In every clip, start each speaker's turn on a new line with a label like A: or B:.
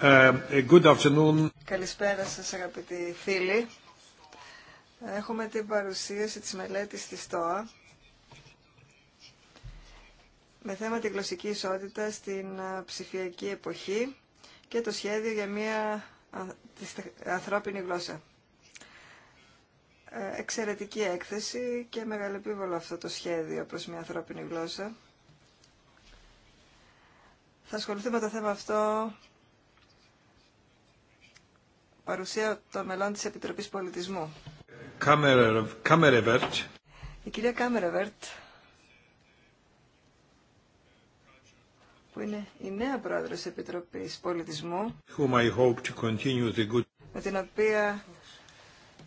A: Ε,
B: Καλησπέρα σας αγαπητοί φίλοι. Έχουμε την παρουσίαση της μελέτης της ΤΟΑ με θέμα τη γλωσσική ισότητα στην ε, ψηφιακή εποχή και το σχέδιο για μια ανθρώπινη γλώσσα. Ε, εξαιρετική έκθεση και μεγαλεπίβολο αυτό το σχέδιο προς μια ανθρώπινη γλώσσα. Θα ασχοληθούμε με το θέμα αυτό παρουσία των μελών της Επιτροπής Πολιτισμού.
A: Κάμερεβερτ.
B: Η κυρία Κάμερεβερτ, που είναι η νέα πρόεδρος της Επιτροπής Πολιτισμού,
A: I hope to continue the good...
B: με την οποία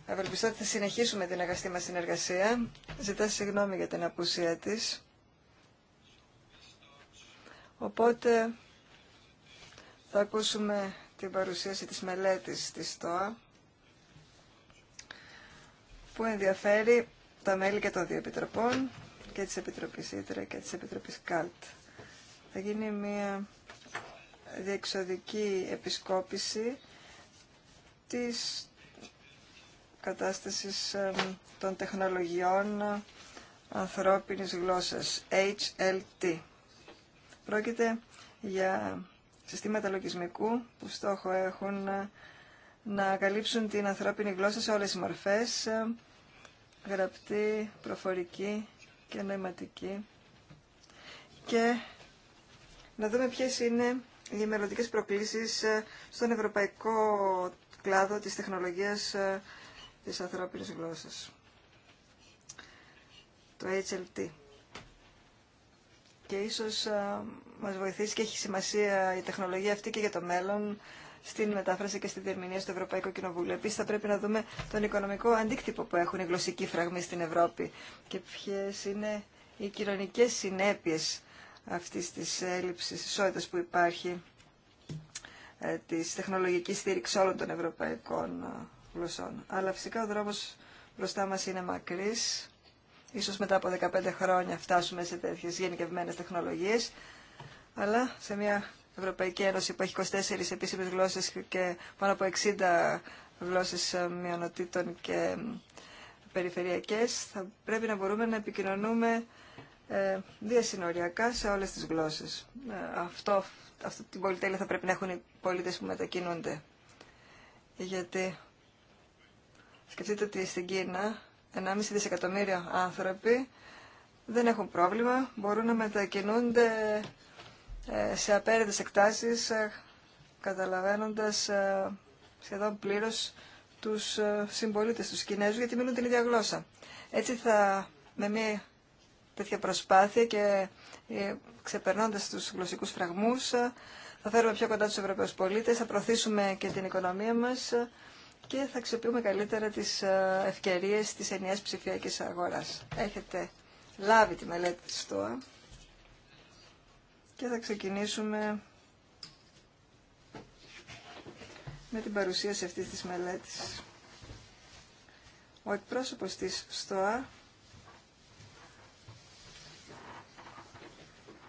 B: ευελπιστώ ότι θα συνεχίσουμε την αγαστή μας συνεργασία. Ζητά συγγνώμη για την απουσία της. Οπότε θα ακούσουμε την παρουσίαση της μελέτης της ΣΤΟΑ που ενδιαφέρει τα μέλη και των δύο επιτροπών και της Επιτροπής Ήτρα και της Επιτροπής ΚΑΛΤ. Θα γίνει μια διεξοδική επισκόπηση της κατάστασης των τεχνολογιών ανθρώπινης γλώσσας, HLT. Πρόκειται για συστήματα λογισμικού που στόχο έχουν ε, να, καλύψουν την ανθρώπινη γλώσσα σε όλες τις μορφές, ε, γραπτή, προφορική και νοηματική. Και να δούμε ποιες είναι οι μελλοντικέ προκλήσεις ε, στον ευρωπαϊκό κλάδο της τεχνολογίας της ανθρώπινης γλώσσας. Το HLT και ίσως ε, μας βοηθήσει και έχει σημασία η τεχνολογία αυτή και για το μέλλον στην μετάφραση και στην διερμηνία στο Ευρωπαϊκό Κοινοβούλιο. Επίση, θα πρέπει να δούμε τον οικονομικό αντίκτυπο που έχουν οι γλωσσικοί φραγμοί στην Ευρώπη και ποιε είναι οι κοινωνικέ συνέπειε αυτή τη έλλειψη ισότητα που υπάρχει ε, τη τεχνολογική στήριξη όλων των ευρωπαϊκών ε, γλωσσών. Αλλά φυσικά ο δρόμο μπροστά μα είναι μακρύ Ίσως μετά από 15 χρόνια φτάσουμε σε τέτοιες γενικευμένες τεχνολογίες, αλλά σε μια Ευρωπαϊκή Ένωση που έχει 24 επίσημες γλώσσες και πάνω από 60 γλώσσες μειονοτήτων και περιφερειακές, θα πρέπει να μπορούμε να επικοινωνούμε ε, διασυνοριακά σε όλες τις γλώσσες. Ε, αυτό, αυτή την πολυτέλεια θα πρέπει να έχουν οι πολίτες που μετακινούνται. Γιατί σκεφτείτε ότι στην Κίνα 1,5 δισεκατομμύριο άνθρωποι δεν έχουν πρόβλημα, μπορούν να μετακινούνται ε, σε απέραντες εκτάσεις, ε, καταλαβαίνοντας ε, σχεδόν πλήρως τους συμπολίτες, τους Κινέζους, γιατί μιλούν την ίδια γλώσσα. Έτσι θα, με μια τέτοια προσπάθεια και ξεπερνώντας τους γλωσσικούς φραγμούς, θα φέρουμε πιο κοντά τους Ευρωπαίους πολίτες, θα προωθήσουμε και την οικονομία μας και θα αξιοποιούμε καλύτερα τις ε, ευκαιρίες της ενιαίας ψηφιακής αγοράς. Έχετε λάβει τη μελέτη της ΣΤΟΑ και θα ξεκινήσουμε με την παρουσίαση αυτής της μελέτης. Ο εκπρόσωπος της ΣΤΟΑ,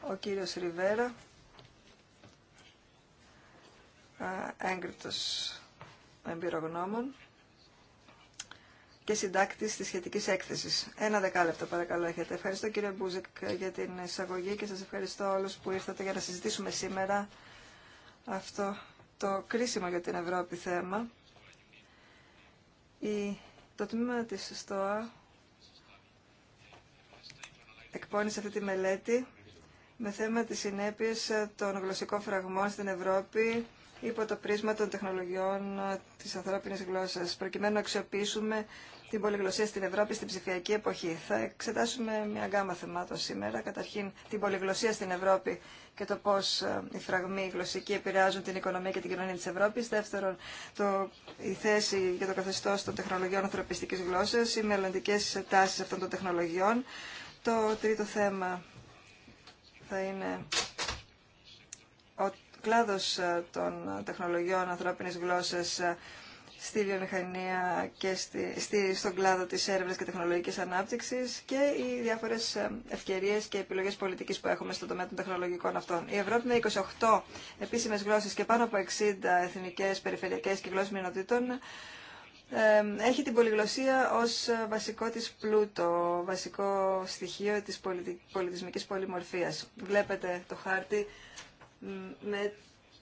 B: ο κύριος Ριβέρα, ε, έγκριτος εμπειρογνώμων και συντάκτη τη σχετική έκθεση. Ένα δεκάλεπτο, παρακαλώ, έχετε. Ευχαριστώ, κύριε Μπούζεκ, για την εισαγωγή και σα ευχαριστώ όλου που ήρθατε για να συζητήσουμε σήμερα αυτό το κρίσιμο για την Ευρώπη θέμα. Η, το τμήμα της ΣΤΟΑ εκπώνησε αυτή τη μελέτη με θέμα τη συνέπειες των γλωσσικών φραγμών στην Ευρώπη υπό το πρίσμα των τεχνολογιών ε, τη ανθρώπινη γλώσσα, προκειμένου να αξιοποιήσουμε την πολυγλωσία στην Ευρώπη στην ψηφιακή εποχή. Θα εξετάσουμε μια γκάμα θεμάτων σήμερα. Καταρχήν, την πολυγλωσία στην Ευρώπη και το πώ ε, οι φραγμοί γλωσσικοί επηρεάζουν την οικονομία και την κοινωνία τη Ευρώπη. Δεύτερον, το, η θέση για το καθεστώ των τεχνολογιών ανθρωπιστική γλώσσα, οι μελλοντικέ τάσει αυτών των τεχνολογιών. Το τρίτο θέμα θα είναι κλάδος ε, των τεχνολογιών ανθρώπινης γλώσσας ε, στη βιομηχανία και στη, στη, στον κλάδο της έρευνας και τεχνολογικής ανάπτυξης και οι διάφορες ε, ευκαιρίες και επιλογές πολιτικής που έχουμε στο τομέα των τεχνολογικών αυτών. Η Ευρώπη με 28 επίσημες γλώσσες και πάνω από 60 εθνικές, περιφερειακές και γλώσσες ε, έχει την πολυγλωσσία ως βασικό της πλούτο, βασικό στοιχείο της πολιτισμικής πολυμορφίας. Βλέπετε το χάρτη με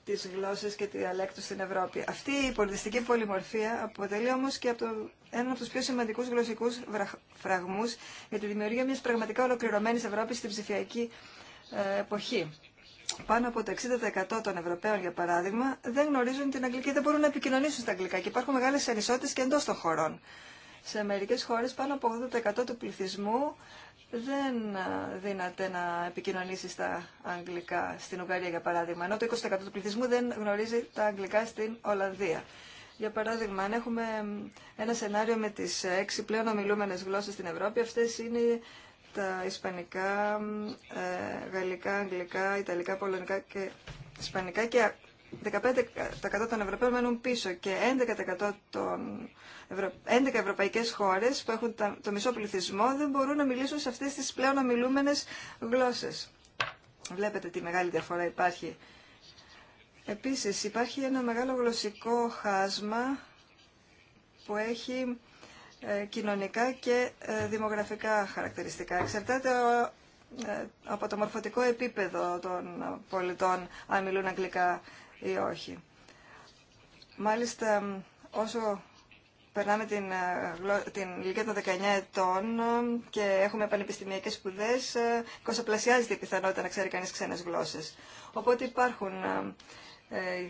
B: τις γλώσσες και τη διαλέκτου στην Ευρώπη. Αυτή η πολιτιστική πολυμορφία αποτελεί όμως και από έναν από τους πιο σημαντικούς γλωσσικούς φραγμούς για τη δημιουργία μιας πραγματικά ολοκληρωμένης Ευρώπης στην ψηφιακή ε, εποχή. Πάνω από το 60% των Ευρωπαίων, για παράδειγμα, δεν γνωρίζουν την αγγλική, δεν μπορούν να επικοινωνήσουν στα αγγλικά και υπάρχουν μεγάλες ανισότητες και εντός των χωρών. Σε μερικές χώρες πάνω από 80% του πληθυσμού δεν δύναται να επικοινωνήσει στα αγγλικά στην Ουγγαρία, για παράδειγμα, ενώ το 20% του πληθυσμού δεν γνωρίζει τα αγγλικά στην Ολλανδία. Για παράδειγμα, αν έχουμε ένα σενάριο με τις έξι πλέον ομιλούμενε γλώσσες στην Ευρώπη, αυτές είναι τα ισπανικά, ε, γαλλικά, αγγλικά, ιταλικά, πολωνικά και ισπανικά και 15% των Ευρωπαίων μένουν πίσω και 11%, των Ευρω... 11 ευρωπαϊκές χώρες που έχουν το μισό πληθυσμό δεν μπορούν να μιλήσουν σε αυτές τις πλέον ομιλούμενε γλώσσες. Βλέπετε τι μεγάλη διαφορά υπάρχει. Επίσης υπάρχει ένα μεγάλο γλωσσικό χάσμα που έχει ε, κοινωνικά και ε, δημογραφικά χαρακτηριστικά. Εξαρτάται ε, από το μορφωτικό επίπεδο των πολιτών αν μιλούν αγγλικά ή όχι. Μάλιστα, όσο περνάμε την, ε, την ηλικία των 19 ετών ε, και έχουμε πανεπιστημιακές σπουδές, ε, κοσοπλασιάζεται η πιθανότητα να ξέρει κανείς ξένες γλώσσες. Οπότε υπάρχουν ε,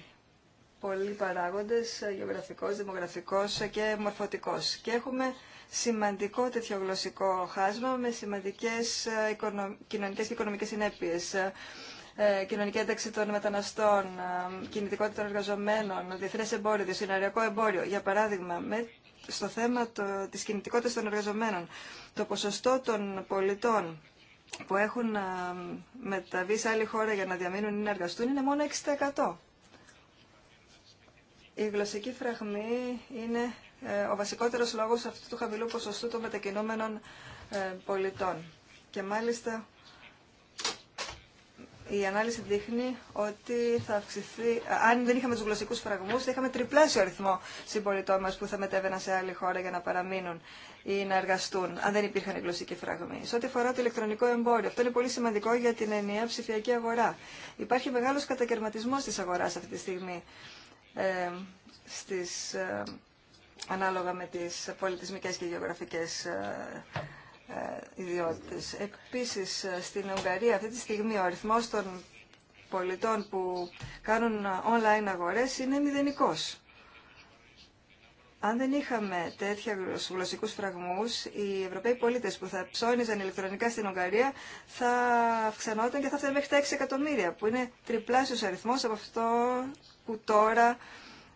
B: πολλοί παράγοντες, γεωγραφικός, δημογραφικός και μορφωτικός. Και έχουμε σημαντικό τέτοιο γλωσσικό χάσμα με σημαντικές κοινωνικές και οικονομικές συνέπειες. Ε, κοινωνική ένταξη των μεταναστών, ε, κινητικότητα των εργαζομένων, διεθνέ εμπόριο, διασυναριακό εμπόριο. Για παράδειγμα, με, στο θέμα το, της κινητικότητας των εργαζομένων, το ποσοστό των πολιτών που έχουν ε, μεταβεί σε άλλη χώρα για να διαμείνουν ή να εργαστούν είναι μόνο 6%. Η γλωσσική φραγμή είναι ο βασικότερος λόγος αυτού του χαμηλού ποσοστού των μετακινούμενων πολιτών. Και μάλιστα η ανάλυση δείχνει ότι θα αυξηθεί, αν δεν είχαμε του γλωσσικού φραγμού, θα είχαμε τριπλάσιο αριθμό συμπολιτών μα που θα μετέβαιναν σε άλλη χώρα για να παραμείνουν ή να εργαστούν, αν δεν υπήρχαν οι γλωσσικοί φραγμοί. Σε ό,τι αφορά το ηλεκτρονικό εμπόριο, αυτό είναι πολύ σημαντικό για την ενιαία ψηφιακή αγορά. Υπάρχει μεγάλο κατακαιρματισμό τη αγορά αυτή τη στιγμή, ε, στις, ε, ανάλογα με τι πολιτισμικές και γεωγραφικέ. Ε, ε, ιδιότητες. Επίσης, ε, στην Ουγγαρία αυτή τη στιγμή ο αριθμός των πολιτών που κάνουν ε, online αγορές είναι μηδενικός. Αν δεν είχαμε τέτοια γλωσσικούς φραγμούς, οι Ευρωπαίοι πολίτες που θα ψώνιζαν ηλεκτρονικά στην Ουγγαρία θα αυξανόταν και θα φτάνουν μέχρι τα 6 εκατομμύρια, που είναι τριπλάσιος αριθμός από αυτό που τώρα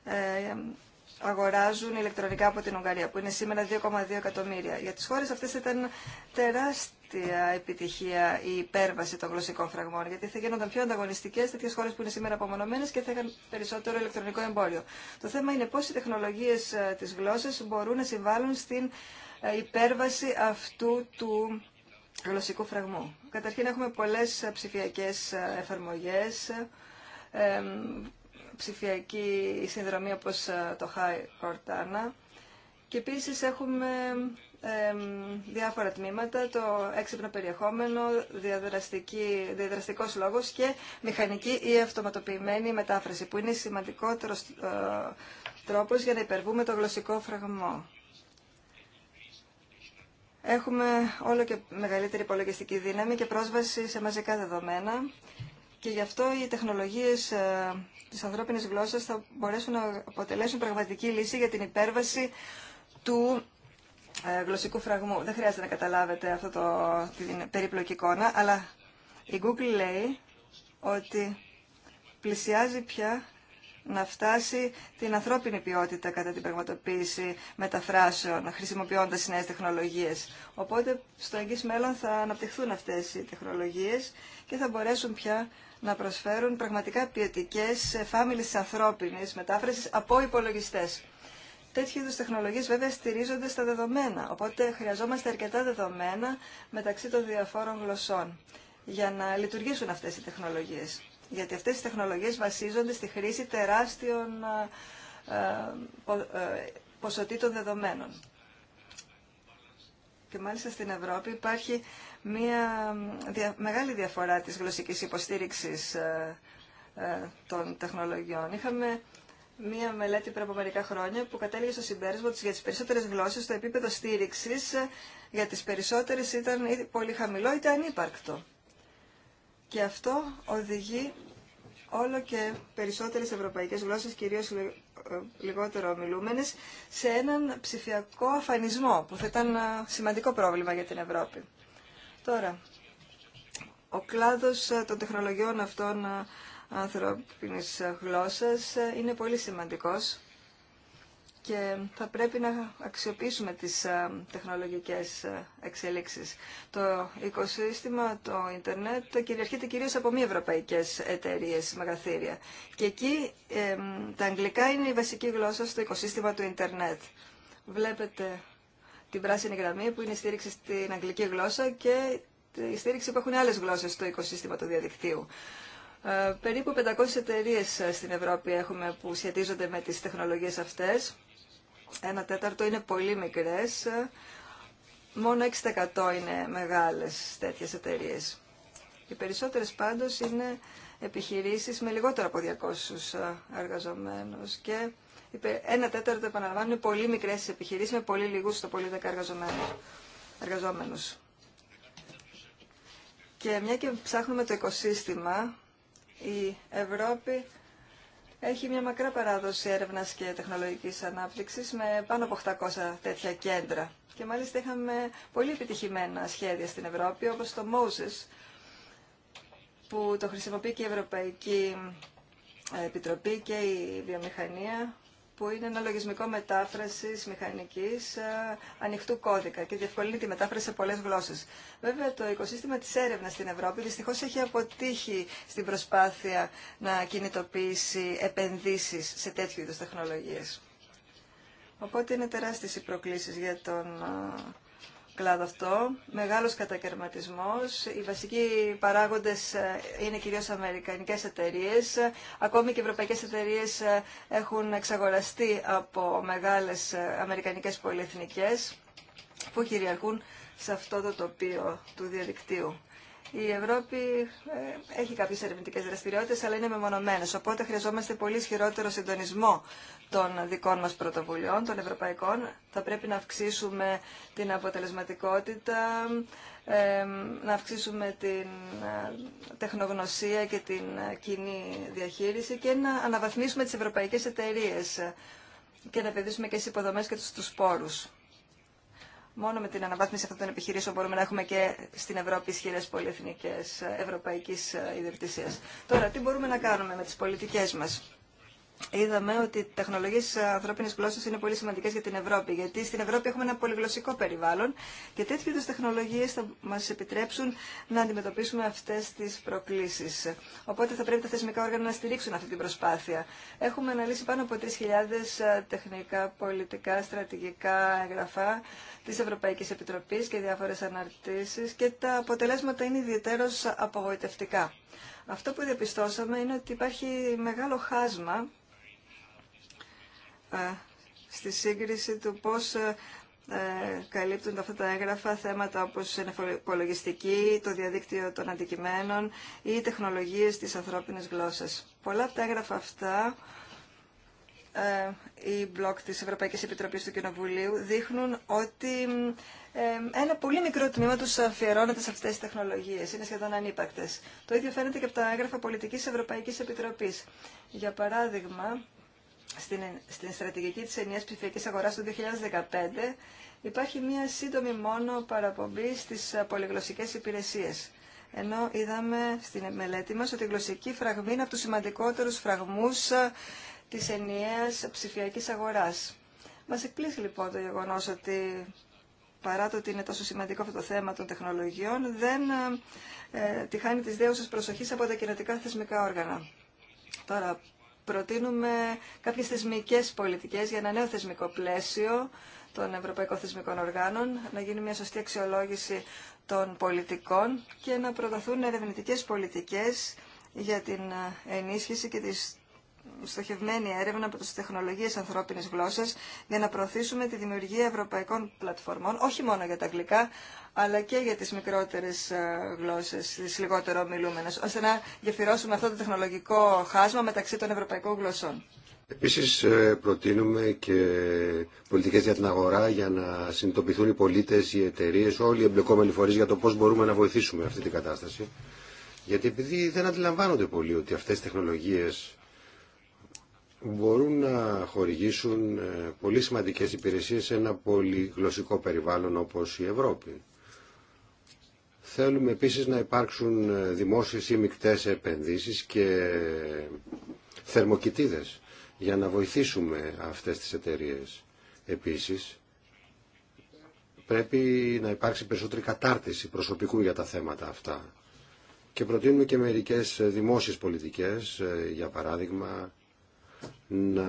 B: ε, αγοράζουν ηλεκτρονικά από την Ουγγαρία, που είναι σήμερα 2,2 εκατομμύρια. Για τις χώρες αυτές ήταν τεράστια επιτυχία η υπέρβαση των γλωσσικών φραγμών, γιατί θα γίνονταν πιο ανταγωνιστικές τέτοιες χώρες που είναι σήμερα απομονωμένες και θα είχαν περισσότερο ηλεκτρονικό εμπόριο. Το θέμα είναι πώς οι τεχνολογίες ε, της γλώσσας μπορούν να συμβάλλουν στην ε, υπέρβαση αυτού του γλωσσικού φραγμού. Καταρχήν έχουμε πολλές ψηφιακές ε, εφαρμογές, ψηφιακή συνδρομή όπως ε, το High Cortana και επίσης έχουμε διάφορα τμήματα, το έξυπνο περιεχόμενο, διαδραστική, διαδραστικός λόγος και μηχανική ή αυτοματοποιημένη μετάφραση, που είναι σημαντικότερος ε, τρόπος για να υπερβούμε το γλωσσικό φραγμό. Έχουμε όλο και μεγαλύτερη υπολογιστική δύναμη και πρόσβαση σε μαζικά δεδομένα και γι' αυτό οι τεχνολογίες ε, της ανθρώπινης γλώσσας θα μπορέσουν να αποτελέσουν πραγματική λύση για την υπέρβαση του ε, γλωσσικού φραγμού. Δεν χρειάζεται να καταλάβετε αυτό το, την περίπλοκη εικόνα, αλλά η Google λέει ότι πλησιάζει πια να φτάσει την ανθρώπινη ποιότητα κατά την πραγματοποίηση μεταφράσεων, χρησιμοποιώντας νέες τεχνολογίες. Οπότε στο εγγύς μέλλον θα αναπτυχθούν αυτές οι τεχνολογίες και θα μπορέσουν πια να προσφέρουν πραγματικά ποιοτικέ φάμιλε τη ανθρώπινη μετάφραση από υπολογιστέ. Τέτοιου είδου τεχνολογίε βέβαια στηρίζονται στα δεδομένα, οπότε χρειαζόμαστε αρκετά δεδομένα μεταξύ των διαφόρων γλωσσών για να λειτουργήσουν αυτέ οι τεχνολογίε. Γιατί αυτέ οι τεχνολογίε βασίζονται στη χρήση τεράστιων ε, ε, ε, ποσοτήτων δεδομένων. Και μάλιστα στην Ευρώπη υπάρχει μια μεγάλη διαφορά της γλωσσικής υποστήριξης ε, ε, των τεχνολογιών. Είχαμε μία μελέτη πριν από μερικά χρόνια που κατέληγε στο συμπέρασμα ότι για τις περισσότερες γλώσσες το επίπεδο στήριξης για τις περισσότερες ήταν είτε πολύ χαμηλό είτε ανύπαρκτο. Και αυτό οδηγεί όλο και περισσότερες ευρωπαϊκές γλώσσες, κυρίως ε, λιγότερο ομιλούμενες, σε έναν ψηφιακό αφανισμό που θα ήταν σημαντικό πρόβλημα για την Ευρώπη. Τώρα, ο κλάδος ε, των τεχνολογιών αυτών ε, ανθρώπινης ε, γλώσσας είναι πολύ σημαντικός και θα πρέπει να αξιοποιήσουμε τις τεχνολογικές εξελίξεις. Το οικοσύστημα, το ίντερνετ, κυριαρχείται κυρίως από μη ευρωπαϊκές εταιρείες, μεγαθύρια. Και εκεί τα αγγλικά είναι η βασική γλώσσα στο οικοσύστημα του ίντερνετ. Βλέπετε την πράσινη γραμμή που είναι η στήριξη στην αγγλική γλώσσα και η στήριξη που έχουν άλλες γλώσσες στο οικοσύστημα του διαδικτύου. Ε, περίπου 500 εταιρείε ε, στην Ευρώπη έχουμε που σχετίζονται με τις τεχνολογίες αυτές. Ένα τέταρτο είναι πολύ μικρές, μόνο 6% είναι μεγάλες τέτοιες εταιρείε. Οι περισσότερες πάντως είναι επιχειρήσεις με λιγότερο από 200 ε, εργαζομένους και ένα τέταρτο επαναλαμβάνουν πολύ μικρές επιχειρήσεις με πολύ λιγούς στο πολύ δεκά εργαζόμενους. Και μια και ψάχνουμε το οικοσύστημα, η Ευρώπη έχει μια μακρά παράδοση έρευνας και τεχνολογικής ανάπτυξης με πάνω από 800 τέτοια κέντρα. Και μάλιστα είχαμε πολύ επιτυχημένα σχέδια στην Ευρώπη, όπως το MOSES, που το χρησιμοποιεί και η Ευρωπαϊκή Επιτροπή και η βιομηχανία που είναι ένα λογισμικό μετάφρασης μηχανικής ε, ανοιχτού κώδικα και διευκολύνει τη μετάφραση σε πολλές γλώσσες. Βέβαια το οικοσύστημα τη έρευνα στην Ευρώπη δυστυχώ έχει αποτύχει στην προσπάθεια να κινητοποιήσει επενδύσεις σε τέτοιου είδου τεχνολογίες. Οπότε είναι τεράστιες οι προκλήσεις για τον ε, κλάδο αυτό. Μεγάλος κατακαιρματισμός. Οι βασικοί παράγοντες ε, είναι κυρίως αμερικανικές εταιρείες. Ακόμη και οι ευρωπαϊκές εταιρείες ε, έχουν εξαγοραστεί από μεγάλες ε, αμερικανικές πολυεθνικές που κυριαρχούν σε αυτό το τοπίο του διαδικτύου. Η Ευρώπη ε, έχει κάποιε ερευνητικέ δραστηριότητε, αλλά είναι μεμονωμένε. Οπότε χρειαζόμαστε πολύ ισχυρότερο συντονισμό των δικών μα πρωτοβουλειών, των ευρωπαϊκών. Θα πρέπει να αυξήσουμε την αποτελεσματικότητα, ε, να αυξήσουμε την ε, τεχνογνωσία και την κοινή διαχείριση και να αναβαθμίσουμε τι ευρωπαϊκέ εταιρείε και να επενδύσουμε και στι υποδομέ και στου πόρου μόνο με την αναβάθμιση αυτών των επιχειρήσεων μπορούμε να έχουμε και στην Ευρώπη ισχυρέ πολυεθνικέ ευρωπαϊκή ε, ιδιοκτησία. Τώρα, τι μπορούμε να κάνουμε με τι πολιτικέ μα είδαμε ότι οι τεχνολογίε ανθρώπινη γλώσσα είναι πολύ σημαντικέ για την Ευρώπη. Γιατί στην Ευρώπη έχουμε ένα πολυγλωσσικό περιβάλλον και τέτοιου είδου τεχνολογίε θα μα επιτρέψουν να αντιμετωπίσουμε αυτέ τι προκλήσει. Οπότε θα πρέπει τα θεσμικά όργανα να στηρίξουν αυτή την προσπάθεια. Έχουμε αναλύσει πάνω από 3.000 ε, τεχνικά, πολιτικά, στρατηγικά εγγραφά τη Ευρωπαϊκή Επιτροπή και διάφορε αναρτήσει και τα αποτελέσματα είναι ιδιαίτερω απογοητευτικά. Αυτό που διαπιστώσαμε είναι ότι υπάρχει μεγάλο χάσμα ε, στη σύγκριση του πώς ε, ε, καλύπτουν αυτά τα έγγραφα θέματα όπως είναι υπολογιστική, το διαδίκτυο των αντικειμένων ή τεχνολογίες της ανθρώπινης γλώσσας. Πολλά από τα έγγραφα αυτά οι μπλοκ της Ευρωπαϊκής Επιτροπής του Κοινοβουλίου δείχνουν ότι ένα πολύ μικρό τμήμα τους αφιερώνεται σε αυτές τις τεχνολογίες. Είναι σχεδόν ανύπακτες. Το ίδιο φαίνεται και από τα έγγραφα πολιτικής Ευρωπαϊκής Επιτροπής. Για παράδειγμα, στην, στην στρατηγική της ενιαίας ψηφιακής αγοράς του 2015 υπάρχει μία σύντομη μόνο παραπομπή στις πολυγλωσσικές υπηρεσίες. Ενώ είδαμε στην μελέτη μας ότι η γλωσσική φραγμή είναι από τους σημαντικότερους φραγμούς της ενιαίας ψηφιακής αγοράς. Μας εκπλήσει λοιπόν το γεγονός ότι παρά το ότι είναι τόσο σημαντικό αυτό το θέμα των τεχνολογιών, δεν ε, τη της προσοχής από τα κοινωτικά θεσμικά όργανα. Τώρα, προτείνουμε κάποιες θεσμικές πολιτικές για ένα νέο θεσμικό πλαίσιο των Ευρωπαϊκών Θεσμικών Οργάνων, να γίνει μια σωστή αξιολόγηση των πολιτικών και να προταθούν ερευνητικές πολιτικές για την ενίσχυση και τη στοχευμένη έρευνα από τι τεχνολογίε ανθρώπινη γλώσσα για να προωθήσουμε τη δημιουργία ευρωπαϊκών πλατφορμών, όχι μόνο για τα αγγλικά, αλλά και για τι μικρότερε ε, γλώσσε τι λιγότερο ομιλούμενε, ώστε να γεφυρώσουμε αυτό το τεχνολογικό χάσμα μεταξύ των ευρωπαϊκών γλωσσών.
C: Επίση, ε, προτείνουμε και πολιτικέ για την αγορά για να συνειδητοποιηθούν οι πολίτε, οι εταιρείε, όλοι οι εμπλεκόμενοι φορεί για το πώ μπορούμε να βοηθήσουμε αυτή την κατάσταση. Γιατί επειδή δεν αντιλαμβάνονται πολύ ότι αυτές οι τεχνολογίες μπορούν να χορηγήσουν ε, πολύ σημαντικές υπηρεσίες σε ένα πολυγλωσσικό περιβάλλον όπως η Ευρώπη. Θέλουμε επίσης να υπάρξουν ε, δημόσιες ή μικτές επενδύσεις και θερμοκοιτίδες για να βοηθήσουμε αυτές τις εταιρείες. Επίσης, πρέπει να υπάρξει περισσότερη κατάρτιση προσωπικού για τα θέματα αυτά. Και προτείνουμε και μερικές ε, δημόσιες πολιτικές, για παράδειγμα, να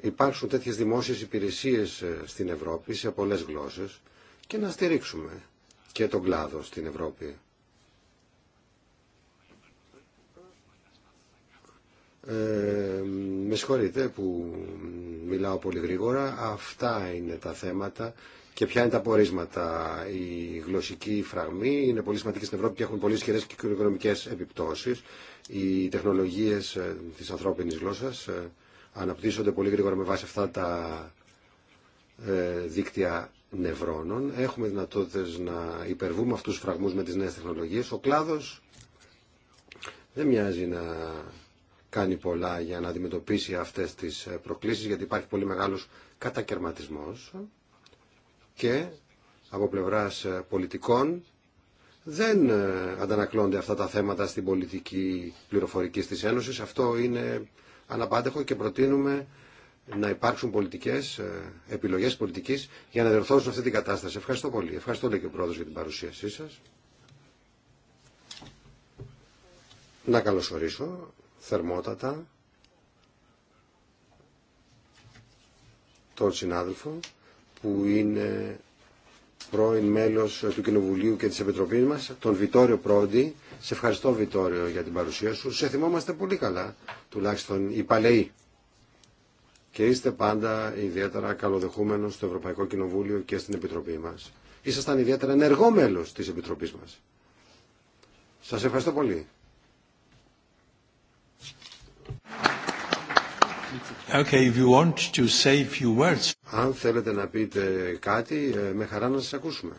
C: υπάρξουν τέτοιες δημόσιες υπηρεσίες ε, στην Ευρώπη σε πολλές γλώσσες και να στηρίξουμε και τον κλάδο στην Ευρώπη. Ε, με συγχωρείτε που μιλάω πολύ γρήγορα. Αυτά είναι τα θέματα και ποια είναι τα πορίσματα. Η γλωσσικοί φραγμή είναι πολύ σημαντική στην Ευρώπη και έχουν πολύ ισχυρέ και οικονομικέ επιπτώσει. Οι τεχνολογίε ε, τη ανθρώπινη γλώσσα ε, αναπτύσσονται πολύ γρήγορα με βάση αυτά τα ε, δίκτυα νευρώνων. Έχουμε δυνατότητε να υπερβούμε αυτού του φραγμού με τι νέε τεχνολογίε. Ο κλάδο δεν μοιάζει να κάνει πολλά για να αντιμετωπίσει αυτές τις προκλήσεις γιατί υπάρχει πολύ μεγάλος κατακαιρματισμός και από πλευράς ε, πολιτικών δεν ε, αντανακλώνται αυτά τα θέματα στην πολιτική πληροφορική της Ένωσης. Αυτό είναι αναπάντεχο και προτείνουμε να υπάρξουν πολιτικές ε, επιλογές πολιτικής για να διορθώσουν αυτή την κατάσταση. Ευχαριστώ πολύ. Ευχαριστώ λέει και ο Πρόεδρος για την παρουσίασή σας. Να καλωσορίσω θερμότατα τον συνάδελφο που είναι πρώην μέλος του Κοινοβουλίου και της Επιτροπής μας, τον Βιτόριο Πρόντι. Σε ευχαριστώ Βιτόριο για την παρουσία σου. Σε θυμόμαστε πολύ καλά, τουλάχιστον οι παλαιοί. Και είστε πάντα ιδιαίτερα καλοδεχούμενος στο Ευρωπαϊκό Κοινοβούλιο και στην Επιτροπή μας. Ήσασταν ιδιαίτερα ενεργό μέλος της Επιτροπής μας. Σας ευχαριστώ πολύ.
A: Okay, want to say
C: Αν θέλετε να πείτε κάτι, ε, με χαρά να σας ακούσουμε.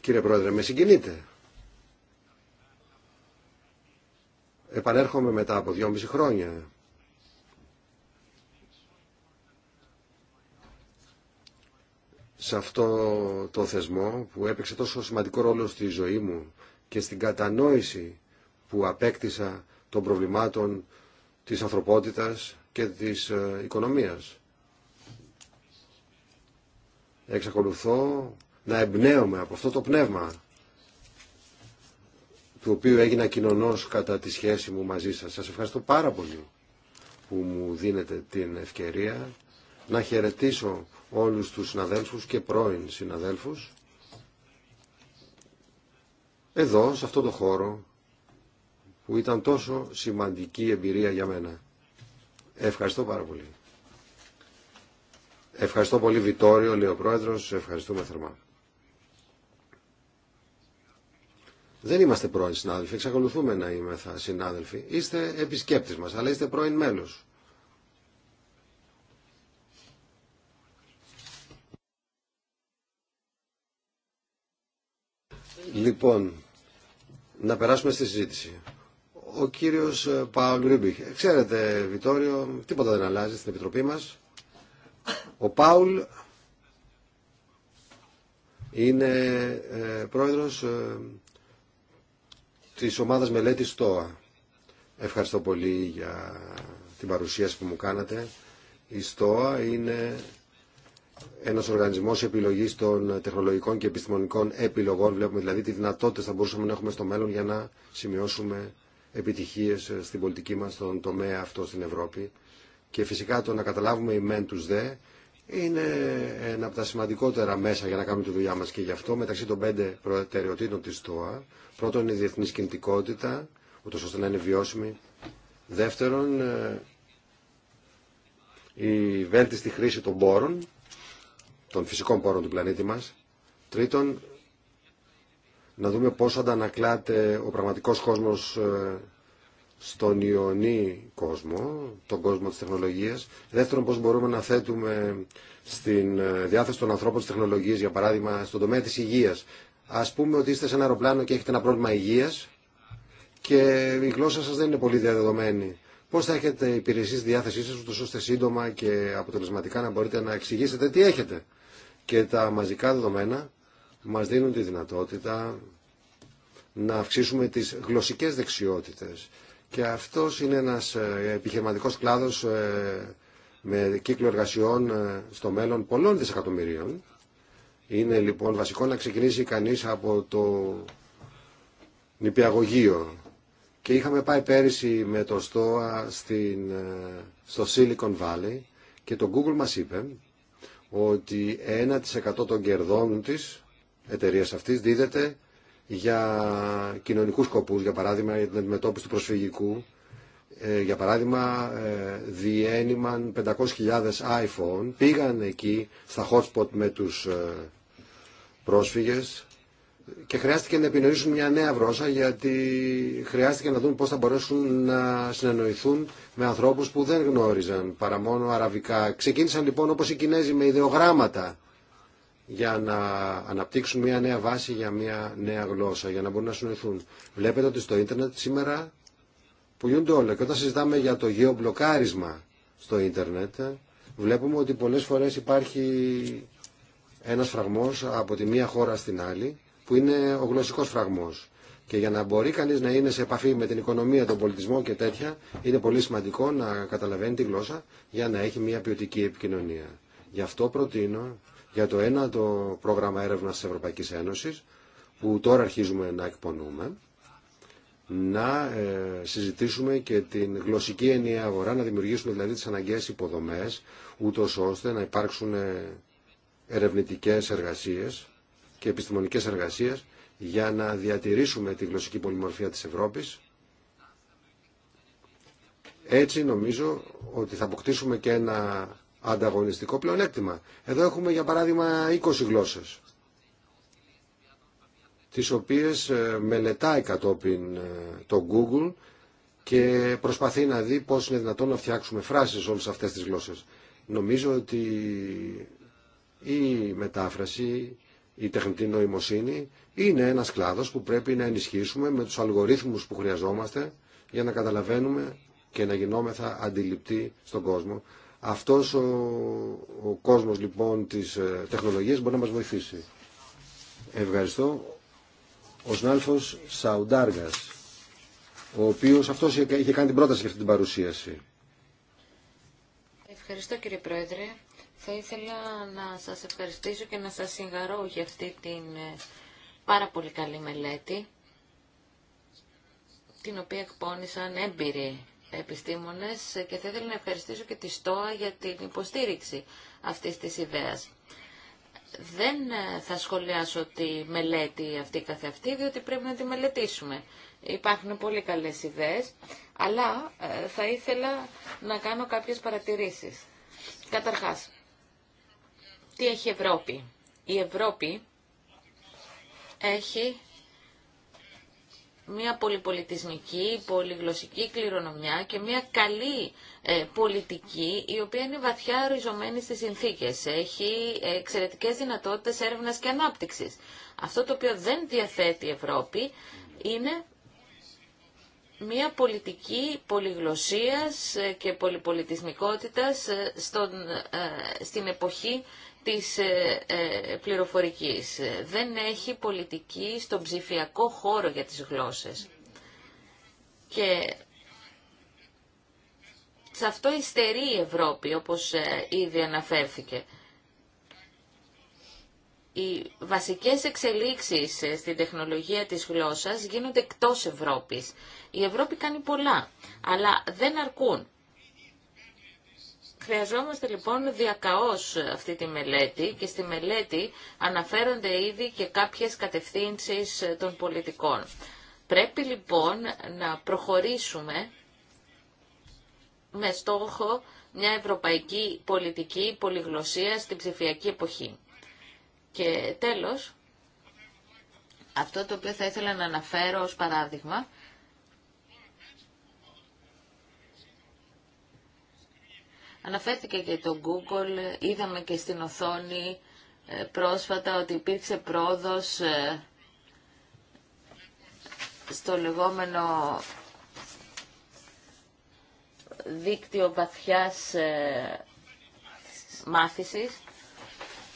C: Κύριε Πρόεδρε, με συγκινείτε. Επανέρχομαι μετά από δυόμιση χρόνια σε αυτό το θεσμό που έπαιξε τόσο σημαντικό ρόλο στη ζωή μου και στην κατανόηση που απέκτησα των προβλημάτων της ανθρωπότητας και της ε, οικονομίας. Εξακολουθώ να εμπνέομαι από αυτό το πνεύμα του οποίου έγινα κοινωνός κατά τη σχέση μου μαζί σας. Σας ευχαριστώ πάρα πολύ που μου δίνετε την ευκαιρία να χαιρετήσω όλους τους συναδέλφους και πρώην συναδέλφους εδώ, σε αυτό το χώρο που ήταν τόσο σημαντική εμπειρία για μένα. Ευχαριστώ πάρα πολύ. Ευχαριστώ πολύ Βιτόριο, λέει ο Πρόεδρος, ευχαριστούμε θερμά. Δεν είμαστε πρώην συνάδελφοι, εξακολουθούμε να είμαστε συνάδελφοι. Είστε επισκέπτης μας, αλλά είστε πρώην μέλος. Λοιπόν, να περάσουμε στη συζήτηση. Ο κύριος ε, Παουλ Ρίμπιχ. Ξέρετε, Βιτόριο, τίποτα δεν αλλάζει στην Επιτροπή μας. Ο Πάουλ είναι ε, πρόεδρος ε, της ομάδας μελέτης ΤΟΑ. Ευχαριστώ πολύ για την παρουσίαση που μου κάνατε. Η ΣΤΟΑ είναι ένας οργανισμός επιλογής των τεχνολογικών και επιστημονικών επιλογών. Βλέπουμε δηλαδή τι δυνατότητες θα μπορούσαμε να έχουμε στο μέλλον για να σημειώσουμε επιτυχίες ε, στην πολιτική μας, στον τομέα αυτό στην Ευρώπη. Και φυσικά το να καταλάβουμε οι μεν τους δε είναι ένα από τα σημαντικότερα μέσα για να κάνουμε τη δουλειά μας και γι' αυτό μεταξύ των πέντε προτεραιοτήτων της ΤΟΑ πρώτον η διεθνή κινητικότητα ούτως ώστε να είναι βιώσιμη δεύτερον ε, η βέλτιστη χρήση των πόρων των φυσικών πόρων του πλανήτη μας. Τρίτον, να δούμε πώς αντανακλάται ο πραγματικός κόσμος ε, στον ιονή κόσμο, τον κόσμο της τεχνολογίας. Δεύτερον, πώς μπορούμε να θέτουμε στην ε, διάθεση των ανθρώπων της τεχνολογίας, για παράδειγμα, στον τομέα της υγείας. Ας πούμε ότι είστε σε ένα αεροπλάνο και έχετε ένα πρόβλημα υγείας και η γλώσσα σας δεν είναι πολύ διαδεδομένη. Πώς θα έχετε υπηρεσίες στη διάθεσή σα, ώστε σύντομα και αποτελεσματικά να μπορείτε να εξηγήσετε τι έχετε και τα μαζικά δεδομένα μας δίνουν τη δυνατότητα να αυξήσουμε τις γλωσσικές δεξιότητες. Και αυτός είναι ένας ε, επιχειρηματικός κλάδος ε, με κύκλο εργασιών ε, στο μέλλον πολλών δισεκατομμυρίων. Είναι λοιπόν βασικό να ξεκινήσει κανείς από το νηπιαγωγείο. Και είχαμε πάει πέρυσι με το ΣΤΟΑ στην, στο Silicon Valley και το Google μας είπε ότι 1% των κερδών της εταιρείας αυτής δίδεται για κοινωνικούς σκοπούς, για παράδειγμα για την αντιμετώπιση του προσφυγικού, ε, για παράδειγμα ε, διένυμαν 500.000 iPhone, πήγαν εκεί στα hotspot με τους ε, πρόσφυγες και χρειάστηκε να επινοήσουν μια νέα βρόσα γιατί χρειάστηκε να δουν πώς θα μπορέσουν να συνεννοηθούν με ανθρώπους που δεν γνώριζαν παρά μόνο αραβικά. Ξεκίνησαν λοιπόν όπως οι Κινέζοι με ιδεογράμματα για να αναπτύξουν μια νέα βάση για μια νέα γλώσσα, για να μπορούν να συνοηθούν. Βλέπετε ότι στο ίντερνετ σήμερα πουλούνται όλα. Και όταν συζητάμε για το γεωμπλοκάρισμα στο ίντερνετ, βλέπουμε ότι πολλές φορές υπάρχει ένας φραγμός από τη μία χώρα στην άλλη που είναι ο γλωσσικός φραγμός. Και για να μπορεί κανεί να είναι σε επαφή με την οικονομία, τον πολιτισμό και τέτοια, είναι πολύ σημαντικό να καταλαβαίνει τη γλώσσα για να έχει μια ποιοτική επικοινωνία. Γι' αυτό προτείνω για το ένα το πρόγραμμα έρευνα τη Ευρωπαϊκή Ένωση, που τώρα αρχίζουμε να εκπονούμε, να ε, συζητήσουμε και την γλωσσική ενιαία αγορά, να δημιουργήσουμε δηλαδή τι αναγκαίε υποδομέ, ούτω ώστε να υπάρξουν ε, ερευνητικέ εργασίε και επιστημονικές εργασίες για να διατηρήσουμε τη γλωσσική πολυμορφία της Ευρώπης. Έτσι νομίζω ότι θα αποκτήσουμε και ένα ανταγωνιστικό πλεονέκτημα. Εδώ έχουμε για παράδειγμα 20 γλώσσες, τις οποίες ε, μελετάει κατόπιν ε, το Google και προσπαθεί να δει πώς είναι δυνατόν να φτιάξουμε φράσεις όλες αυτές τις γλώσσες. Νομίζω ότι η μετάφραση η τεχνητή νοημοσύνη είναι ένας κλάδος που πρέπει να ενισχύσουμε με τους αλγορίθμους που χρειαζόμαστε για να καταλαβαίνουμε και να γινόμεθα αντιληπτοί στον κόσμο. Αυτός ο, ο κόσμος λοιπόν της ε, τεχνολογίας μπορεί να μας βοηθήσει. Ευχαριστώ. Ο Σνάλφος Σαουντάργας, ο οποίος αυτός είχε κάνει την πρόταση για αυτή την παρουσίαση.
D: Ευχαριστώ κύριε Πρόεδρε. Θα ήθελα να σας ευχαριστήσω και να σας συγχαρώ για αυτή την ε, πάρα πολύ καλή μελέτη, την οποία εκπώνησαν έμπειροι επιστήμονες και θα ήθελα να ευχαριστήσω και τη ΣΤΟΑ για την υποστήριξη αυτής της ιδέας. Δεν ε, θα σχολιάσω τη μελέτη αυτή καθεαυτή, διότι πρέπει να τη μελετήσουμε. Υπάρχουν πολύ καλές ιδέες, αλλά ε, θα ήθελα να κάνω κάποιες παρατηρήσεις. Καταρχάς, τι έχει η Ευρώπη. Η Ευρώπη έχει μια πολυπολιτισμική, πολυγλωσσική κληρονομιά και μια καλή ε, πολιτική η οποία είναι βαθιά ριζωμένη στις συνθήκες. Έχει εξαιρετικές δυνατότητες έρευνας και ανάπτυξης. Αυτό το οποίο δεν διαθέτει η Ευρώπη είναι μια πολιτική πολυγλωσσίας ε, και πολυπολιτισμικότητας ε, στον, στην εποχή της ε, ε, πληροφορικής. Δεν έχει πολιτική στον ψηφιακό χώρο για τις γλώσσες. Και σε αυτό υστερεί η Ευρώπη, όπως ε, ήδη αναφέρθηκε. Οι βασικές εξελίξεις στην τεχνολογία της γλώσσας γίνονται εκτός Ευρώπης. Η Ευρώπη κάνει πολλά, αλλά δεν αρκούν. Χρειαζόμαστε λοιπόν διακαώς αυτή τη μελέτη και στη μελέτη αναφέρονται ήδη και κάποιες κατευθύνσεις των πολιτικών. Πρέπει λοιπόν να προχωρήσουμε με στόχο μια ευρωπαϊκή πολιτική πολυγλωσία στην ψηφιακή εποχή. Και τέλος, αυτό το οποίο θα ήθελα να αναφέρω ως παράδειγμα Αναφέρθηκε και το Google, είδαμε και στην οθόνη ε, πρόσφατα ότι υπήρξε πρόοδος ε, στο λεγόμενο δίκτυο βαθιάς ε, μάθησης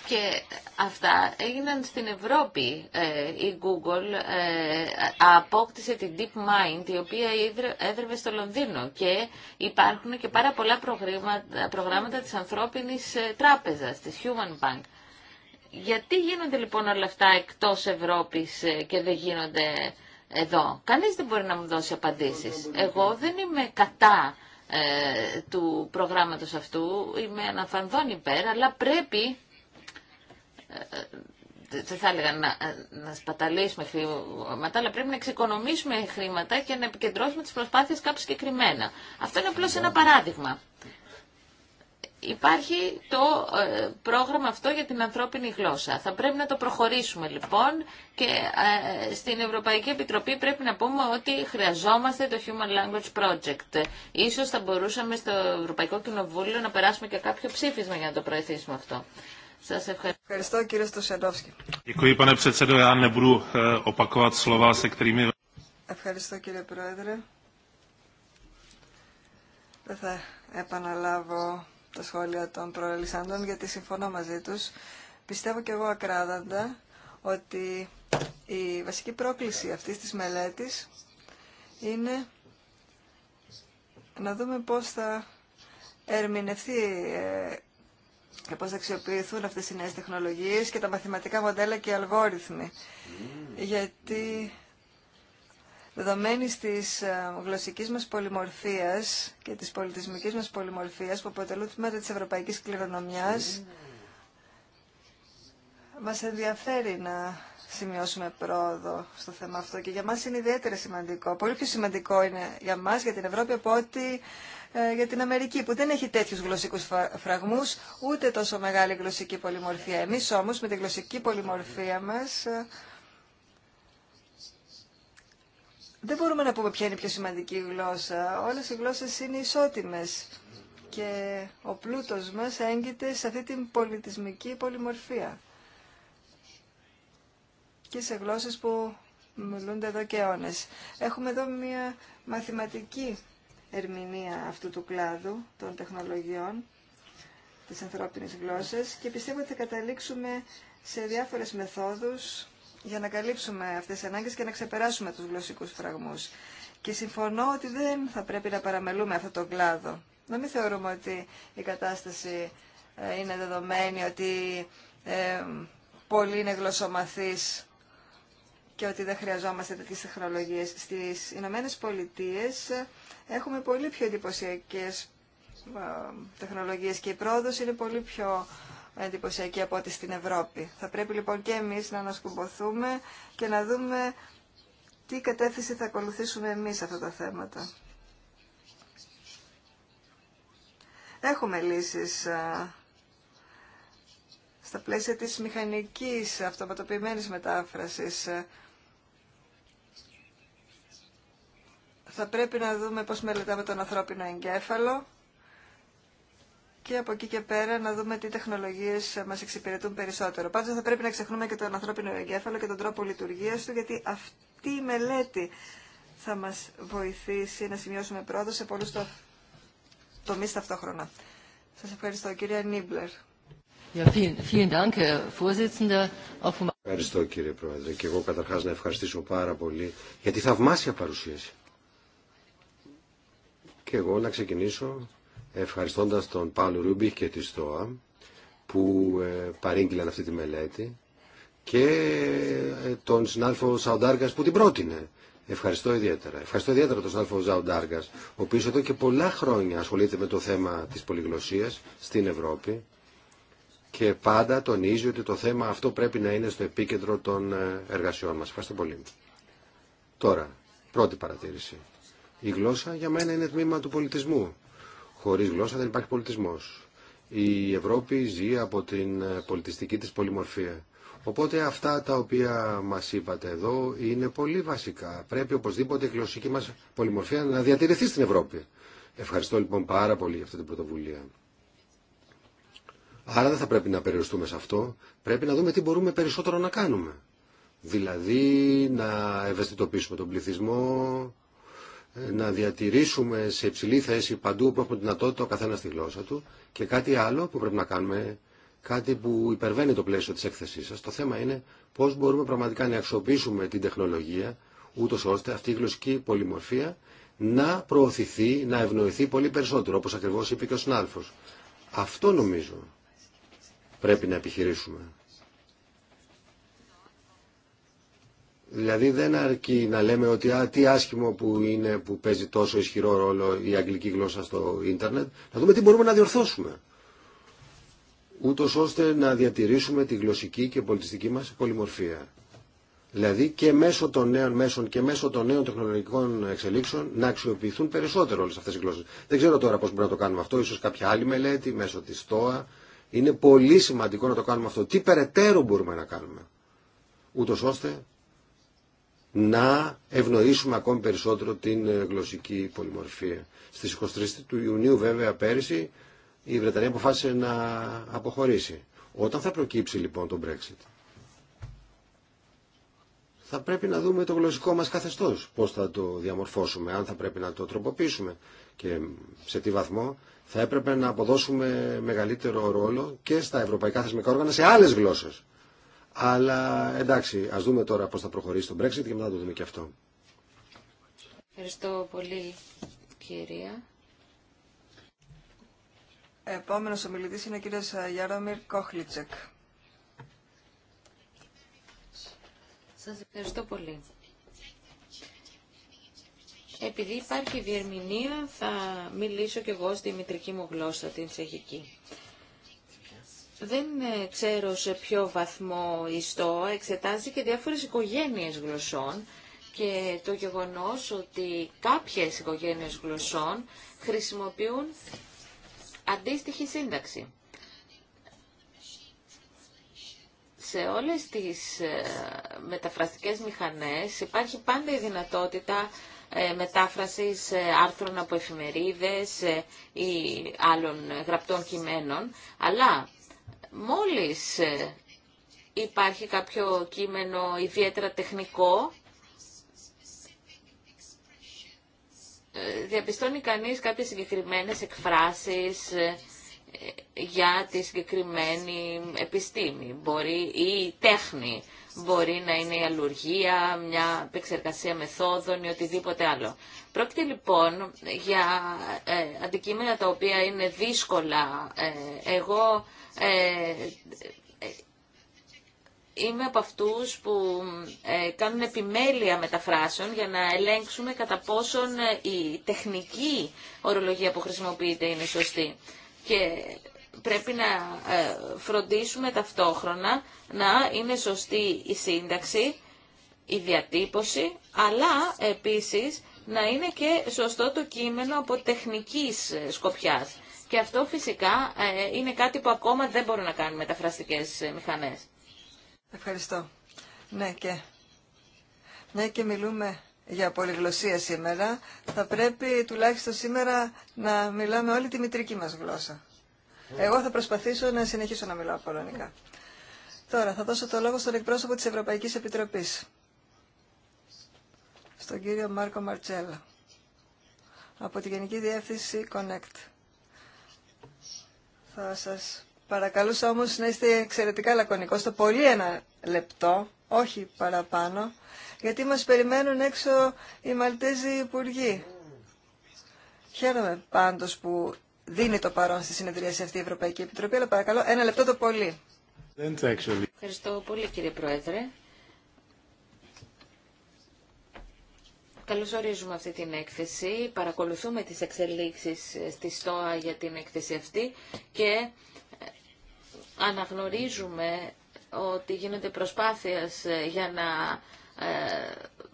D: και αυτά έγιναν στην Ευρώπη. Ε, η Google ε, απόκτησε την DeepMind, η οποία έδρευε στο Λονδίνο. Και υπάρχουν και πάρα πολλά προγράμματα, προγράμματα της ανθρώπινης ε, τράπεζας, της Human Bank. Γιατί γίνονται λοιπόν όλα αυτά εκτός Ευρώπης και δεν γίνονται εδώ. Κανείς δεν μπορεί να μου δώσει απαντήσεις. Εγώ δεν είμαι κατά του προγράμματος αυτού, είμαι αναφανδόν υπέρ, αλλά πρέπει ε, ε, δεν θα έλεγα να, ε, να σπαταλήσουμε χρήματα, αλλά πρέπει να εξοικονομήσουμε χρήματα και να επικεντρώσουμε τις προσπάθειες κάπου συγκεκριμένα. Αυτό είναι απλώς ένα παράδειγμα. Υπάρχει το πρόγραμμα αυτό για την ανθρώπινη γλώσσα. Θα πρέπει να το προχωρήσουμε λοιπόν και στην Ευρωπαϊκή Επιτροπή πρέπει να πούμε ότι χρειαζόμαστε το Human Language Project. Ίσως θα μπορούσαμε στο Ευρωπαϊκό Κοινοβούλιο να περάσουμε και κάποιο ψήφισμα για να το προεθήσουμε αυτό ευχαριστώ. κύριε Στουσιαντόφσκι.
A: Eh,
B: ευχαριστώ κύριε Πρόεδρε. Δεν θα επαναλάβω τα σχόλια των προελισσάντων γιατί συμφωνώ μαζί τους. Πιστεύω και εγώ ακράδαντα ότι η βασική πρόκληση αυτής της μελέτης είναι να δούμε πώς θα ερμηνευτεί ε, και πώς θα αξιοποιηθούν αυτές οι νέες τεχνολογίες και τα μαθηματικά μοντέλα και οι αλγόριθμοι. Mm. Γιατί δεδομένη της ε, γλωσσικής μας πολυμορφίας και της πολιτισμικής μας πολυμορφίας που αποτελούν τμήματα της ευρωπαϊκής κληρονομιάς, mm. μας ενδιαφέρει να σημειώσουμε πρόοδο στο θέμα αυτό και για μας είναι ιδιαίτερα σημαντικό. Πολύ πιο σημαντικό είναι για μας, για την Ευρώπη, από ε, για την Αμερική που δεν έχει τέτοιους γλωσσικούς φραγμούς ούτε τόσο μεγάλη γλωσσική πολυμορφία. Εμείς όμως με τη γλωσσική πολυμορφία μας ε, δεν μπορούμε να πούμε ποια είναι η πιο σημαντική γλώσσα. Όλες οι γλώσσες είναι ισότιμες και ο πλούτος μας έγκυται σε αυτή την πολιτισμική πολυμορφία και σε γλώσσες που μιλούνται εδώ και αιώνες. Έχουμε εδώ μια μαθηματική ερμηνεία αυτού του κλάδου των τεχνολογιών της ανθρώπινης γλώσσας και πιστεύω ότι θα καταλήξουμε σε διάφορες μεθόδους για να καλύψουμε αυτές τις ανάγκες και να ξεπεράσουμε τους γλωσσικούς φραγμούς. Και συμφωνώ ότι δεν θα πρέπει να παραμελούμε αυτό το κλάδο. Να μην θεωρούμε ότι η κατάσταση ε, είναι δεδομένη, ότι ε, πολλοί είναι γλωσσομαθείς και ότι δεν χρειαζόμαστε τέτοιες τεχνολογίες. Στις Ηνωμένε Πολιτείε έχουμε πολύ πιο εντυπωσιακέ ε, τεχνολογίες και η πρόοδος είναι πολύ πιο εντυπωσιακή από ό,τι στην Ευρώπη. Θα πρέπει λοιπόν και εμείς να ανασκουμποθούμε και να δούμε τι κατεύθυνση θα ακολουθήσουμε εμείς αυτά τα θέματα. Έχουμε λύσεις ε, στα πλαίσια της μηχανικής αυτοματοποιημένης μετάφρασης ε, Θα πρέπει να δούμε πώς μελετάμε τον ανθρώπινο εγκέφαλο και από εκεί και πέρα να δούμε τι τεχνολογίες μας εξυπηρετούν περισσότερο. Πάντως θα πρέπει να ξεχνούμε και τον ανθρώπινο εγκέφαλο και τον τρόπο λειτουργίας του, γιατί αυτή η μελέτη θα μας βοηθήσει να σημειώσουμε πρόοδο σε πολλούς το... τομείς ταυτόχρονα. Σας ευχαριστώ, κυρία Νίμπλερ.
C: Ευχαριστώ κύριε Πρόεδρε και εγώ καταρχάς να ευχαριστήσω πάρα πολύ για τη θαυμάσια παρουσίαση και εγώ να ξεκινήσω ευχαριστώντας τον Παύλο Ρούμπιχ και τη ΣΤΟΑ που ε, παρήγγειλαν αυτή τη μελέτη και ε, τον Σνάλφο Σαουντάργας που την πρότεινε. Ευχαριστώ ιδιαίτερα. Ευχαριστώ ιδιαίτερα τον συνάδελφο Σαουντάργας ο οποίο εδώ και πολλά χρόνια ασχολείται με το θέμα της πολυγλωσσίας στην Ευρώπη και πάντα τονίζει ότι το θέμα αυτό πρέπει να είναι στο επίκεντρο των ε, εργασιών μας. Ευχαριστώ πολύ. Τώρα, πρώτη παρατήρηση. Η γλώσσα για μένα είναι τμήμα του πολιτισμού. Χωρίς γλώσσα δεν υπάρχει πολιτισμός. Η Ευρώπη ζει από την ε, πολιτιστική της πολυμορφία. Οπότε αυτά τα οποία μας είπατε εδώ είναι πολύ βασικά. Πρέπει οπωσδήποτε η γλωσσική μας πολυμορφία να διατηρηθεί στην Ευρώπη. Ευχαριστώ λοιπόν πάρα πολύ για αυτή την πρωτοβουλία. Άρα δεν θα πρέπει να περιοριστούμε σε αυτό. Πρέπει να δούμε τι μπορούμε περισσότερο να κάνουμε. Δηλαδή να ευαισθητοποιήσουμε τον πληθυσμό, να διατηρήσουμε σε υψηλή θέση παντού όπου έχουμε δυνατότητα ο καθένα τη γλώσσα του και κάτι άλλο που πρέπει να κάνουμε, κάτι που υπερβαίνει το πλαίσιο τη έκθεσή σα. Το θέμα είναι πώ μπορούμε πραγματικά να αξιοποιήσουμε την τεχνολογία, ούτω ώστε αυτή η γλωσσική πολυμορφία να προωθηθεί, να ευνοηθεί πολύ περισσότερο, όπω ακριβώ είπε και ο συνάδελφο. Αυτό νομίζω πρέπει να επιχειρήσουμε. Δηλαδή δεν αρκεί να λέμε ότι α, τι άσχημο που είναι που παίζει τόσο ισχυρό ρόλο η αγγλική γλώσσα στο ίντερνετ. Να δούμε τι μπορούμε να διορθώσουμε. Ούτω ώστε να διατηρήσουμε τη γλωσσική και πολιτιστική μας πολυμορφία. Δηλαδή και μέσω των νέων μέσων και μέσω των νέων τεχνολογικών εξελίξεων να αξιοποιηθούν περισσότερο όλες αυτές οι γλώσσες. Δεν ξέρω τώρα πώς μπορούμε να το κάνουμε αυτό, ίσως κάποια άλλη μελέτη μέσω της ΤΟΑ. Είναι πολύ σημαντικό να το κάνουμε αυτό. Τι περαιτέρω μπορούμε να κάνουμε. Ούτως ώστε να ευνοήσουμε ακόμη περισσότερο την ε, γλωσσική πολυμορφία. Στις 23 του Ιουνίου βέβαια πέρυσι η Βρετανία αποφάσισε να αποχωρήσει. Όταν θα προκύψει λοιπόν το Brexit θα πρέπει να δούμε το γλωσσικό μας καθεστώς, πώς θα το διαμορφώσουμε, αν θα πρέπει να το τροποποιήσουμε και σε τι βαθμό θα έπρεπε να αποδώσουμε μεγαλύτερο ρόλο και στα ευρωπαϊκά θεσμικά όργανα σε άλλες γλώσσες. Αλλά εντάξει, α δούμε τώρα πώ θα προχωρήσει το Brexit και μετά το δούμε και αυτό.
D: Ευχαριστώ πολύ, κυρία.
B: Επόμενος ομιλητής είναι ο κύριος Γιάρομιρ Κόχλιτσεκ.
D: Σας ευχαριστώ πολύ. Επειδή υπάρχει διερμηνία, θα μιλήσω κι εγώ στη μητρική μου γλώσσα, την τσεχική δεν ε, ξέρω σε ποιο βαθμό ιστό εξετάζει και διάφορες οικογένειες γλωσσών και το γεγονός ότι κάποιες οικογένειες γλωσσών χρησιμοποιούν αντίστοιχη σύνταξη. Σε όλες τις ε, μεταφραστικές μηχανές υπάρχει πάντα η δυνατότητα ε, μετάφρασης άρθρων από εφημερίδες ή άλλων γραπτών κειμένων, αλλά μόλις ε, υπάρχει κάποιο κείμενο ιδιαίτερα τεχνικό, ε, διαπιστώνει κανείς κάποιες συγκεκριμένες εκφράσεις ε, για τη συγκεκριμένη επιστήμη μπορεί, ή τέχνη. Μπορεί να είναι η αλλουργία, μια επεξεργασία μεθόδων ή οτιδήποτε άλλο. Πρόκειται λοιπόν για ε, αντικείμενα τα οποία είναι δύσκολα. εγώ ε, ε, είμαι από αυτούς που ε, κάνουν επιμέλεια μεταφράσεων για να ελέγξουμε κατά πόσον η τεχνική ορολογία που χρησιμοποιείται είναι σωστή. Και πρέπει να φροντίσουμε ταυτόχρονα να είναι σωστή η σύνταξη, η διατύπωση, αλλά επίσης να είναι και σωστό το κείμενο από τεχνικής σκοπιάς. Και αυτό φυσικά ε, είναι κάτι που ακόμα δεν μπορούν να κάνουν μεταφραστικέ ε, μηχανές. Ευχαριστώ. Ναι
B: και, ναι και μιλούμε για πολυγλωσία σήμερα. Θα πρέπει τουλάχιστον σήμερα να μιλάμε όλη τη μητρική μας γλώσσα. Εγώ θα προσπαθήσω να συνεχίσω να μιλάω πολωνικά. Τώρα θα δώσω το λόγο στον εκπρόσωπο της Ευρωπαϊκής Επιτροπής, στον κύριο Μάρκο Μαρτσέλα, από τη Γενική Διεύθυνση Connect. Θα σας παρακαλούσα όμως να είστε εξαιρετικά λακωνικός, Στο πολύ ένα λεπτό, όχι παραπάνω, γιατί μας περιμένουν έξω οι Μαλτέζοι Υπουργοί. Χαίρομαι πάντως που δίνει το παρόν στη συνεδρία σε αυτή η Ευρωπαϊκή Επιτροπή, αλλά παρακαλώ ένα λεπτό το πολύ.
D: Ευχαριστώ πολύ κύριε Πρόεδρε. Καλωσορίζουμε αυτή την έκθεση, παρακολουθούμε τις εξελίξεις στη ΣΤΟΑ για την έκθεση αυτή και ε, αναγνωρίζουμε ότι γίνονται προσπάθειες ε, για να ε,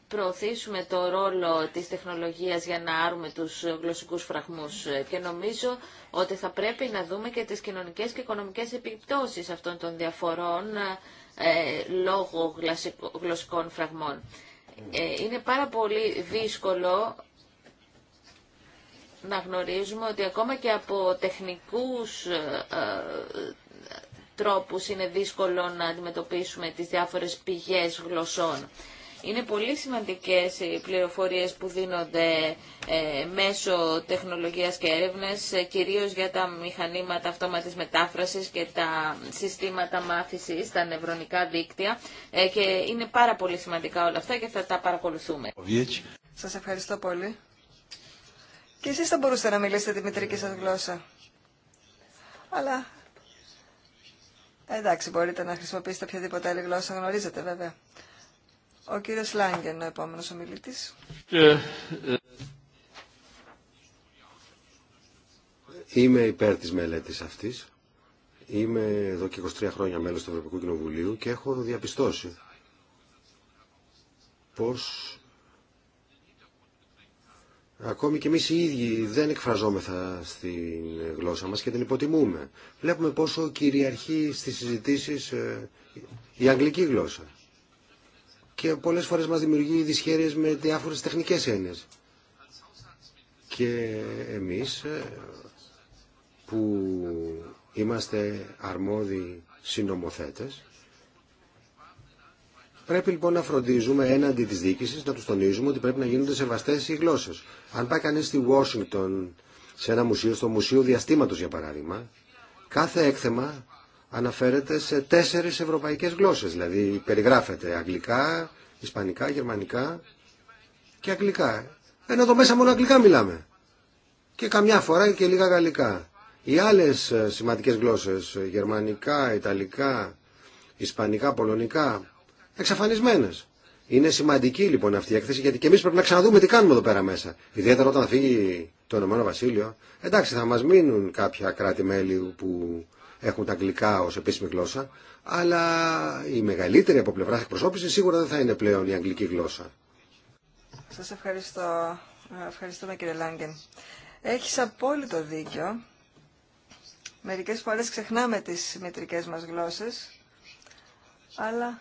D: προωθήσουμε το ρόλο της τεχνολογίας για να άρουμε τους γλωσσικούς φραγμούς και νομίζω ότι θα πρέπει να δούμε και τις κοινωνικές και οικονομικές επιπτώσεις αυτών των διαφορών λόγω γλωσσικών φραγμών. Ε, είναι πάρα πολύ δύσκολο να γνωρίζουμε ότι ακόμα και από τεχνικούς ε, ε, τρόπους είναι δύσκολο να αντιμετωπίσουμε τις διάφορες πηγές γλωσσών. Είναι πολύ σημαντικές οι πληροφορίες που δίνονται ε, μέσω τεχνολογίας και έρευνες, ε, κυρίως για τα μηχανήματα αυτόματης μετάφρασης και τα συστήματα μάθησης, τα νευρονικά δίκτυα ε, και είναι πάρα πολύ σημαντικά όλα αυτά και θα τα παρακολουθούμε. Σας ευχαριστώ πολύ. Και εσείς θα μπορούσατε να
B: μιλήσετε τη μητρική σας γλώσσα. Αλλά εντάξει, μπορείτε να χρησιμοποιήσετε οποιαδήποτε άλλη γλώσσα γνωρίζετε βέβαια. Ο κύριος Λάγκεν, ο επόμενος ομιλητής.
C: Ε, Είμαι υπέρ της μελέτης αυτής. Είμαι εδώ και 23 χρόνια μέλος του Ευρωπαϊκού Κοινοβουλίου και έχω διαπιστώσει πως Ακόμη και εμείς οι ίδιοι δεν εκφραζόμεθα στην γλώσσα μας και την υποτιμούμε. Βλέπουμε πόσο κυριαρχεί στις συζητήσεις ε, η αγγλική γλώσσα και πολλές φορές μας δημιουργεί δυσχέρειες με διάφορες τεχνικές έννοιες. Και εμείς ε, που είμαστε αρμόδιοι συνομοθέτες πρέπει λοιπόν να φροντίζουμε έναντι της διοίκησης να τους τονίζουμε ότι πρέπει να γίνονται σεβαστές οι γλώσσες. Αν πάει κανείς στη Washington σε ένα μουσείο, στο Μουσείο Διαστήματος για παράδειγμα, κάθε έκθεμα αναφέρεται σε τέσσερις ευρωπαϊκές γλώσσες, δηλαδή περιγράφεται αγγλικά, ισπανικά, γερμανικά και αγγλικά. Ενώ εδώ μέσα μόνο αγγλικά μιλάμε και καμιά φορά και λίγα γαλλικά. Οι άλλες ε, σημαντικές γλώσσες, ε, γερμανικά, ιταλικά, ισπανικά, πολωνικά, εξαφανισμένες. Είναι σημαντική λοιπόν αυτή η έκθεση γιατί και εμεί πρέπει να ξαναδούμε τι κάνουμε εδώ πέρα μέσα. Ιδιαίτερα όταν φύγει το Ηνωμένο Βασίλειο. Εντάξει, θα μα μείνουν κάποια κράτη-μέλη που έχουν τα αγγλικά ως επίσημη γλώσσα, αλλά η μεγαλύτερη από πλευρά εκπροσώπηση σίγουρα δεν θα είναι πλέον η αγγλική γλώσσα.
B: Σας ευχαριστώ. Ευχαριστούμε κύριε Λάγκεν. Έχεις απόλυτο δίκιο. Μερικές φορές ξεχνάμε τις μητρικές μας γλώσσες, αλλά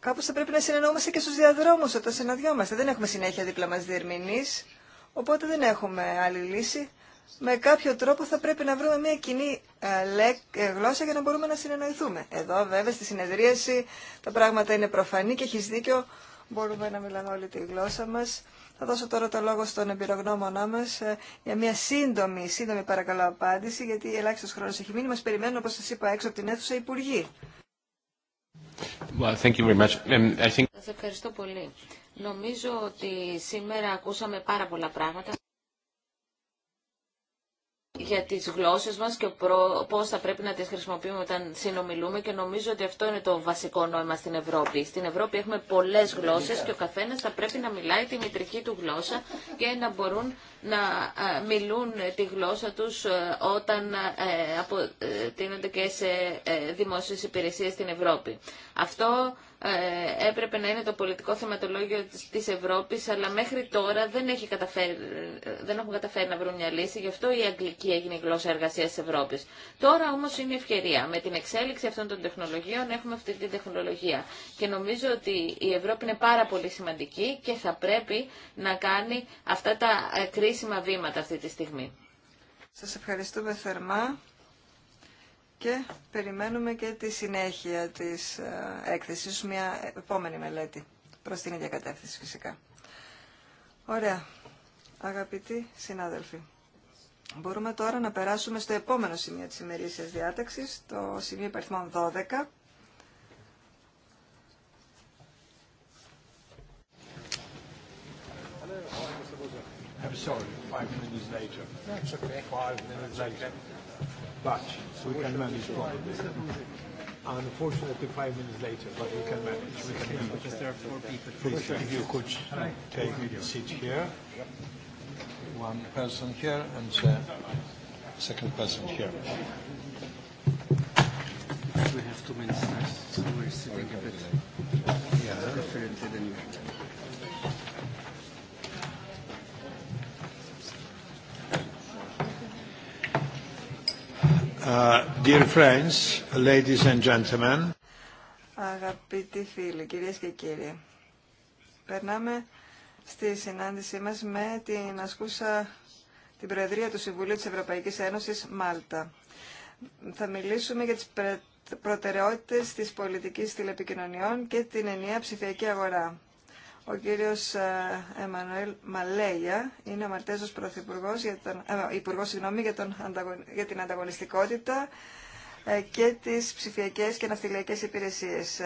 B: κάπως θα πρέπει να συνεννοούμαστε και στους διαδρόμους όταν συναντιόμαστε. Δεν έχουμε συνέχεια δίπλα μας διερμηνείς, οπότε δεν έχουμε άλλη λύση με κάποιο τρόπο θα πρέπει να βρούμε μια κοινή ε, ε, γλώσσα για να μπορούμε να συνεννοηθούμε. Εδώ βέβαια στη συνεδρίαση τα πράγματα είναι προφανή και έχει δίκιο, μπορούμε να μιλάμε όλη τη γλώσσα μας. Θα δώσω τώρα το λόγο στον εμπειρογνώμονά μα ε, για μια σύντομη, σύντομη παρακαλώ απάντηση, γιατί ελάχιστο χρόνο έχει μείνει. Μα περιμένουν, όπω σα είπα, έξω από την αίθουσα
D: υπουργοί.
C: Well, thank you very much. Um, I think...
D: Σας ευχαριστώ πολύ. Νομίζω ότι σήμερα ακούσαμε πάρα πολλά πράγματα για τις γλώσσες μας και πώς θα πρέπει να τις χρησιμοποιούμε όταν συνομιλούμε και νομίζω ότι αυτό είναι το βασικό νόημα στην Ευρώπη. Στην Ευρώπη έχουμε πολλές γλώσσες και ο καθένας θα πρέπει να μιλάει τη μητρική του γλώσσα και να μπορούν να ε, μιλούν τη γλώσσα τους ε, όταν ε, αποτείνονται και σε δημόσιες υπηρεσίες στην Ευρώπη. Αυτό έπρεπε να είναι το πολιτικό θεματολόγιο της Ευρώπης, αλλά μέχρι τώρα δεν, έχει καταφέρει, δεν έχουν καταφέρει να βρουν μια λύση, γι' αυτό η Αγγλική έγινε η γλώσσα εργασίας της Ευρώπης. Τώρα όμως είναι η ευκαιρία. Με την εξέλιξη αυτών των τεχνολογιών έχουμε αυτή την τεχνολογία. Και νομίζω ότι η Ευρώπη είναι πάρα πολύ σημαντική και θα πρέπει να κάνει αυτά τα κρίσιμα κρίσιμα βήματα αυτή τη στιγμή. Σας ευχαριστούμε θερμά
B: και περιμένουμε και τη συνέχεια της ε, έκθεσης, μια επόμενη μελέτη προς την ίδια κατεύθυνση φυσικά. Ωραία. Αγαπητοί συνάδελφοι, μπορούμε τώρα να περάσουμε στο επόμενο σημείο της ημερήσιας διάταξης, το σημείο υπαριθμών 12,
A: I'm sorry, five minutes later. That's okay. Five minutes later. But we can manage probably. Unfortunately, five minutes later, but we can manage. We can manage. Because there are four people. Please, if you could take a seat here. One person here and the second person here.
C: We have two minutes, so we're sitting a bit yeah. differently than usual.
A: Uh, and gentlemen.
B: Αγαπητοί φίλοι, κυρίες και κύριοι, περνάμε στη συνάντησή μας με την ασκούσα την Προεδρία του Συμβουλίου της Ευρωπαϊκής Ένωσης Μάλτα. Θα μιλήσουμε για τις προτεραιότητες της πολιτικής τηλεπικοινωνιών και την ενιαία ψηφιακή αγορά. Ο κύριος ε, Εμμανουέλ Μαλέια είναι ο Μαλτέζος Πρωθυπουργός για τον, ε, υπουργός, συγγνώμη, για, τον, την ανταγωνιστικότητα ε, και τις ψηφιακές και ναυτιλιακές υπηρεσίες.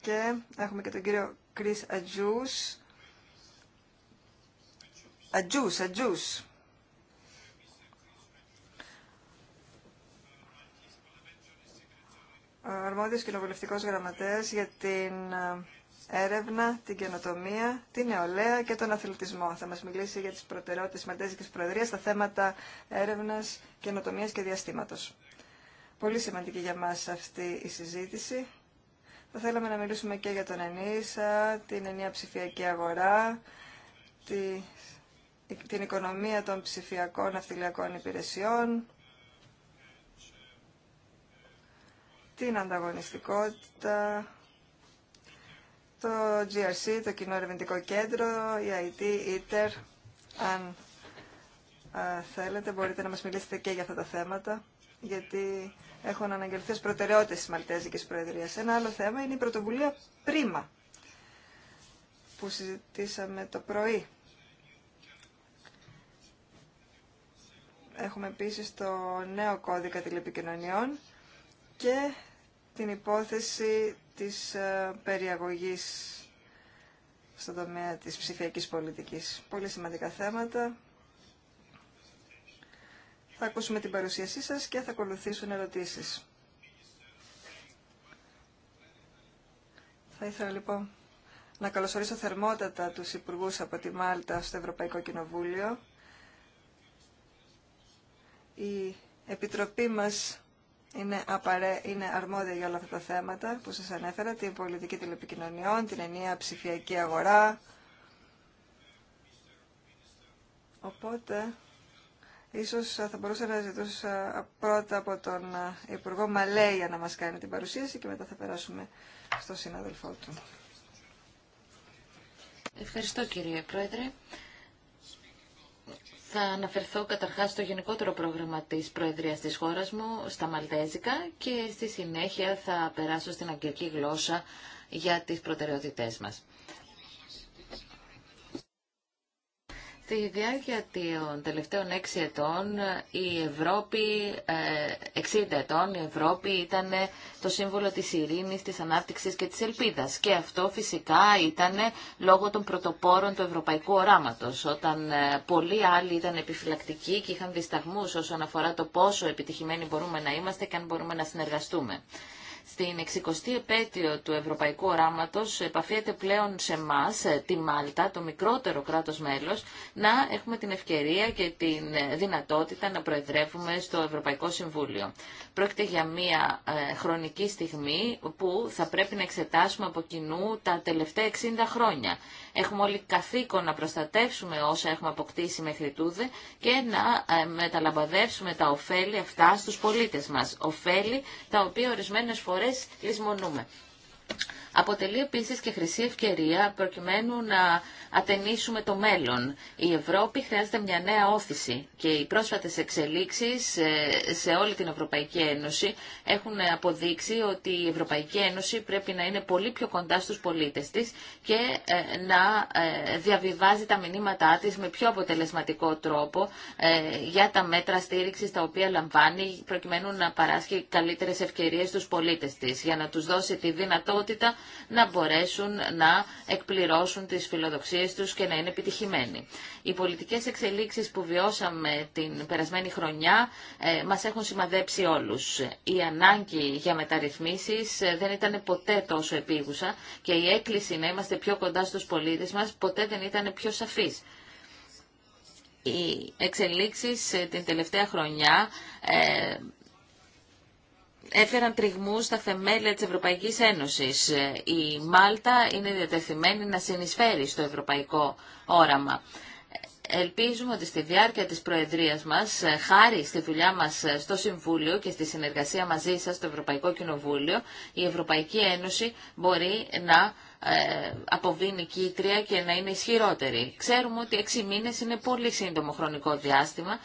B: Και έχουμε και τον κύριο Κρίς Ατζούς. Ατζούς, Ατζούς. Ο αρμόδιος κοινοβουλευτικός γραμματέας για την έρευνα, την καινοτομία, την νεολαία και τον αθλητισμό. Θα μας μιλήσει για τις προτεραιότητες της Μαλτέζικης Προεδρίας στα θέματα έρευνας, καινοτομία και διαστήματος. Πολύ σημαντική για μας αυτή η συζήτηση. Θα θέλαμε να μιλήσουμε και για τον ΕΝΙΣΑ, την ενιαία ψηφιακή αγορά, τη, την οικονομία των ψηφιακών αυτιλιακών υπηρεσιών, την ανταγωνιστικότητα, το GRC, το Κοινό Ερευνητικό Κέντρο, η IT, η ITER. Αν θέλετε μπορείτε να μας μιλήσετε και για αυτά τα θέματα, γιατί έχουν αναγγελθεί ως προτεραιότητες της Μαλτέζικης Προεδρίας. Ένα άλλο θέμα είναι η πρωτοβουλία Πρίμα, που συζητήσαμε το πρωί. Έχουμε επίσης το νέο κώδικα τηλεπικοινωνιών και την υπόθεση της ε, περιαγωγής στον τομέα της ψηφιακής πολιτικής. Πολύ σημαντικά θέματα. Θα ακούσουμε την παρουσίασή σας και θα ακολουθήσουν ερωτήσεις. Θα ήθελα λοιπόν να καλωσορίσω θερμότατα τους υπουργούς από τη Μάλτα στο Ευρωπαϊκό Κοινοβούλιο. Η Επιτροπή μας είναι, είναι αρμόδια για όλα αυτά τα θέματα που σας ανέφερα, την πολιτική τηλεπικοινωνιών, την ενία ψηφιακή αγορά. Οπότε, ίσως θα μπορούσα να ζητούσα πρώτα από τον ε, Υπουργό Μαλέια να μας κάνει την παρουσίαση και μετά θα περάσουμε στον συνάδελφό του.
D: Ευχαριστώ κύριε Πρόεδρε. Θα αναφερθώ καταρχάς στο γενικότερο πρόγραμμα της Προεδρίας της χώρας μου, στα Μαλτέζικα, και στη συνέχεια θα περάσω στην αγγλική γλώσσα για τις προτεραιότητές μας. Στη διάρκεια των τελευταίων έξι ετών η Ευρώπη, 60 ε, ετών, η Ευρώπη ήταν το σύμβολο της ειρήνης, της ανάπτυξης και της ελπίδας. Και αυτό φυσικά ήταν λόγω των πρωτοπόρων του ευρωπαϊκού οράματος, όταν ε, πολλοί άλλοι ήταν επιφυλακτικοί και είχαν δισταγμούς όσον αφορά το πόσο επιτυχημένοι μπορούμε να είμαστε και αν μπορούμε να συνεργαστούμε. Στην 60 επέτειο του Ευρωπαϊκού Οράματος επαφείται πλέον σε εμά, τη Μάλτα, το μικρότερο κράτος μέλος, να έχουμε την ευκαιρία και την ε, δυνατότητα να προεδρεύουμε στο Ευρωπαϊκό Συμβούλιο. Πρόκειται για μια ε, χρονική στιγμή που θα πρέπει να εξετάσουμε από κοινού τα τελευταία 60 χρόνια. Έχουμε όλοι καθήκον να προστατεύσουμε όσα έχουμε αποκτήσει μέχρι τούδε και να ε, μεταλαμπαδεύσουμε τα ωφέλη αυτά στους πολίτες μας. Οφέλη, τα οποία ορισμένες φορές λησμονούμε αποτελεί επίσης και χρυσή ευκαιρία προκειμένου να ατενίσουμε το μέλλον. Η Ευρώπη χρειάζεται μια νέα όθηση και οι πρόσφατες εξελίξεις ε, σε όλη την Ευρωπαϊκή Ένωση έχουν αποδείξει ότι η Ευρωπαϊκή Ένωση πρέπει να είναι πολύ πιο κοντά στους πολίτες της και ε, να ε, διαβιβάζει τα μηνύματά της με πιο αποτελεσματικό τρόπο για τα μέτρα στήριξης τα οποία λαμβάνει προκειμένου να παράσχει καλύτερες ευκαιρίες στους πολίτες της για να τους δώσει τη δυνατότητα να μπορέσουν να εκπληρώσουν τις φιλοδοξίες τους και να είναι επιτυχημένοι. Οι πολιτικές εξελίξεις που βιώσαμε την περασμένη χρονιά ε, μας έχουν σημαδέψει όλους. Η ανάγκη για μεταρρυθμίσεις ε, δεν ήταν ποτέ τόσο επίγουσα και η έκκληση να είμαστε πιο κοντά στους πολίτες μας ποτέ δεν ήταν πιο σαφής. Οι εξελίξεις ε, την τελευταία χρονιά έφεραν τριγμούς στα θεμέλια της Ευρωπαϊκής Ένωσης. Η Μάλτα είναι διατεθειμένη να συνεισφέρει στο ευρωπαϊκό όραμα. Ελπίζουμε ότι στη διάρκεια της Προεδρίας μας, χάρη στη δουλειά μας στο Συμβούλιο και στη συνεργασία μαζί σας στο Ευρωπαϊκό Κοινοβούλιο, η Ευρωπαϊκή Ένωση μπορεί να ε, αποβίνει κίτρια και να είναι ισχυρότερη. Ξέρουμε ότι έξι μήνες είναι πολύ σύντομο χρονικό διάστημα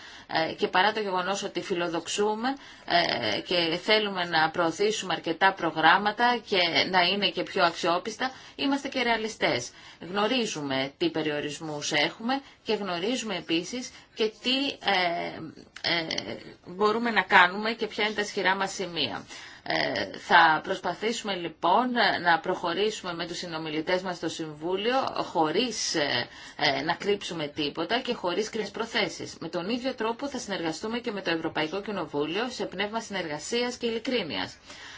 D: ε, και παρά το γεγονός ότι φιλοδοξούμε ε, και θέλουμε να προωθήσουμε αρκετά προγράμματα και να είναι και πιο αξιόπιστα, είμαστε και ρεαλιστές. Γνωρίζουμε τι περιορισμούς έχουμε και γνωρίζουμε επίσης και τι μπορούμε να κάνουμε και ποια είναι τα ισχυρά μας σημεία. Ε, θα προσπαθήσουμε λοιπόν ε, να προχωρήσουμε με τους συνομιλητές μας στο Συμβούλιο χωρίς ε, να κρύψουμε τίποτα και χωρίς κρίνες προθέσεις. Με τον ίδιο τρόπο θα συνεργαστούμε και με το Ευρωπαϊκό Κοινοβούλιο σε πνεύμα συνεργασίας και ειλικρίνειας.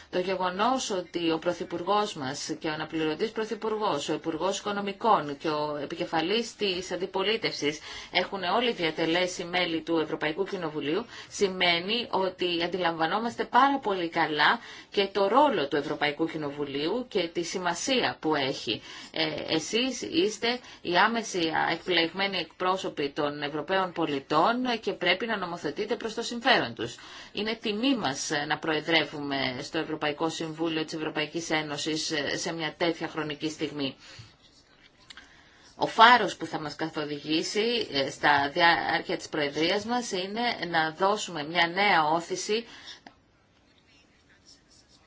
D: Το γεγονό ότι ο Πρωθυπουργό μα και ο αναπληρωτή Πρωθυπουργό, ο Υπουργό Οικονομικών και ο επικεφαλή τη αντιπολίτευση έχουν όλοι διατελέσει μέλη του Ευρωπαϊκού Κοινοβουλίου, σημαίνει ότι αντιλαμβανόμαστε πάρα πολύ καλά και το ρόλο του Ευρωπαϊκού Κοινοβουλίου και τη σημασία που έχει. Ε, εσείς είστε οι άμεση εκπλεγμένοι εκπρόσωποι των Ευρωπαίων πολιτών και πρέπει να νομοθετείτε προ το συμφέρον του. Είναι τιμή μα να προεδρεύουμε στο Ευρωπαϊκό Ευρωπαϊκό Συμβούλιο της Ευρωπαϊκής Ένωσης σε μια τέτοια χρονική στιγμή. Ο φάρος που θα μας καθοδηγήσει ε, στα διάρκεια της Προεδρίας μας είναι να δώσουμε μια νέα όθηση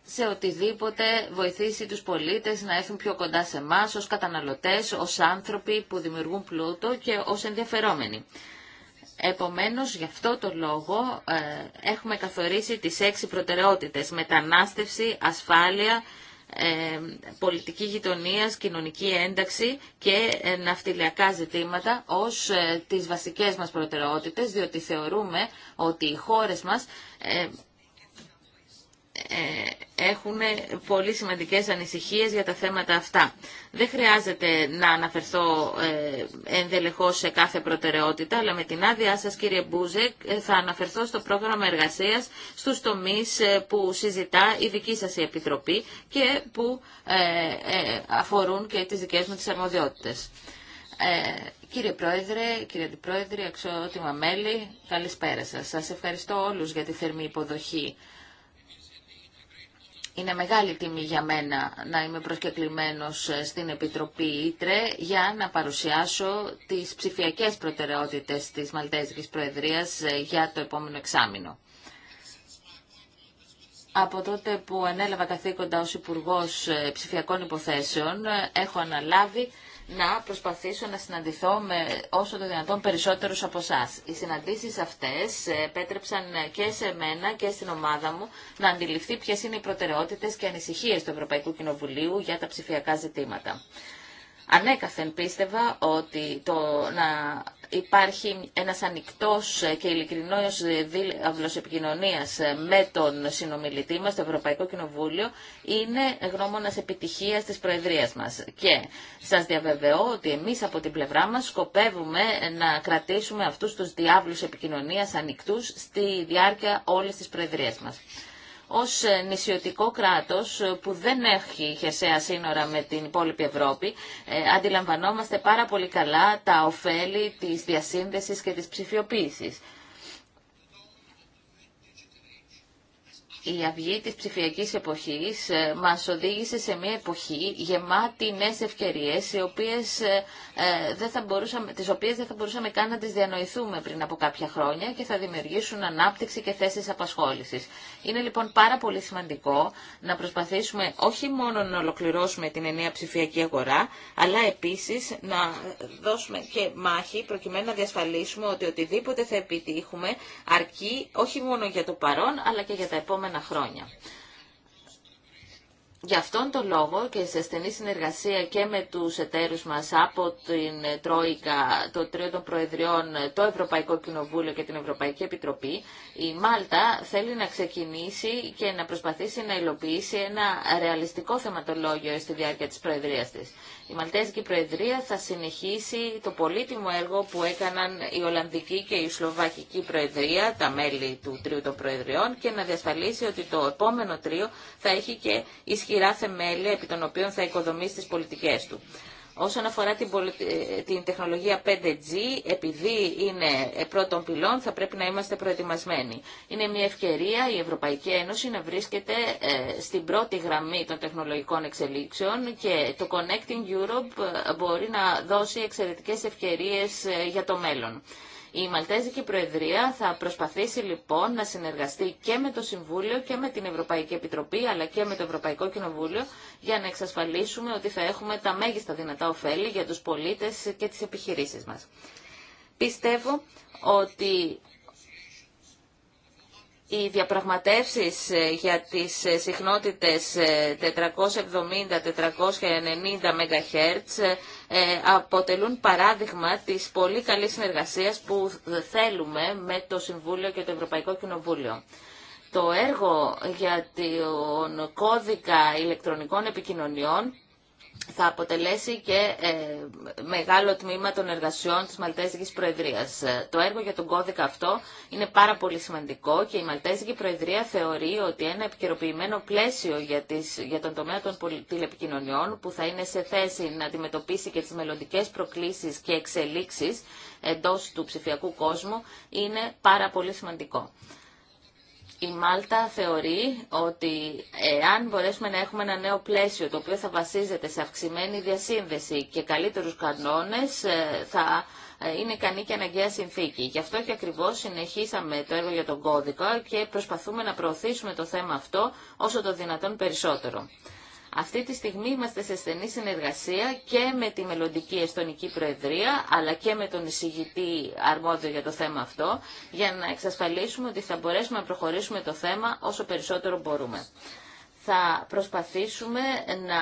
D: σε οτιδήποτε βοηθήσει τους πολίτες να έρθουν πιο κοντά σε εμά ως καταναλωτές, ως άνθρωποι που δημιουργούν πλούτο και ως ενδιαφερόμενοι. Επομένως, γι' αυτό το λόγο ε, έχουμε καθορίσει τις έξι προτεραιότητες. Μετανάστευση, ασφάλεια, ε, πολιτική γειτονία, κοινωνική ένταξη και ε, ναυτιλιακά ζητήματα ως ε, τις βασικές μας προτεραιότητες, διότι θεωρούμε ότι οι χώρες μας ε, έχουν πολύ σημαντικές ανησυχίες για τα θέματα αυτά. Δεν χρειάζεται να αναφερθώ ε, ενδελεχώς σε κάθε προτεραιότητα, αλλά με την άδειά σας κύριε Μπούζεκ ε, θα αναφερθώ στο πρόγραμμα εργασίας, στους τομείς που συζητά η δική σας η Επιτροπή και που αφορούν και τις δικές μου τις αρμοδιότητες. Κύριε Πρόεδρε, κύριε Αντιπρόεδρε, αξιότιμα μέλη, καλησπέρα σας. Σας ευχαριστώ όλους για τη θερμή υποδοχή είναι μεγάλη τιμή για μένα να είμαι προσκεκλημένος στην Επιτροπή Ήτρε για να παρουσιάσω τις ψηφιακές προτεραιότητες της Μαλτέζικης Προεδρίας για το επόμενο εξάμεινο. Από τότε που ανέλαβα καθήκοντα ως Υπουργός Ψηφιακών Υποθέσεων έχω αναλάβει να προσπαθήσω να συναντηθώ με όσο το δυνατόν περισσότερους από εσά. Οι συναντήσεις αυτές επέτρεψαν και σε μένα και στην ομάδα μου να αντιληφθεί ποιες είναι οι προτεραιότητες και ανησυχίες του Ευρωπαϊκού Κοινοβουλίου για τα ψηφιακά ζητήματα. Ανέκαθεν πίστευα ότι το να υπάρχει ένας ανοιχτός και ειλικρινός δίλαυλος επικοινωνίας με τον συνομιλητή μας, το Ευρωπαϊκό Κοινοβούλιο, είναι γνώμονας επιτυχίας της Προεδρίας μας. Και σας διαβεβαιώ ότι εμείς από την πλευρά μας σκοπεύουμε να κρατήσουμε αυτούς τους διάβλους επικοινωνίας ανοιχτούς στη διάρκεια όλης της Προεδρίας μας ως ε, νησιωτικό κράτος ε, που δεν έχει χερσαία σύνορα με την υπόλοιπη Ευρώπη, ε, αντιλαμβανόμαστε πάρα πολύ καλά τα ωφέλη της διασύνδεσης και της ψηφιοποίησης. η αυγή της ψηφιακής εποχής ε, μας οδήγησε σε μια εποχή γεμάτη νέες ευκαιρίες, οι οποίες, ε, ε, δεν θα μπορούσαμε, τις οποίες δεν θα μπορούσαμε καν να τις διανοηθούμε πριν από κάποια χρόνια και θα δημιουργήσουν ανάπτυξη και θέσεις απασχόλησης. Είναι λοιπόν πάρα πολύ σημαντικό να προσπαθήσουμε όχι μόνο να ολοκληρώσουμε την ενιαία ψηφιακή αγορά, αλλά επίσης να δώσουμε και μάχη προκειμένου να διασφαλίσουμε ότι οτιδήποτε θα επιτύχουμε αρκεί όχι μόνο για το παρόν, αλλά και για τα επόμενα επόμενα χρόνια. Γι' αυτόν τον λόγο και σε στενή συνεργασία και με τους εταίρους μας από την Τρόικα, το Τρίο των Προεδριών, το Ευρωπαϊκό Κοινοβούλιο και την Ευρωπαϊκή Επιτροπή, η Μάλτα θέλει να ξεκινήσει και να προσπαθήσει να υλοποιήσει ένα ρεαλιστικό θεματολόγιο στη διάρκεια της Προεδρίας της. Η Μαλτέζικη Προεδρία θα συνεχίσει το πολύτιμο έργο που έκαναν η Ολλανδική και η Σλοβακική Προεδρία, τα μέλη του Τρίου των Προεδριών, και να διασφαλίσει ότι το επόμενο τρίο θα έχει και ισχυρά θεμέλια επί των οποίων θα οικοδομήσει τι πολιτικές του. Όσον αφορά την, ε, την τεχνολογία 5G, επειδή είναι ε, πρώτων πυλών, θα πρέπει να είμαστε προετοιμασμένοι. Είναι μια ευκαιρία η Ευρωπαϊκή Ένωση να βρίσκεται ε, στην πρώτη γραμμή των τεχνολογικών εξελίξεων και το Connecting Europe μπορεί να δώσει εξαιρετικές ευκαιρίες για το μέλλον. Η Μαλτέζικη Προεδρία θα προσπαθήσει λοιπόν να συνεργαστεί και με το Συμβούλιο και με την Ευρωπαϊκή Επιτροπή αλλά και με το Ευρωπαϊκό Κοινοβούλιο για να εξασφαλίσουμε ότι θα έχουμε τα μέγιστα δυνατά ωφέλη για τους πολίτες και τις επιχειρήσεις μας. Πιστεύω ότι οι διαπραγματεύσεις ε, για τις ε, συχνότητες 470-490 ε, MHz ε, αποτελούν παράδειγμα της πολύ καλής συνεργασίας που θέλουμε με το Συμβούλιο και το Ευρωπαϊκό Κοινοβούλιο. Το έργο για τον κώδικα ηλεκτρονικών επικοινωνιών θα αποτελέσει και ε, μεγάλο τμήμα των εργασιών της Μαλτέζικης Προεδρίας. Ε, το έργο για τον κώδικα αυτό είναι πάρα πολύ σημαντικό και η Μαλτέζικη Προεδρία θεωρεί ότι ένα επικαιροποιημένο πλαίσιο για, τις, τον τομέα των τηλεπικοινωνιών που θα είναι σε θέση να αντιμετωπίσει και τις μελλοντικές προκλήσεις και εξελίξεις εντός του ψηφιακού κόσμου είναι πάρα πολύ σημαντικό. Η Μάλτα θεωρεί ότι εάν μπορέσουμε να έχουμε ένα νέο πλαίσιο το οποίο θα βασίζεται σε αυξημένη διασύνδεση και καλύτερους κανόνες ε, θα ε, είναι ικανή και αναγκαία συνθήκη. Γι' αυτό και ακριβώς συνεχίσαμε το έργο για τον κώδικα και προσπαθούμε να προωθήσουμε το θέμα αυτό όσο το δυνατόν περισσότερο. Αυτή τη στιγμή είμαστε σε στενή συνεργασία και με τη μελλοντική Εστονική Προεδρία, αλλά και με τον εισηγητή αρμόδιο για το θέμα αυτό, για να εξασφαλίσουμε ότι θα μπορέσουμε να προχωρήσουμε το θέμα όσο περισσότερο μπορούμε. Θα προσπαθήσουμε να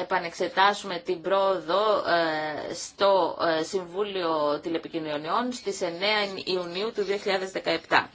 D: επανεξετάσουμε την πρόοδο ε, στο ε, Συμβούλιο Τηλεπικοινωνιών στις 9 Ιουνίου του 2017.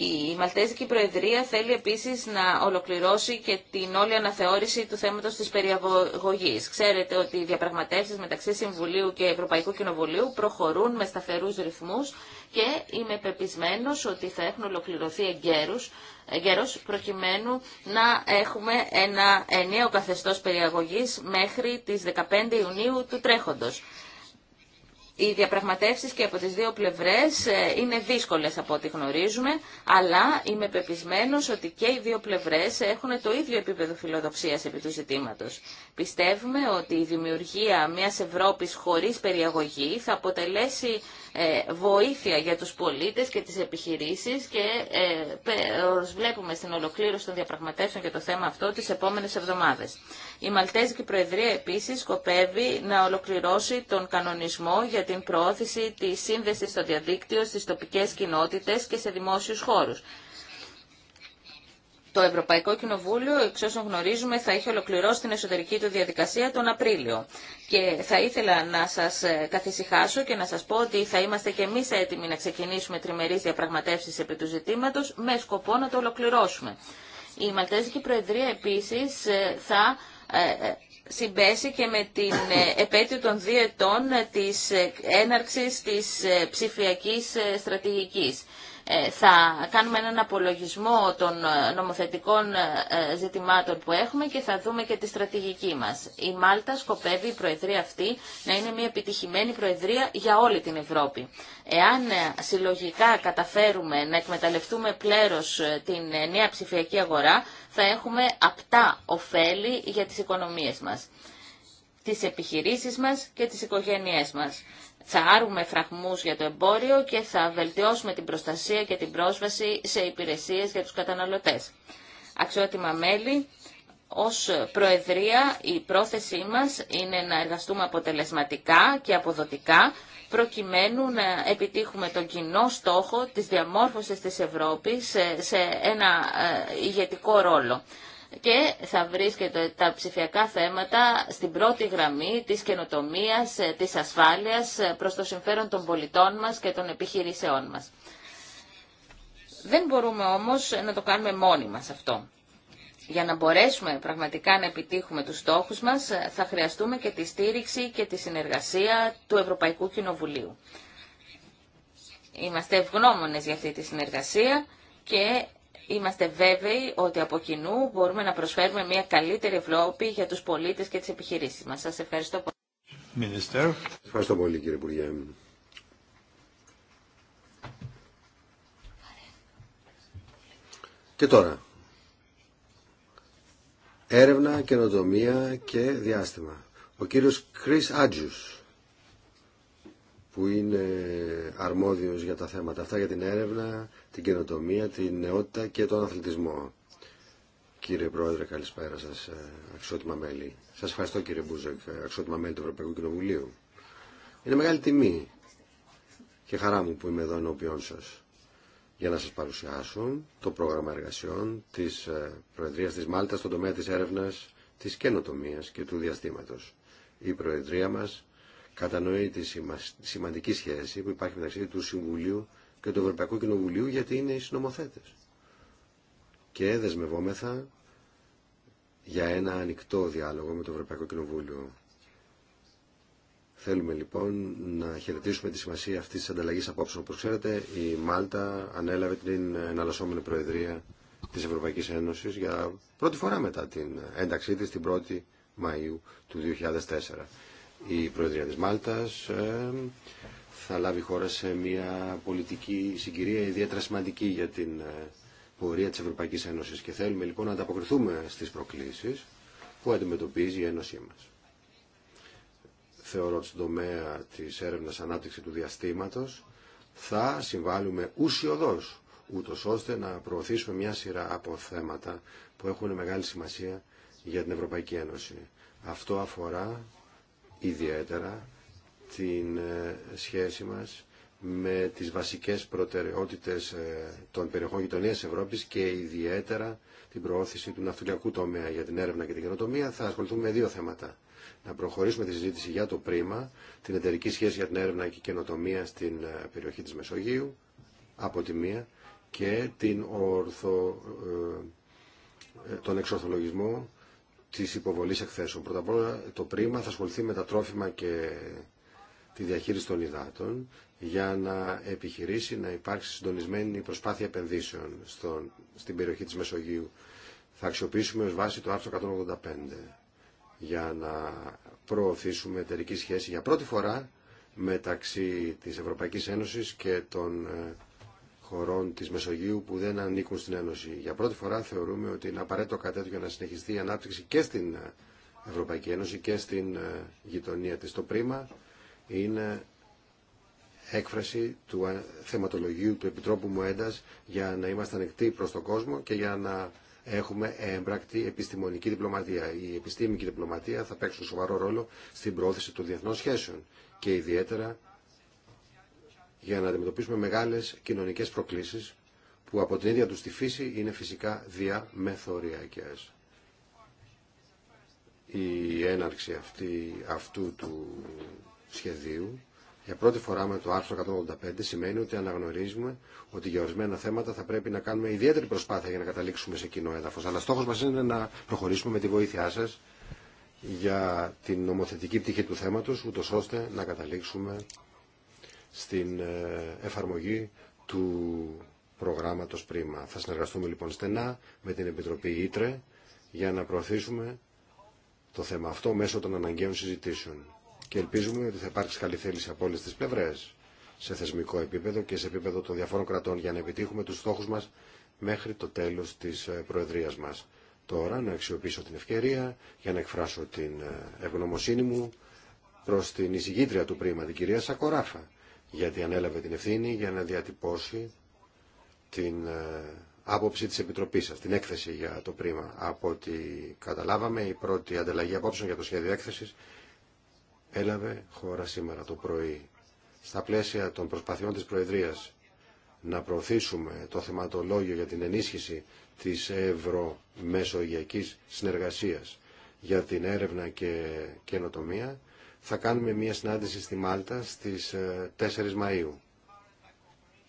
D: Η Μαλτέζικη Προεδρία θέλει επίσης να ολοκληρώσει και την όλη αναθεώρηση του θέματος της περιαγωγής. Ξέρετε ότι οι διαπραγματεύσεις μεταξύ Συμβουλίου και Ευρωπαϊκού Κοινοβουλίου προχωρούν με σταθερούς ρυθμούς και είμαι πεπισμένος ότι θα έχουν ολοκληρωθεί εγκαίρους, προκειμένου να έχουμε ένα νέο καθεστώς περιαγωγής μέχρι τις 15 Ιουνίου του τρέχοντος. Οι διαπραγματεύσεις και από τις δύο πλευρές ε, είναι δύσκολες από ό,τι γνωρίζουμε, αλλά είμαι πεπισμένος ότι και οι δύο πλευρές έχουν το ίδιο επίπεδο φιλοδοξίας επί του ζητήματος. Πιστεύουμε ότι η δημιουργία μιας Ευρώπης χωρίς περιαγωγή θα αποτελέσει ε, βοήθεια για τους πολίτες και τις επιχειρήσεις και ε, βλέπουμε στην ολοκλήρωση των διαπραγματεύσεων για το θέμα αυτό τις επόμενες εβδομάδες. Η Μαλτέζικη Προεδρία επίση σκοπεύει να ολοκληρώσει τον κανονισμό για την προώθηση τη σύνδεση στο διαδίκτυο στι τοπικέ κοινότητε και σε δημόσιου χώρου. Το Ευρωπαϊκό Κοινοβούλιο, εξ όσων γνωρίζουμε, θα έχει ολοκληρώσει την εσωτερική του διαδικασία τον Απρίλιο. Και θα ήθελα να σα ε, καθησυχάσω και να σα πω ότι θα είμαστε και εμεί έτοιμοι να ξεκινήσουμε τριμερείς διαπραγματεύσει επί του ζητήματο με σκοπό να το ολοκληρώσουμε. Η Μαλτέζικη Προεδρία επίσης ε, θα ε, ε, συμπέσει και με την ε, επέτειο των δύο ετών της έναρξης της ψηφιακής στρατηγικής. Ε, θα κάνουμε έναν απολογισμό των ε, νομοθετικών ε, ζητημάτων που έχουμε και θα δούμε και τη στρατηγική μας. Η Μάλτα σκοπεύει η Προεδρία αυτή να είναι μια επιτυχημένη Προεδρία για όλη την Ευρώπη. Εάν συλλογικά καταφέρουμε να εκμεταλλευτούμε πλέρως την νέα ψηφιακή αγορά, θα έχουμε απτά ωφέλη για τις οικονομίες μας τις επιχειρήσεις μας και τις οικογένειές μας θα άρουμε φραγμούς για το εμπόριο και θα βελτιώσουμε την προστασία και την πρόσβαση σε υπηρεσίες για τους καταναλωτές. Αξιότιμα μέλη, ως Προεδρία η πρόθεσή μας είναι να εργαστούμε αποτελεσματικά και αποδοτικά προκειμένου να επιτύχουμε τον κοινό στόχο της διαμόρφωσης της Ευρώπης σε ένα ε, ηγετικό ρόλο και θα βρίσκεται τα ψηφιακά θέματα στην πρώτη γραμμή της καινοτομίας, ε, της ασφάλειας ε, προς το συμφέρον των πολιτών μας και των επιχειρήσεών μας. Δεν μπορούμε όμως να το κάνουμε μόνοι μας αυτό. Για να μπορέσουμε πραγματικά να επιτύχουμε τους στόχους μας, ε, θα χρειαστούμε και τη στήριξη και τη συνεργασία του Ευρωπαϊκού Κοινοβουλίου. Είμαστε ευγνώμονες για αυτή τη συνεργασία και Είμαστε βέβαιοι ότι από κοινού μπορούμε να προσφέρουμε μια καλύτερη Ευρώπη για τους πολίτες και τις επιχειρήσεις μας. Σας ευχαριστώ
A: πολύ. Minister.
C: Ευχαριστώ πολύ κύριε Υπουργέ. Και τώρα, έρευνα, καινοτομία και διάστημα. Ο κύριος Κρίς Άτζους, που είναι αρμόδιος για τα θέματα αυτά, για την έρευνα την καινοτομία, την νεότητα και τον αθλητισμό. Κύριε Πρόεδρε, καλησπέρα σα, ε, αξιότιμα μέλη. Σα ευχαριστώ κύριε Μπούζεκ, ε, αξιότιμα μέλη του Ευρωπαϊκού Κοινοβουλίου. Είναι μεγάλη τιμή και χαρά μου που είμαι εδώ ενώπιον σα για να σα παρουσιάσω το πρόγραμμα εργασιών τη ε, Προεδρία τη Μάλτα στον τομέα τη έρευνα, τη καινοτομία και του διαστήματο. Η Προεδρία μα κατανοεί τη σημαντική σχέση που υπάρχει μεταξύ του Συμβουλίου και του Ευρωπαϊκού Κοινοβουλίου γιατί είναι οι συνομοθέτες. Και δεσμευόμεθα για ένα ανοιχτό διάλογο με το Ευρωπαϊκό Κοινοβούλιο. Θέλουμε λοιπόν να χαιρετήσουμε τη σημασία αυτής της ανταλλαγής απόψεων. Όπως ξέρετε η Μάλτα ανέλαβε την εναλλασσόμενη Προεδρία της Ευρωπαϊκής Ένωσης για πρώτη φορά μετά την ένταξή της την 1η Μαΐου του 2004. Η Προεδρία της Μάλτας ε, θα λάβει η χώρα σε μια πολιτική συγκυρία ιδιαίτερα σημαντική για την ε, πορεία της Ευρωπαϊκής Ένωσης και θέλουμε λοιπόν να ανταποκριθούμε στις προκλήσεις που αντιμετωπίζει η Ένωσή μας. Θεωρώ ότι στον τομέα της έρευνας ανάπτυξη του διαστήματος θα συμβάλλουμε ουσιοδός ούτω ώστε να προωθήσουμε μια σειρά από θέματα που έχουν μεγάλη σημασία για την Ευρωπαϊκή Ένωση. Αυτό αφορά ιδιαίτερα την ε, σχέση μας με τις βασικές προτεραιότητες ε, των περιοχών γειτονία Ευρώπης και ιδιαίτερα την προώθηση του ναυτιλιακού τομέα για την έρευνα και την καινοτομία. Θα ασχοληθούμε με δύο θέματα. Να προχωρήσουμε τη συζήτηση για το πρίμα, την εταιρική σχέση για την έρευνα και καινοτομία στην ε, περιοχή της Μεσογείου, από τη μία, και την ορθο, τον εξορθολογισμό της υποβολής εκθέσεων. Πρώτα απ' όλα το πρίμα θα ασχοληθεί με τα τρόφιμα και τη διαχείριση των υδάτων για να επιχειρήσει να υπάρξει συντονισμένη προσπάθεια επενδύσεων στον, στην περιοχή της Μεσογείου. Θα αξιοποιήσουμε ως βάση το άρθρο 185 για να προωθήσουμε εταιρική σχέση για πρώτη φορά μεταξύ της Ευρωπαϊκής Ένωσης και των ε, χωρών της Μεσογείου που δεν ανήκουν στην Ένωση. Για πρώτη φορά θεωρούμε ότι είναι απαραίτητο κατέτοιο να συνεχιστεί η ανάπτυξη και στην ε, Ευρωπαϊκή Ένωση και στην ε, γειτονία της. Το πρίμα είναι έκφραση του θεματολογίου του Επιτρόπου Μουέντας για να είμαστε ανοιχτοί προς τον κόσμο και για να έχουμε έμπρακτη επιστημονική διπλωματία. Η επιστήμη και η διπλωματία θα παίξουν σοβαρό ρόλο στην πρόθεση των διεθνών σχέσεων και ιδιαίτερα για να αντιμετωπίσουμε μεγάλες κοινωνικές προκλήσεις που από την ίδια τους τη φύση είναι φυσικά διαμεθοριακές. Η έναρξη αυτή, αυτού του σχεδίου για πρώτη φορά με το άρθρο 185 σημαίνει ότι αναγνωρίζουμε ότι για ορισμένα θέματα θα πρέπει να κάνουμε ιδιαίτερη προσπάθεια για να καταλήξουμε σε κοινό έδαφο. Αλλά στόχο μα είναι να προχωρήσουμε με τη βοήθειά σα για την νομοθετική πτυχή του θέματο, ούτω ώστε να καταλήξουμε στην ε, εφαρμογή του προγράμματο πρίμα. Θα συνεργαστούμε λοιπόν στενά με την Επιτροπή Ήτρε για να προωθήσουμε το θέμα αυτό μέσω των αναγκαίων συζητήσεων και ελπίζουμε ότι θα υπάρξει καλή θέληση από όλε τι πλευρέ σε θεσμικό επίπεδο και σε επίπεδο των διαφόρων κρατών για να επιτύχουμε του στόχου μα μέχρι το τέλο τη ε, Προεδρία μα. Τώρα να αξιοποιήσω την ευκαιρία για να εκφράσω την ε, ευγνωμοσύνη μου προ την εισηγήτρια του πρίμα, την κυρία Σακοράφα, γιατί ανέλαβε την ευθύνη για να διατυπώσει την ε, άποψη της Επιτροπής σα, την έκθεση για το πρίμα. Από ό,τι καταλάβαμε, η πρώτη ανταλλαγή απόψεων για το σχέδιο έκθεση έλαβε χώρα σήμερα το πρωί στα πλαίσια των προσπαθειών της Προεδρίας να προωθήσουμε το θεματολόγιο για την ενίσχυση της ευρωμεσογειακής συνεργασίας για την έρευνα και καινοτομία θα κάνουμε μια συνάντηση στη Μάλτα στις 4 ε, Μαΐου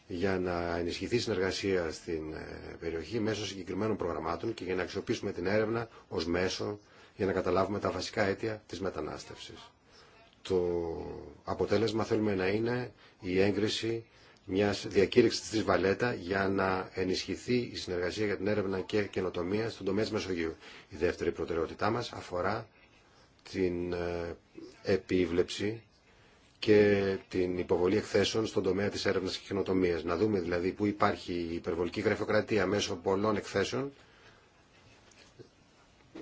C: για να ενισχυθεί η συνεργασία στην ε, περιοχή μέσω συγκεκριμένων προγραμμάτων και για να αξιοποιήσουμε την έρευνα ως μέσο για να καταλάβουμε τα βασικά αίτια της μετανάστευσης. Το αποτέλεσμα θέλουμε να είναι η έγκριση μιας διακήρυξης της Βαλέτα για να ενισχυθεί η συνεργασία για την έρευνα και καινοτομία στον τομέα της Μεσογείου. Η δεύτερη προτεραιότητά μας αφορά την ε, επίβλεψη και την υποβολή εκθέσεων στον τομέα της έρευνας και καινοτομίας. Να δούμε δηλαδή που υπάρχει υπερβολική γραφειοκρατία μέσω πολλών εκθέσεων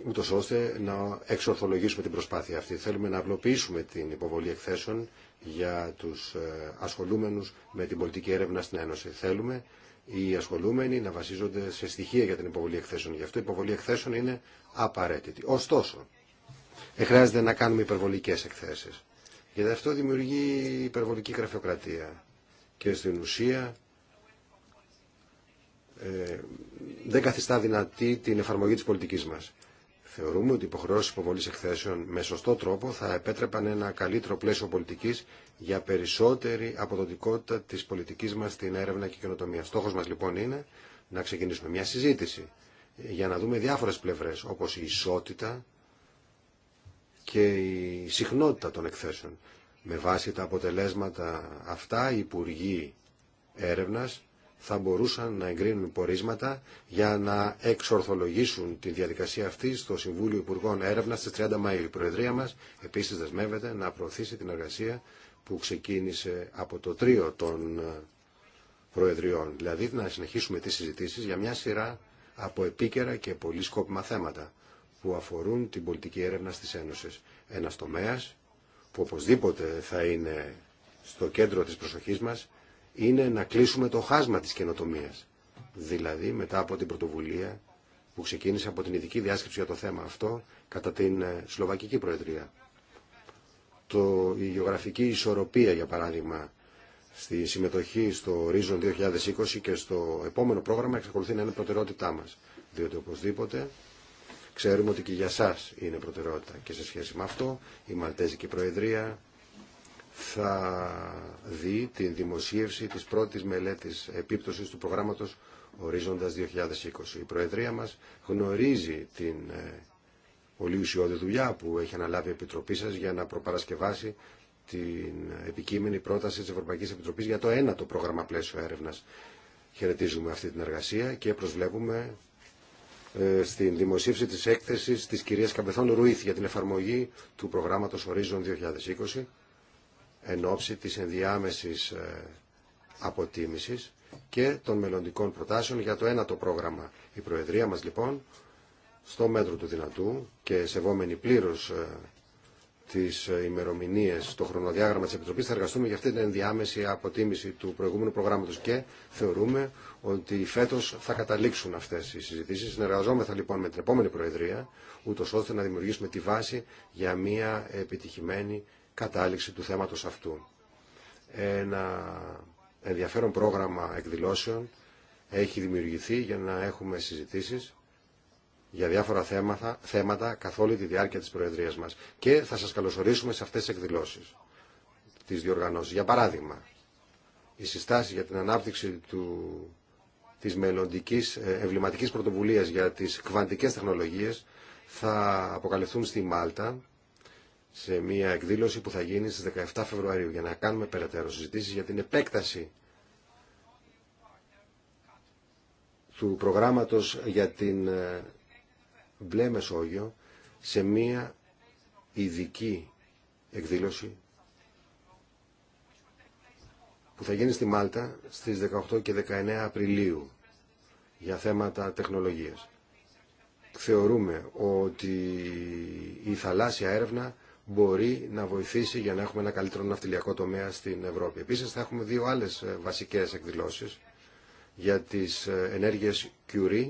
C: ούτω ώστε να εξορθολογήσουμε την προσπάθεια αυτή. Θέλουμε να απλοποιήσουμε την υποβολή εκθέσεων για τους ε, ασχολούμενους με την πολιτική έρευνα στην Ένωση. Θέλουμε οι ασχολούμενοι να βασίζονται σε στοιχεία για την υποβολή εκθέσεων. Γι' αυτό η υποβολή εκθέσεων είναι απαραίτητη. Ωστόσο, χρειάζεται να κάνουμε υπερβολικέ εκθέσει. Γιατί αυτό δημιουργεί υπερβολική γραφειοκρατία. Και στην ουσία ε, δεν καθιστά δυνατή την εφαρμογή της πολιτικής μας. Θεωρούμε ότι οι υποχρεώσει υποβολή εκθέσεων με σωστό τρόπο θα επέτρεπαν ένα καλύτερο πλαίσιο πολιτική για περισσότερη αποδοτικότητα τη πολιτική μα στην έρευνα και καινοτομία. Στόχο μα λοιπόν είναι να ξεκινήσουμε μια συζήτηση για να δούμε διάφορε πλευρέ όπω η ισότητα και η συχνότητα των εκθέσεων. Με βάση τα αποτελέσματα αυτά οι Υπουργοί Έρευνας θα μπορούσαν να εγκρίνουν πορίσματα για να εξορθολογήσουν τη διαδικασία αυτή στο Συμβούλιο Υπουργών Έρευνα στι 30 Μαΐου. Η Προεδρία μας επίσης δεσμεύεται να προωθήσει την εργασία που ξεκίνησε από το τρίο των ε, Προεδριών, δηλαδή να συνεχίσουμε τις συζητήσει για μια σειρά από επίκαιρα και πολύ σκόπιμα θέματα που αφορούν την πολιτική έρευνα τη Ένωση. Ένα τομέα που οπωσδήποτε θα είναι στο κέντρο της προσοχής μας είναι να κλείσουμε το χάσμα της καινοτομία. Δηλαδή μετά από την πρωτοβουλία που ξεκίνησε από την ειδική διάσκεψη για το θέμα αυτό κατά την ε, Σλοβακική Προεδρία. Το, η γεωγραφική ισορροπία για παράδειγμα στη συμμετοχή στο Horizon 2020 και στο επόμενο πρόγραμμα εξακολουθεί να είναι προτεραιότητά μας. Διότι οπωσδήποτε ξέρουμε ότι και για σας είναι προτεραιότητα και σε σχέση με αυτό η Μαλτέζικη Προεδρία θα δει την δημοσίευση της πρώτης μελέτης επίπτωσης του προγράμματος Ορίζοντας 2020. Η Προεδρία μας γνωρίζει την ε, πολύ ουσιώδη δουλειά που έχει αναλάβει η Επιτροπή σας για να προπαρασκευάσει την επικείμενη πρόταση της Ευρωπαϊκής Επιτροπής για το ένατο πρόγραμμα πλαίσιο έρευνας. Χαιρετίζουμε αυτή την εργασία και προσβλέπουμε ε, στην δημοσίευση της έκθεσης της κυρίας Καπεθών Ρουίθ για την εφαρμογή του προγράμματος Horizon 2020 εν ώψη της ενδιάμεσης ε, αποτίμησης και των μελλοντικών προτάσεων για το ένατο πρόγραμμα. Η Προεδρία μας λοιπόν, στο μέτρο του δυνατού και σεβόμενη πλήρως ε, τις ε, ημερομηνίες, το χρονοδιάγραμμα της Επιτροπής, θα εργαστούμε για αυτή την ενδιάμεση αποτίμηση του προηγούμενου προγράμματος και θεωρούμε ότι φέτος θα καταλήξουν αυτές οι συζητήσεις. Συνεργαζόμεθα λοιπόν με την επόμενη Προεδρία, ούτως ώστε να δημιουργήσουμε τη βάση για μια επιτυχημένη κατάληξη του θέματος αυτού. Ένα ενδιαφέρον πρόγραμμα εκδηλώσεων έχει δημιουργηθεί για να έχουμε συζητήσεις για διάφορα θέματα, θέματα καθ' όλη τη διάρκεια της Προεδρίας μας. Και θα σας καλωσορίσουμε σε αυτές τις εκδηλώσεις, της διοργάνωσης. Για παράδειγμα, η συστάση για την ανάπτυξη του, της μελλοντική ε, εμβληματικής πρωτοβουλίας για τις κβαντικές τεχνολογίες θα αποκαλυφθούν στη Μάλτα σε μια εκδήλωση που θα γίνει στις 17 Φεβρουαρίου για να κάνουμε περαιτέρω συζητήσεις για την επέκταση του προγράμματος για την ε, Μπλε Μεσόγειο σε μια ειδική εκδήλωση που θα γίνει στη Μάλτα στις 18 και 19 Απριλίου για θέματα τεχνολογίας. Θεωρούμε ότι η θαλάσσια έρευνα μπορεί να βοηθήσει για να έχουμε ένα καλύτερο ναυτιλιακό τομέα στην Ευρώπη. Επίσης θα έχουμε δύο άλλες ε, βασικές εκδηλώσεις για τις ε, ενέργειες Curie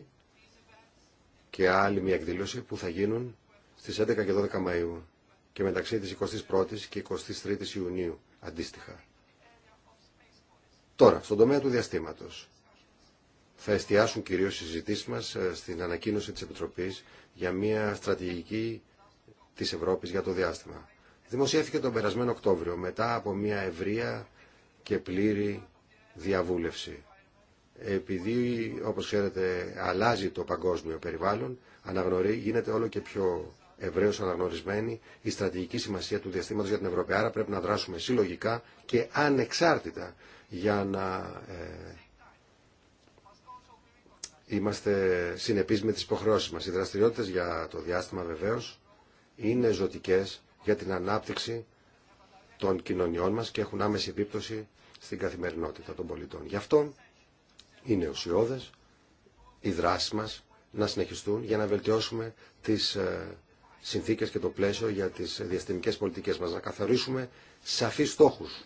C: και άλλη μια εκδήλωση που θα γίνουν στις 11 και 12 Μαΐου και μεταξύ της 21ης και 23ης Ιουνίου αντίστοιχα. Τώρα, στον τομέα του διαστήματος θα εστιάσουν κυρίως οι συζητήσεις μας ε, στην ανακοίνωση της Επιτροπής για μια στρατηγική της Ευρώπης για το διάστημα. Δημοσιεύθηκε τον περασμένο Οκτώβριο μετά από μια ευρεία και πλήρη διαβούλευση. Επειδή, όπως ξέρετε, αλλάζει το παγκόσμιο περιβάλλον, αναγνωρεί, γίνεται όλο και πιο ευρέω αναγνωρισμένη η στρατηγική σημασία του διαστήματος για την Ευρώπη. Άρα πρέπει να δράσουμε συλλογικά και ανεξάρτητα για να ε, είμαστε συνεπείς με τις υποχρεώσεις μας. Οι δραστηριότητες για το διάστημα βεβαίως είναι ζωτικές για την ανάπτυξη των κοινωνιών μας και έχουν άμεση επίπτωση στην καθημερινότητα των πολιτών. Γι' αυτό είναι ουσιώδες οι δράσεις μας να συνεχιστούν για να βελτιώσουμε τις ε, συνθήκες και το πλαίσιο για τις διαστημικές πολιτικές μας, να καθορίσουμε σαφείς στόχους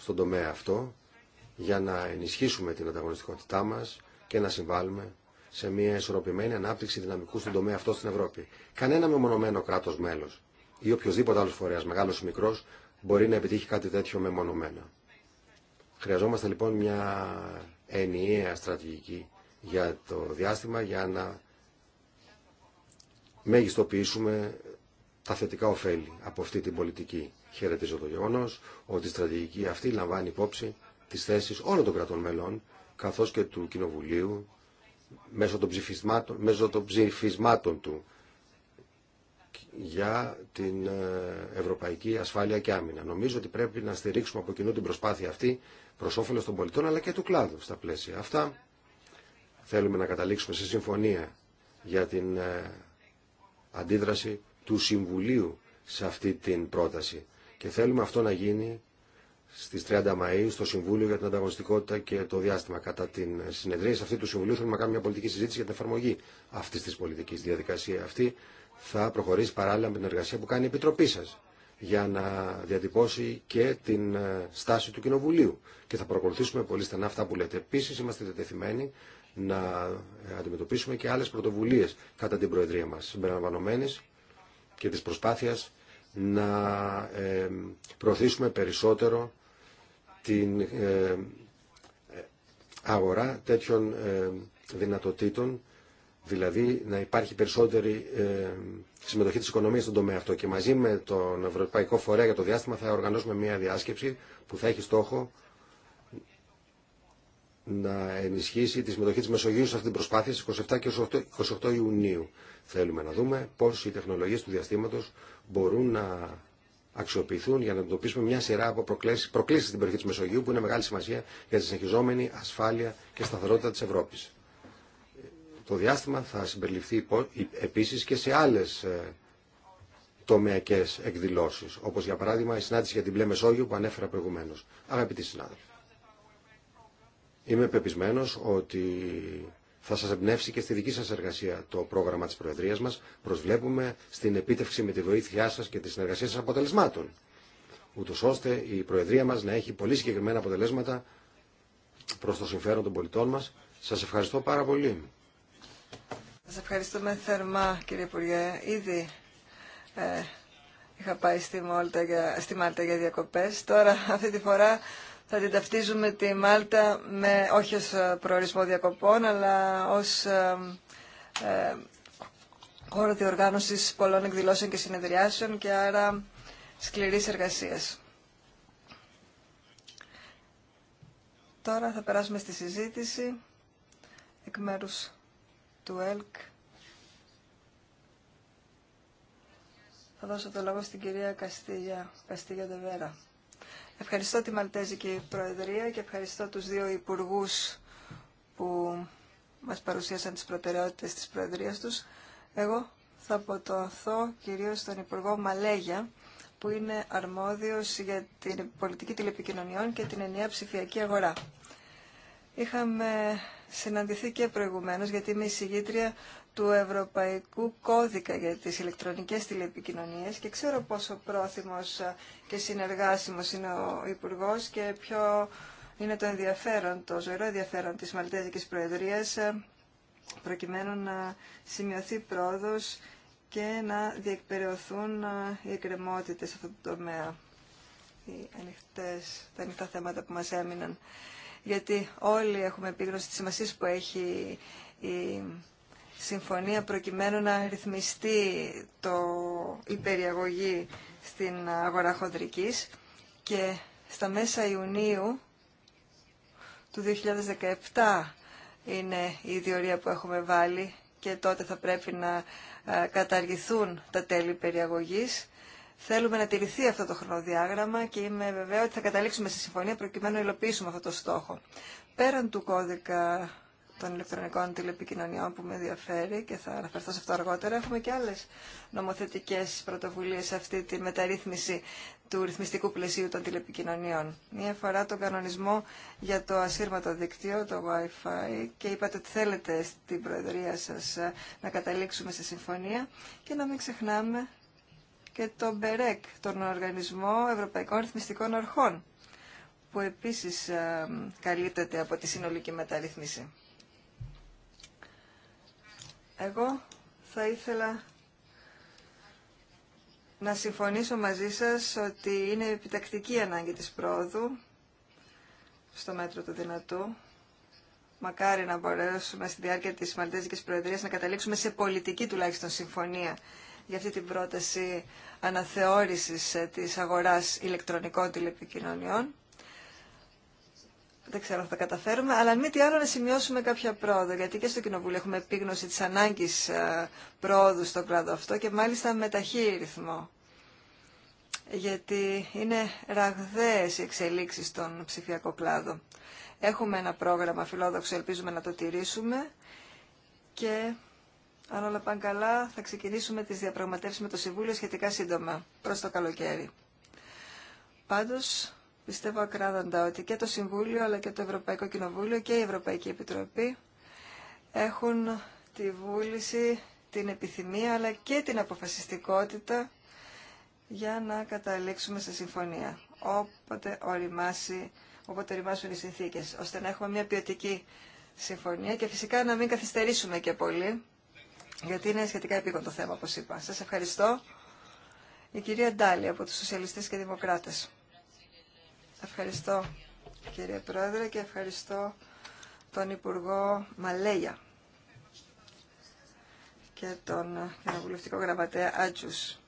C: στον τομέα αυτό για να ενισχύσουμε την ανταγωνιστικότητά μας και να συμβάλλουμε σε μια ισορροπημένη ανάπτυξη δυναμικού στον τομέα αυτό στην Ευρώπη. Κανένα μεμονωμένο κράτο μέλο ή οποιοδήποτε άλλο φορέα, μεγάλο ή μικρό, μπορεί να επιτύχει κάτι τέτοιο μεμονωμένα. Χρειαζόμαστε λοιπόν μια ενιαία στρατηγική για το διάστημα για να μεγιστοποιήσουμε τα θετικά ωφέλη από αυτή την πολιτική. Χαιρετίζω το γεγονό ότι η στρατηγική αυτή λαμβάνει υπόψη τι θέσει όλων των κρατών μελών καθώ και του Κοινοβουλίου μέσω των ψηφισμάτων, μέσω των ψηφισμάτων του για την ε, ευρωπαϊκή ασφάλεια και άμυνα. Νομίζω ότι πρέπει να στηρίξουμε από κοινού την προσπάθεια αυτή προ όφελο των πολιτών αλλά και του κλάδου στα πλαίσια αυτά. Θέλουμε να καταλήξουμε σε συμφωνία για την ε, αντίδραση του Συμβουλίου σε αυτή την πρόταση. Και θέλουμε αυτό να γίνει Στι 30 Μαου στο Συμβούλιο για την Ανταγωνιστικότητα και το Διάστημα. Κατά την σε αυτή του Συμβουλίου θέλουμε να κάνουμε μια πολιτική συζήτηση για την εφαρμογή αυτή τη πολιτική διαδικασία αυτή θα προχωρήσει παράλληλα με την εργασία που κάνει η Επιτροπή σα για να διατυπώσει και την ε, στάση του Κοινοβουλίου. Και θα προκολουθήσουμε πολύ στενά αυτά που λέτε. επίση, είμαστε διατεθειμένοι να ε, αντιμετωπίσουμε και άλλε πρωτοβουλίε κατά την Προεδρία μα, συμπεριλαμβανομένε και τη προσπάθεια να ε, προωθήσουμε περισσότερο την ε, αγορά τέτοιων ε, δυνατοτήτων, δηλαδή να υπάρχει περισσότερη ε, συμμετοχή της οικονομίας στον τομέα αυτό. Και μαζί με τον Ευρωπαϊκό Φορέα για το Διάστημα θα οργανώσουμε μια διάσκεψη που θα έχει στόχο να ενισχύσει τη συμμετοχή της Μεσογείου σε αυτή την προσπάθεια στις 27 και 28 Ιουνίου. Θέλουμε να δούμε πώς οι τεχνολογίες του διαστήματος μπορούν να αξιοποιηθούν για να αντιμετωπίσουμε μια σειρά από προκλήσεις, προκλήσεις στην περιοχή τη Μεσογείου που είναι μεγάλη σημασία για τη συνεχιζόμενη ασφάλεια και σταθερότητα της Ευρώπης. Το διάστημα θα συμπεριληφθεί επίσης και σε άλλες ε, τομεακέ εκδηλώσει. όπως για παράδειγμα η συνάντηση για την Μπλε Μεσόγειο που ανέφερα προηγουμένως. Αγαπητοί συνάδελφοι, είμαι πεπισμένο ότι θα σας εμπνεύσει και στη δική σας εργασία το πρόγραμμα της Προεδρίας μας. Προσβλέπουμε στην επίτευξη με τη βοήθειά σας και τη συνεργασία σας αποτελεσμάτων, ούτως ώστε η Προεδρία μας να έχει πολύ συγκεκριμένα αποτελέσματα προς το συμφέρον των πολιτών μας. Σας ευχαριστώ πάρα πολύ.
B: Σας ευχαριστούμε θερμά κύριε Υπουργέ. Ήδη ε, είχα πάει στη, για, Μάλτα για διακοπές. Τώρα αυτή τη φορά θα την ταυτίζουμε τη Μάλτα με, όχι ως ε, προορισμό διακοπών, αλλά ως ε, ε, χώρο διοργάνωσης πολλών εκδηλώσεων και συνεδριάσεων και άρα σκληρής εργασίας. Τώρα θα περάσουμε στη συζήτηση εκ μέρους του ΕΛΚ. Θα δώσω το λόγο στην κυρία Καστίγια, Καστίγια Δεβέρα. Ευχαριστώ τη Μαλτέζικη Προεδρία και ευχαριστώ τους δύο υπουργούς που μας παρουσίασαν τις προτεραιότητες της Προεδρίας τους. Εγώ θα αποτωθώ κυρίως στον Υπουργό Μαλέγια, που είναι αρμόδιος για την πολιτική τηλεπικοινωνιών και την ενιαία ψηφιακή αγορά. Είχαμε συναντηθεί και προηγουμένως, γιατί είμαι εισηγήτρια του Ευρωπαϊκού Κώδικα για τις ηλεκτρονικές τηλεπικοινωνίες και ξέρω πόσο πρόθυμος και συνεργάσιμος είναι ο υπουργό και ποιο είναι το ενδιαφέρον, το ζωηρό ενδιαφέρον της Μαλτέζικης Προεδρίας ε, προκειμένου να σημειωθεί πρόοδος και να διεκπαιρεωθούν ε, οι εκκρεμότητες σε αυτό το τομέα, οι ανοιχτές, τα ανοιχτά θέματα που μας έμειναν. Γιατί όλοι έχουμε επίγνωση της σημασίας που έχει η συμφωνία προκειμένου να ρυθμιστεί το, η περιαγωγή στην αγορά χοντρικής και στα μέσα Ιουνίου του 2017 είναι η διορία που έχουμε βάλει και τότε θα πρέπει να ε, καταργηθούν τα τέλη περιαγωγής. Θέλουμε να τηρηθεί αυτό το χρονοδιάγραμμα και είμαι βεβαίω ότι θα καταλήξουμε στη συμφωνία προκειμένου να υλοποιήσουμε αυτό το στόχο. Πέραν του κώδικα των ηλεκτρονικών τηλεπικοινωνιών που με ενδιαφέρει και θα αναφερθώ σε αυτό αργότερα. Έχουμε και άλλε νομοθετικέ πρωτοβουλίε σε αυτή τη μεταρρύθμιση του ρυθμιστικού πλαισίου των τηλεπικοινωνιών. Μία αφορά τον κανονισμό για το ασύρματο δίκτυο, το Wi-Fi, και είπατε ότι θέλετε στην Προεδρία σα ε, να καταλήξουμε σε συμφωνία και να μην ξεχνάμε και το BEREC, τον Οργανισμό Ευρωπαϊκών Ρυθμιστικών Αρχών, που επίσης ε, καλύπτεται από τη συνολική μεταρρύθμιση. Εγώ θα ήθελα να συμφωνήσω μαζί σας ότι είναι επιτακτική ανάγκη της πρόοδου στο μέτρο του δυνατού. Μακάρι να μπορέσουμε στη διάρκεια της Μαλτέζικης Προεδρίας να καταλήξουμε σε πολιτική τουλάχιστον συμφωνία για αυτή την πρόταση αναθεώρησης ε, της αγοράς ηλεκτρονικών τηλεπικοινωνιών δεν ξέρω αν θα καταφέρουμε, αλλά αν μη τι άλλο να σημειώσουμε κάποια πρόοδο, γιατί και στο Κοινοβούλιο έχουμε επίγνωση της ανάγκης ε, πρόοδου στον κλάδο αυτό και μάλιστα με ταχύ ρυθμό. Γιατί είναι ραγδαίες οι εξελίξεις στον ψηφιακό κλάδο. Έχουμε ένα πρόγραμμα φιλόδοξο, ελπίζουμε να το τηρήσουμε και αν όλα πάνε καλά θα ξεκινήσουμε τις διαπραγματεύσεις με το Συμβούλιο σχετικά σύντομα, προς το καλοκαίρι. Πάντως, πιστεύω ακράδαντα ότι και το Συμβούλιο αλλά και το Ευρωπαϊκό Κοινοβούλιο και η Ευρωπαϊκή Επιτροπή έχουν τη βούληση, την επιθυμία αλλά και την αποφασιστικότητα για να καταλήξουμε σε συμφωνία. Όποτε, οριμάσει, όποτε οριμάσουν οι συνθήκες, ώστε να έχουμε μια ποιοτική συμφωνία και φυσικά να μην καθυστερήσουμε και πολύ, γιατί είναι σχετικά επίγον το θέμα, όπως είπα. Σας ευχαριστώ. Η κυρία Ντάλη από τους Σοσιαλιστές και Δημοκράτες. Ευχαριστώ κύριε Πρόεδρε και ευχαριστώ τον Υπουργό Μαλέια και τον κοινοβουλευτικό γραμματέα Άτσους.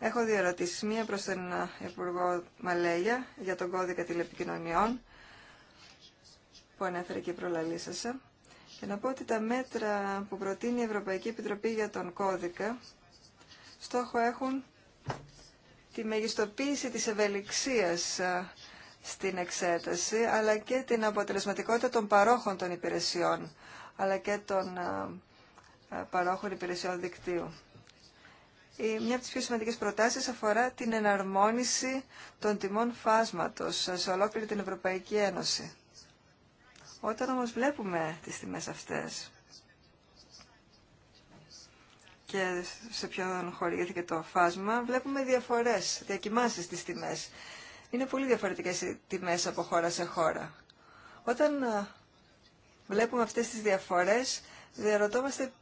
B: Έχω δύο ερωτήσεις. Μία προς τον Υπουργό Μαλέια για τον κώδικα τηλεπικοινωνιών που ανέφερε και η προλαλήσασα. Και να πω ότι τα μέτρα που προτείνει η Ευρωπαϊκή Επιτροπή για τον κώδικα στόχο έχουν τη μεγιστοποίηση της ευελιξίας στην εξέταση, αλλά και την αποτελεσματικότητα των παρόχων των υπηρεσιών, αλλά και των ε, ε, παρόχων υπηρεσιών δικτύου. Η, μια από τις πιο σημαντικές προτάσεις αφορά την εναρμόνιση των τιμών φάσματος σε ολόκληρη την Ευρωπαϊκή Ένωση. Όταν όμως βλέπουμε τις τιμές αυτές και σε ποιον χορηγήθηκε το φάσμα, βλέπουμε διαφορές, διακοιμάνσεις στις τιμές είναι πολύ διαφορετικές οι τιμές από χώρα σε χώρα. Όταν ε, βλέπουμε αυτές τις διαφορές, διαρωτόμαστε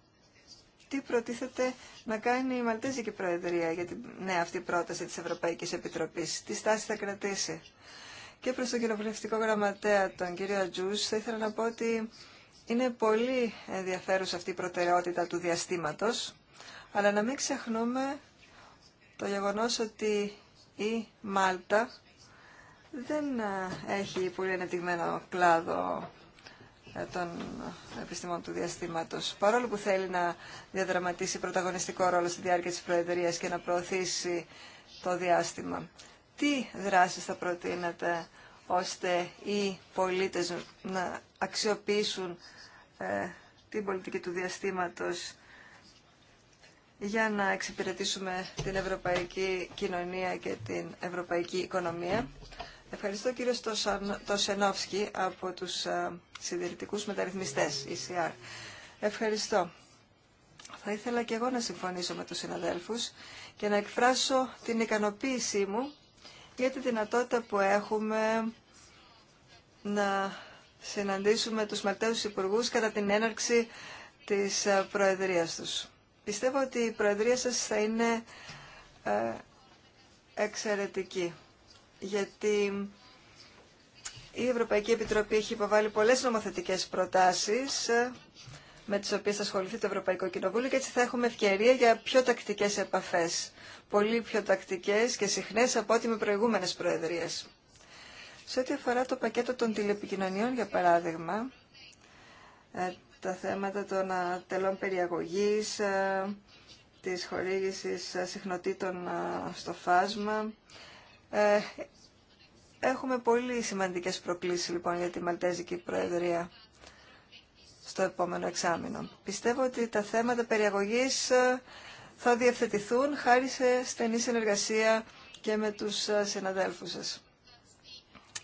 B: τι προτίθεται να κάνει η Μαλτέζικη Προεδρία για την νέα αυτή πρόταση της Ευρωπαϊκής Επιτροπής. Τι στάση θα κρατήσει. Και προς τον κοινοβουλευτικό γραμματέα, τον κύριο Ατζούς, θα ήθελα να πω ότι είναι πολύ ενδιαφέρουσα αυτή η προτεραιότητα του διαστήματος, αλλά να μην ξεχνούμε το γεγονός ότι η Μάλτα δεν ε, έχει πολύ ανεπτυγμένο κλάδο ε, των επιστημών του διαστήματος. Παρόλο που θέλει να διαδραματίσει πρωταγωνιστικό ρόλο στη διάρκεια της Προεδρίας και να προωθήσει το διάστημα. Τι δράσει θα προτείνετε ώστε οι πολίτες να αξιοποιήσουν ε, την πολιτική του διαστήματος για να εξυπηρετήσουμε την ευρωπαϊκή κοινωνία και την ευρωπαϊκή οικονομία. Ευχαριστώ κύριο Στοσενόφσκι από τους ε, συντηρητικούς μεταρρυθμιστές, ECR. Ευχαριστώ. Θα ήθελα και εγώ να συμφωνήσω με τους συναδέλφους και να εκφράσω την ικανοποίησή μου για τη δυνατότητα που έχουμε να συναντήσουμε τους Μαλταίους Υπουργούς κατά την έναρξη της ε, Προεδρίας τους. Πιστεύω ότι η Προεδρία σας θα είναι ε, εξαιρετική γιατί η Ευρωπαϊκή Επιτροπή έχει υποβάλει πολλές νομοθετικές προτάσεις ε, με τις οποίες θα ασχοληθεί το Ευρωπαϊκό Κοινοβούλιο και έτσι θα έχουμε ευκαιρία για πιο τακτικές επαφές. Πολύ πιο τακτικές και συχνές από ό,τι με προηγούμενες προεδρίες. Σε ό,τι αφορά το πακέτο των τηλεπικοινωνιών, για παράδειγμα, ε, τα θέματα των τελών περιαγωγής, ε, της χορήγησης συχνοτήτων στο φάσμα, ε, έχουμε πολύ σημαντικές προκλήσεις λοιπόν για τη Μαλτέζικη Προεδρία στο επόμενο εξάμεινο. Πιστεύω ότι τα θέματα περιαγωγής ε, θα διευθετηθούν χάρη σε στενή συνεργασία και με τους ε, συναδέλφους σας.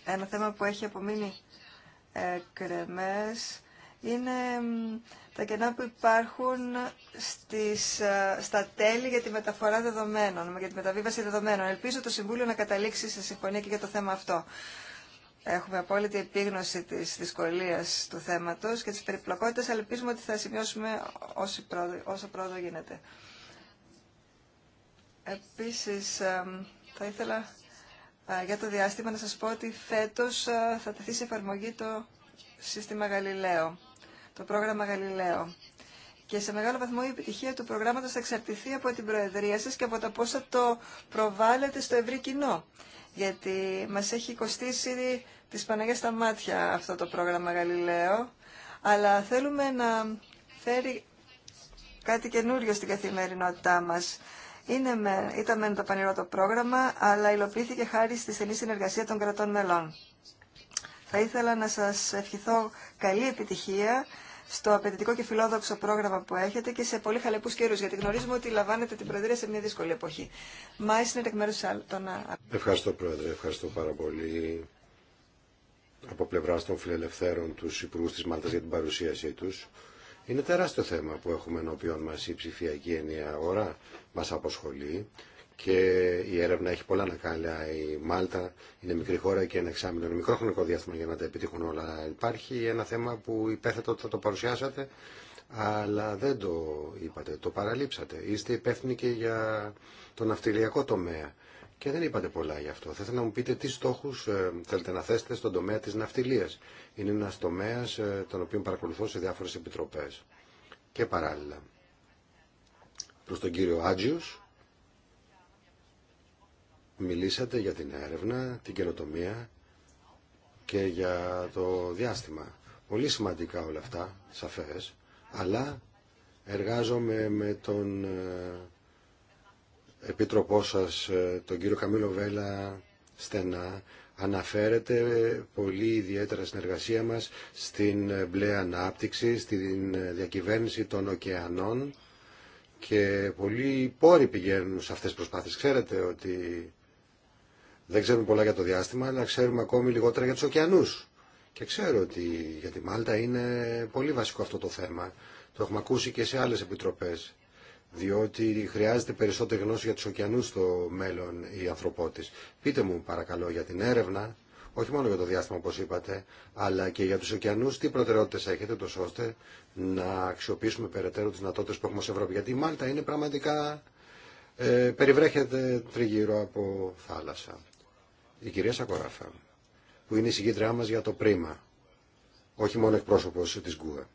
B: Ένα θέμα που έχει απομείνει κρεμές είναι τα κενά που υπάρχουν στις, ε, στα τέλη για τη μεταφορά δεδομένων, για τη μεταβίβαση δεδομένων. Ελπίζω το Συμβούλιο να καταλήξει σε συμφωνία και για το θέμα αυτό. Έχουμε απόλυτη επίγνωση της δυσκολία του θέματος και της περιπλοκότητα, αλλά ελπίζουμε ότι θα σημειώσουμε όσο πρόοδο γίνεται. Επίση, ε, θα ήθελα ε, για το διάστημα να σας πω ότι φέτος θα τεθεί σε εφαρμογή το σύστημα Γαλιλαίο το πρόγραμμα Γαλιλαίο. Και σε μεγάλο βαθμό η επιτυχία του προγράμματος θα εξαρτηθεί από την Προεδρία σας και από τα πόσα το προβάλλετε στο ευρύ κοινό. Γιατί μας έχει κοστίσει τις Παναγιά στα μάτια αυτό το πρόγραμμα Γαλιλαίο, αλλά θέλουμε να φέρει κάτι καινούριο στην καθημερινότητά μας. Είναι με, το πανηρό το πρόγραμμα, αλλά υλοποιήθηκε χάρη στη στενή συνεργασία των κρατών μελών. Θα ήθελα να σας ευχηθώ καλή επιτυχία στο απαιτητικό και φιλόδοξο πρόγραμμα που έχετε και σε πολύ χαλεπούς καιρούς, γιατί γνωρίζουμε ότι λαμβάνετε την Προεδρία σε μια δύσκολη εποχή. είναι εκ των...
C: Ευχαριστώ Πρόεδρε, ευχαριστώ πάρα πολύ από πλευρά των φιλελευθέρων του Υπουργού τη Μάλτα για την παρουσίασή του. Είναι τεράστιο θέμα που έχουμε ενώπιον μα η ψηφιακή ενιαία ώρα. Μα απασχολεί και η έρευνα έχει πολλά να κάνει. Η Μάλτα είναι μικρή χώρα και ένα εξάμεινο είναι μικρό χρονικό διάστημα για να τα επιτύχουν όλα. Υπάρχει ένα θέμα που υπέθετο ότι θα το παρουσιάσατε, αλλά δεν το είπατε, το παραλείψατε. Είστε υπεύθυνοι και για το ναυτιλιακό τομέα και δεν είπατε πολλά γι' αυτό. Θα ήθελα να μου πείτε τι στόχου ε, θέλετε να θέσετε στον τομέα τη ναυτιλία. Είναι ένα τομέα ε, τον οποίο παρακολουθώ σε διάφορε επιτροπέ και παράλληλα. Προ τον κύριο Άτζιου, μιλήσατε για την έρευνα, την καινοτομία και για το διάστημα. Πολύ σημαντικά όλα αυτά, σαφές, αλλά εργάζομαι με τον ε, επίτροπό σας, ε, τον κύριο Καμίλο Βέλα, στενά. Αναφέρεται πολύ ιδιαίτερα συνεργασία μας στην ε, μπλε ανάπτυξη, στην διακυβέρνηση των ωκεανών και πολλοί πόροι πηγαίνουν σε αυτές τις προσπάθειες. Ξέρετε ότι δεν ξέρουμε πολλά για το διάστημα, αλλά ξέρουμε ακόμη λιγότερα για τους ωκεανούς. Και ξέρω ότι για τη Μάλτα είναι πολύ βασικό αυτό το θέμα. Το έχουμε ακούσει και σε άλλες επιτροπές. Διότι χρειάζεται περισσότερη γνώση για τους ωκεανούς στο μέλλον η ανθρωπότης. Πείτε μου παρακαλώ για την έρευνα, όχι μόνο για το διάστημα όπως είπατε, αλλά και για τους ωκεανούς τι προτεραιότητες έχετε τόσο ώστε να αξιοποιήσουμε περαιτέρω τις δυνατότητε που έχουμε σε Ευρώπη. Γιατί η Μάλτα είναι πραγματικά, ε, περιβρέχεται τριγύρω από θάλασσα η κυρία Σακοράφα, που είναι η συγκίτριά μας για το πρίμα, όχι μόνο εκπρόσωπος της ΓΚΟΕ.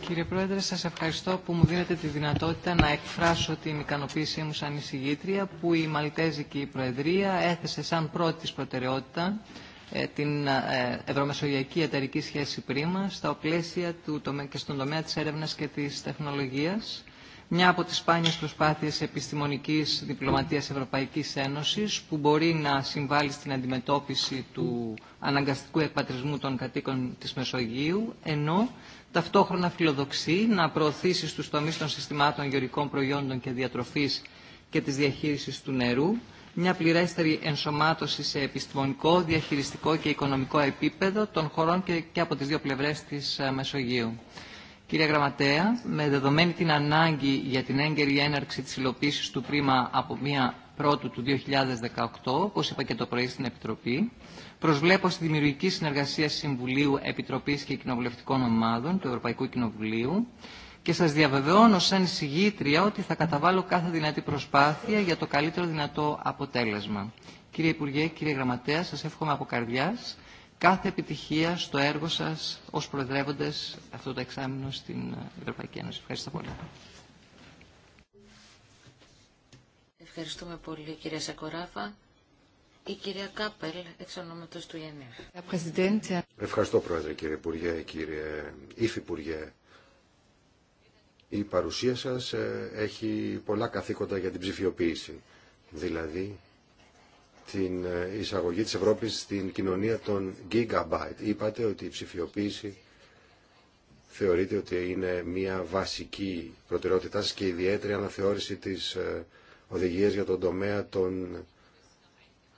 E: Κύριε Πρόεδρε, σας ευχαριστώ που μου δίνετε τη δυνατότητα να εκφράσω την ικανοποίησή μου σαν εισηγήτρια που η Μαλτέζικη Προεδρία έθεσε σαν πρώτη της προτεραιότητα ε, την ε, ευρωμεσογειακή εταιρική σχέση πρίμα στα οπλέσια του, και στον τομέα της έρευνας και της τεχνολογίας μια από τις σπάνιες προσπάθειες επιστημονικής διπλωματίας Ευρωπαϊκής Ένωσης που μπορεί να συμβάλλει στην αντιμετώπιση του αναγκαστικού εκπατρισμού των κατοίκων της Μεσογείου, ενώ ταυτόχρονα φιλοδοξεί να προωθήσει στους τομείς των συστημάτων γεωρικών προϊόντων και διατροφής και της διαχείρισης του νερού, μια πληρέστερη ενσωμάτωση σε επιστημονικό, διαχειριστικό και οικονομικό επίπεδο των χωρών και, από τις δύο πλευρές της ε, Μεσογείου. Κύριε Γραμματέα, με δεδομένη την ανάγκη για την έγκαιρη έναρξη της υλοποίησης του πρίμα από μία πρώτου του 2018, όπως είπα και το πρωί στην Επιτροπή, προσβλέπω στη δημιουργική συνεργασία Συμβουλίου Επιτροπής και Κοινοβουλευτικών Ομάδων του Ευρωπαϊκού Κοινοβουλίου και σας διαβεβαιώνω σαν εισηγήτρια ότι θα καταβάλω κάθε δυνατή προσπάθεια για το καλύτερο δυνατό αποτέλεσμα. Κύριε Υπουργέ, κύριε Γραμματέα, σας εύχομαι από καρδιάς κάθε επιτυχία στο έργο σας ως προεδρεύοντες αυτό το εξάμεινο στην Ευρωπαϊκή Ένωση. Ευχαριστώ πολύ.
D: Ευχαριστούμε πολύ κυρία Σακοράφα. Η κυρία Κάπελ, εξ ονόματος του ΙΕΝΕΦ.
C: Ευχαριστώ Πρόεδρε κύριε Υπουργέ, κύριε Υφυπουργέ. Η παρουσία σας ε, έχει πολλά καθήκοντα για την ψηφιοποίηση. Δηλαδή την ε, εισαγωγή της Ευρώπης στην κοινωνία των Gigabyte. Είπατε ότι η ψηφιοποίηση θεωρείται ότι είναι μια βασική προτεραιότητά σας και ιδιαίτερη αναθεώρηση της ε, οδηγίας για τον τομέα των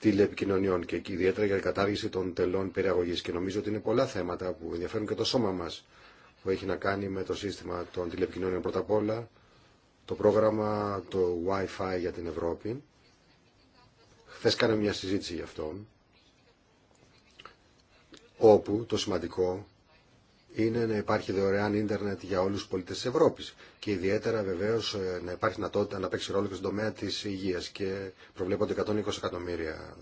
C: τηλεπικοινωνιών και ιδιαίτερα για την κατάργηση των τελών περιαγωγής. Και νομίζω ότι είναι πολλά θέματα που ενδιαφέρουν και το σώμα μας που έχει να κάνει με το σύστημα των τηλεπικοινωνιών πρώτα απ' όλα, το πρόγραμμα το Wi-Fi για την Ευρώπη, Χθε κάναμε μια συζήτηση γι' αυτό, όπου το σημαντικό είναι να υπάρχει δωρεάν ίντερνετ για όλους τους πολίτες της Ευρώπης και ιδιαίτερα βεβαίως ε, να υπάρχει δυνατότητα να παίξει ρόλο και στον τομέα της υγείας και προβλέπονται 120 εκατομμύρια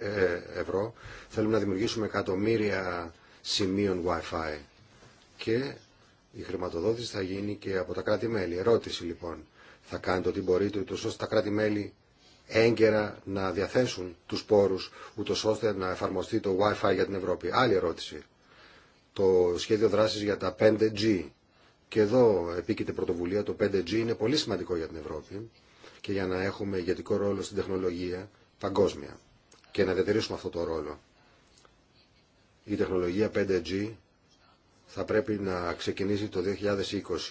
C: ε, ε, ευρώ. Θέλουμε να δημιουργήσουμε εκατομμύρια σημείων Wi-Fi και η χρηματοδότηση θα γίνει και από τα κράτη-μέλη. Ερώτηση λοιπόν, θα κάνετε ό,τι μπορείτε ούτως ώστε τα κράτη-μέλη έγκαιρα να διαθέσουν τους πόρους ούτω ώστε να εφαρμοστεί το Wi-Fi για την Ευρώπη. Άλλη ερώτηση. Το σχέδιο δράσης για τα 5G. Και εδώ επίκειται πρωτοβουλία. Το 5G είναι πολύ σημαντικό για την Ευρώπη και για να έχουμε ηγετικό ρόλο στην τεχνολογία παγκόσμια και να διατηρήσουμε αυτό το ρόλο. Η τεχνολογία 5G θα πρέπει να ξεκινήσει το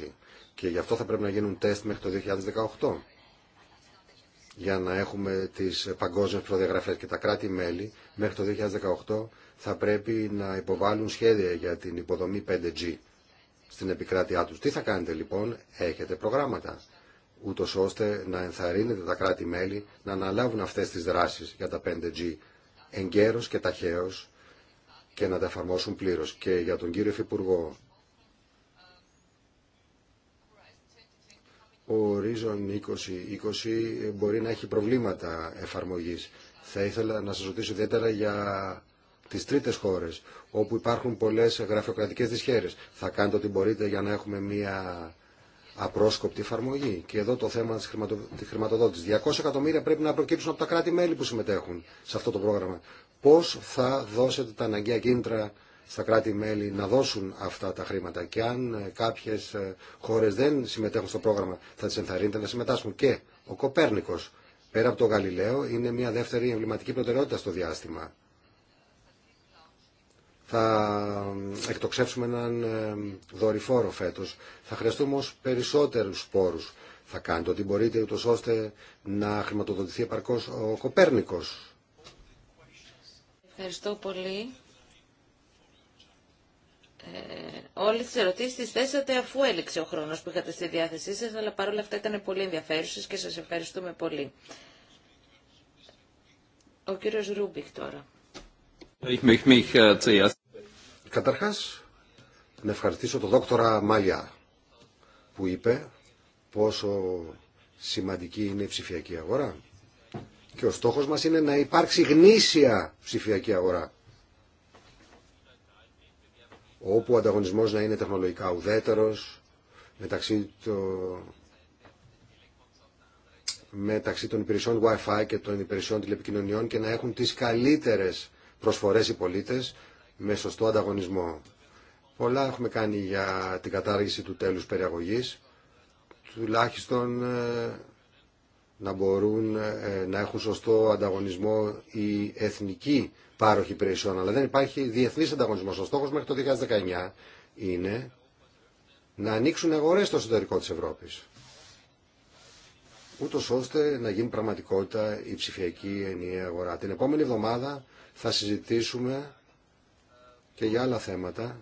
C: 2020 και γι' αυτό θα πρέπει να γίνουν τεστ μέχρι το 2018 για να έχουμε τις παγκόσμιες προδιαγραφές και τα κράτη-μέλη μέχρι το 2018 θα πρέπει να υποβάλουν σχέδια για την υποδομή 5G στην επικράτειά τους. Τι θα κάνετε λοιπόν, έχετε προγράμματα, ούτω ώστε να ενθαρρύνετε τα κράτη-μέλη να αναλάβουν αυτές τις δράσεις για τα 5G εγκαίρως και ταχαίως και να τα εφαρμόσουν πλήρως. Και για τον κύριο Υφυπουργό, ο ορίζον 2020 μπορεί να έχει προβλήματα εφαρμογής. Θα ήθελα να σας ρωτήσω ιδιαίτερα για τις τρίτες χώρες, όπου υπάρχουν πολλές γραφειοκρατικές δυσχέρειες. Θα κάνετε ό,τι μπορείτε για να έχουμε μια απρόσκοπτη εφαρμογή. Και εδώ το θέμα της, χρηματο... χρηματοδότησης. 200 εκατομμύρια πρέπει να προκύψουν από τα κράτη-μέλη που συμμετέχουν σε αυτό το πρόγραμμα. Πώς θα δώσετε τα αναγκαία κίνητρα στα κράτη-μέλη να δώσουν αυτά τα χρήματα και αν ε, κάποιες ε, χώρες δεν συμμετέχουν στο πρόγραμμα θα τις ενθαρρύνετε να συμμετάσχουν και ο Κοπέρνικος πέρα από το Γαλιλαίο είναι μια δεύτερη εμβληματική προτεραιότητα στο διάστημα. Θα ε, εκτοξεύσουμε έναν δορυφόρο φέτος. Θα χρειαστούμε ως περισσότερους σπόρους. Θα κάνετε ό,τι μπορείτε ούτως ώστε να χρηματοδοτηθεί επαρκώς ο Κοπέρνικος.
D: Ευχαριστώ πολύ. Ε, όλες τις ερωτήσεις θέσατε αφού έληξε ο χρόνος που είχατε στη διάθεσή σας, αλλά παρόλα αυτά ήταν πολύ ενδιαφέρουσες και σας ευχαριστούμε πολύ. Ο κύριος Ρούμπικ τώρα.
C: Äh, Καταρχάς, να ευχαριστήσω τον δόκτορα Μαλιά που είπε πόσο σημαντική είναι η ψηφιακή αγορά και ο στόχος μας είναι να υπάρξει γνήσια ψηφιακή αγορά όπου ο ανταγωνισμός να είναι τεχνολογικά ουδέτερος μεταξύ, το... μεταξύ των υπηρεσιών Wi-Fi και των υπηρεσιών τηλεπικοινωνιών και να έχουν τις καλύτερες προσφορές οι πολίτες με σωστό ανταγωνισμό. Πολλά έχουμε κάνει για την κατάργηση του τέλους περιαγωγής, τουλάχιστον ε, να μπορούν ε, να έχουν σωστό ανταγωνισμό οι εθνικοί πάροχοι υπηρεσιών, αλλά δεν υπάρχει διεθνή ανταγωνισμό. Ο στόχο μέχρι το 2019 είναι να ανοίξουν αγορέ στο εσωτερικό τη Ευρώπη. Ούτω ώστε να γίνει πραγματικότητα η ψηφιακή ενιαία αγορά. Την επόμενη εβδομάδα θα συζητήσουμε και για άλλα θέματα.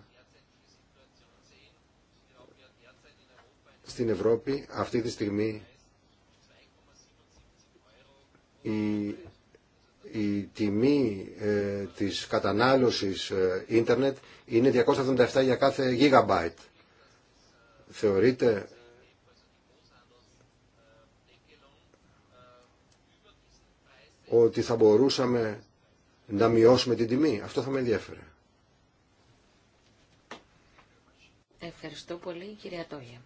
C: Στην Ευρώπη αυτή τη στιγμή η τιμή ε, της κατανάλωσης ε, ίντερνετ είναι 277 για κάθε γιγαμπάιτ. Θεωρείτε ότι θα μπορούσαμε να μειώσουμε την τιμή. Αυτό θα με ενδιαφέρε.
D: Ευχαριστώ πολύ κυρία Τόγια.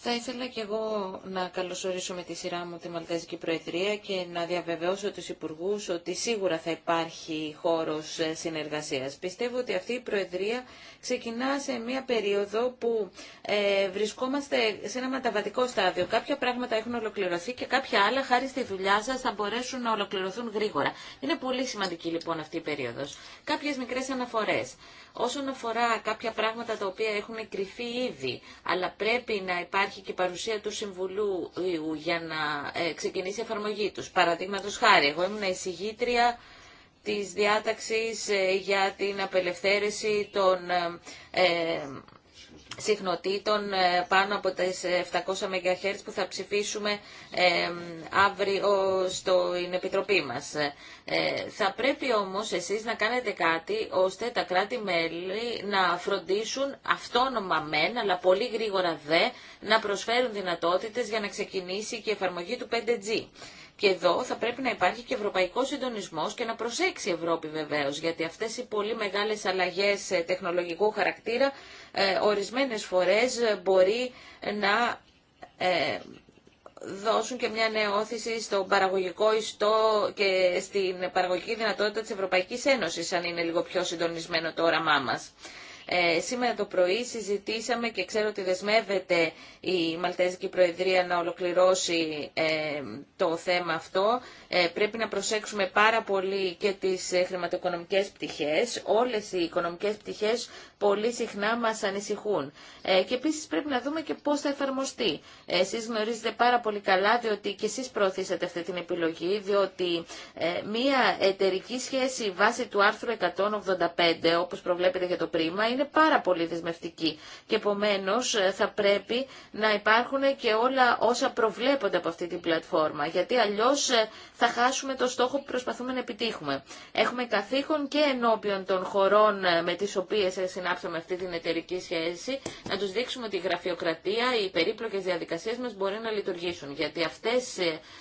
D: Θα ήθελα και εγώ να καλωσορίσω με τη σειρά μου τη Μαλτέζικη Προεδρία και να διαβεβαιώσω τους Υπουργούς ότι σίγουρα θα υπάρχει χώρος ε, συνεργασίας. Πιστεύω ότι αυτή η Προεδρία ξεκινά σε μια περίοδο που ε, βρισκόμαστε σε ένα μεταβατικό στάδιο. Κάποια πράγματα έχουν ολοκληρωθεί και κάποια άλλα, χάρη στη δουλειά σας, θα μπορέσουν να ολοκληρωθούν γρήγορα. Είναι πολύ σημαντική λοιπόν αυτή η περίοδος. Κάποιες μικρές αναφορές όσον αφορά κάποια πράγματα τα οποία έχουν κρυφεί ήδη, αλλά πρέπει να υπάρχει και παρουσία του Συμβουλού για να ε, ξεκινήσει η εφαρμογή τους. Παραδείγματος χάρη, εγώ ήμουν εισηγήτρια της διάταξης ε, για την απελευθέρωση των ε, συχνοτήτων ε, πάνω από τα 700 MHz που θα ψηφίσουμε ε, αύριο στην Επιτροπή μας. Ε, θα πρέπει όμως εσείς να κάνετε κάτι ώστε τα κράτη-μέλη να φροντίσουν αυτόνομα μεν, αλλά πολύ γρήγορα δε, να προσφέρουν δυνατότητες για να ξεκινήσει και η εφαρμογή του 5G. Και εδώ θα πρέπει να υπάρχει και ευρωπαϊκό συντονισμό και να προσέξει η Ευρώπη βεβαίω, γιατί αυτέ οι πολύ μεγάλε αλλαγέ τεχνολογικού χαρακτήρα ε, ορισμένες φορές μπορεί να ε, δώσουν και μια νέα όθηση στο παραγωγικό ιστό και στην παραγωγική δυνατότητα της Ευρωπαϊκής Ένωσης, αν είναι λίγο πιο συντονισμένο το όραμά μας. Ε, σήμερα το πρωί συζητήσαμε και ξέρω ότι δεσμεύεται η Μαλτέζικη Προεδρία να ολοκληρώσει ε, το θέμα αυτό. Ε, πρέπει να προσέξουμε πάρα πολύ και τις ε, χρηματοοικονομικές πτυχές. Όλες οι οικονομικές πτυχές πολύ συχνά μας ανησυχούν. Ε, και επίσης πρέπει να δούμε και πώς θα εφαρμοστεί. Εσείς γνωρίζετε πάρα πολύ καλά, διότι και εσείς προωθήσατε αυτή την επιλογή, διότι μία εταιρική σχέση βάσει του άρθρου 185, όπως προβλέπετε για το πρίμα, είναι πάρα πολύ δεσμευτική. Και επομένω ε, θα πρέπει να υπάρχουν και όλα όσα προβλέπονται από αυτή την πλατφόρμα. Γιατί αλλιώ ε, θα χάσουμε το στόχο που προσπαθούμε να επιτύχουμε. Έχουμε καθήκον και ενώπιον των χωρών ε, με τι οποίε συνάψαμε αυτή την εταιρική σχέση να του δείξουμε ότι η γραφειοκρατία, οι περίπλοκε διαδικασίε μα μπορεί να λειτουργήσουν. Γιατί αυτέ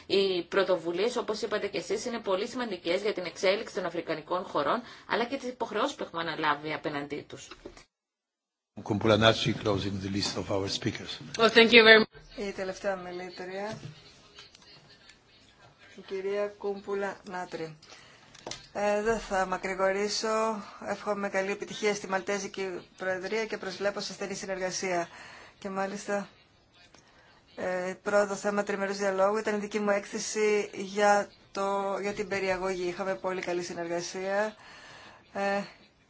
D: οι πρωτοβουλίε, όπω είπατε και εσεί, είναι πολύ σημαντικέ για την εξέλιξη των αφρικανικών χωρών αλλά και τι υποχρεώσει που έχουμε αναλάβει απέναντί του
A: closing the list of our speakers.
D: thank you very much. Η τελευταία
B: μιλήτρια, η κυρία Κούμπουλα Νάτρη. Ε, δεν θα μακρηγορήσω. Εύχομαι καλή επιτυχία στη Μαλτέζικη Προεδρία και προσβλέπω σε στενή συνεργασία. Και μάλιστα ε, πρώτο θέμα τριμερούς διαλόγου ήταν η δική μου έκθεση για, το, για την περιαγωγή. Είχαμε πολύ καλή συνεργασία. Ε,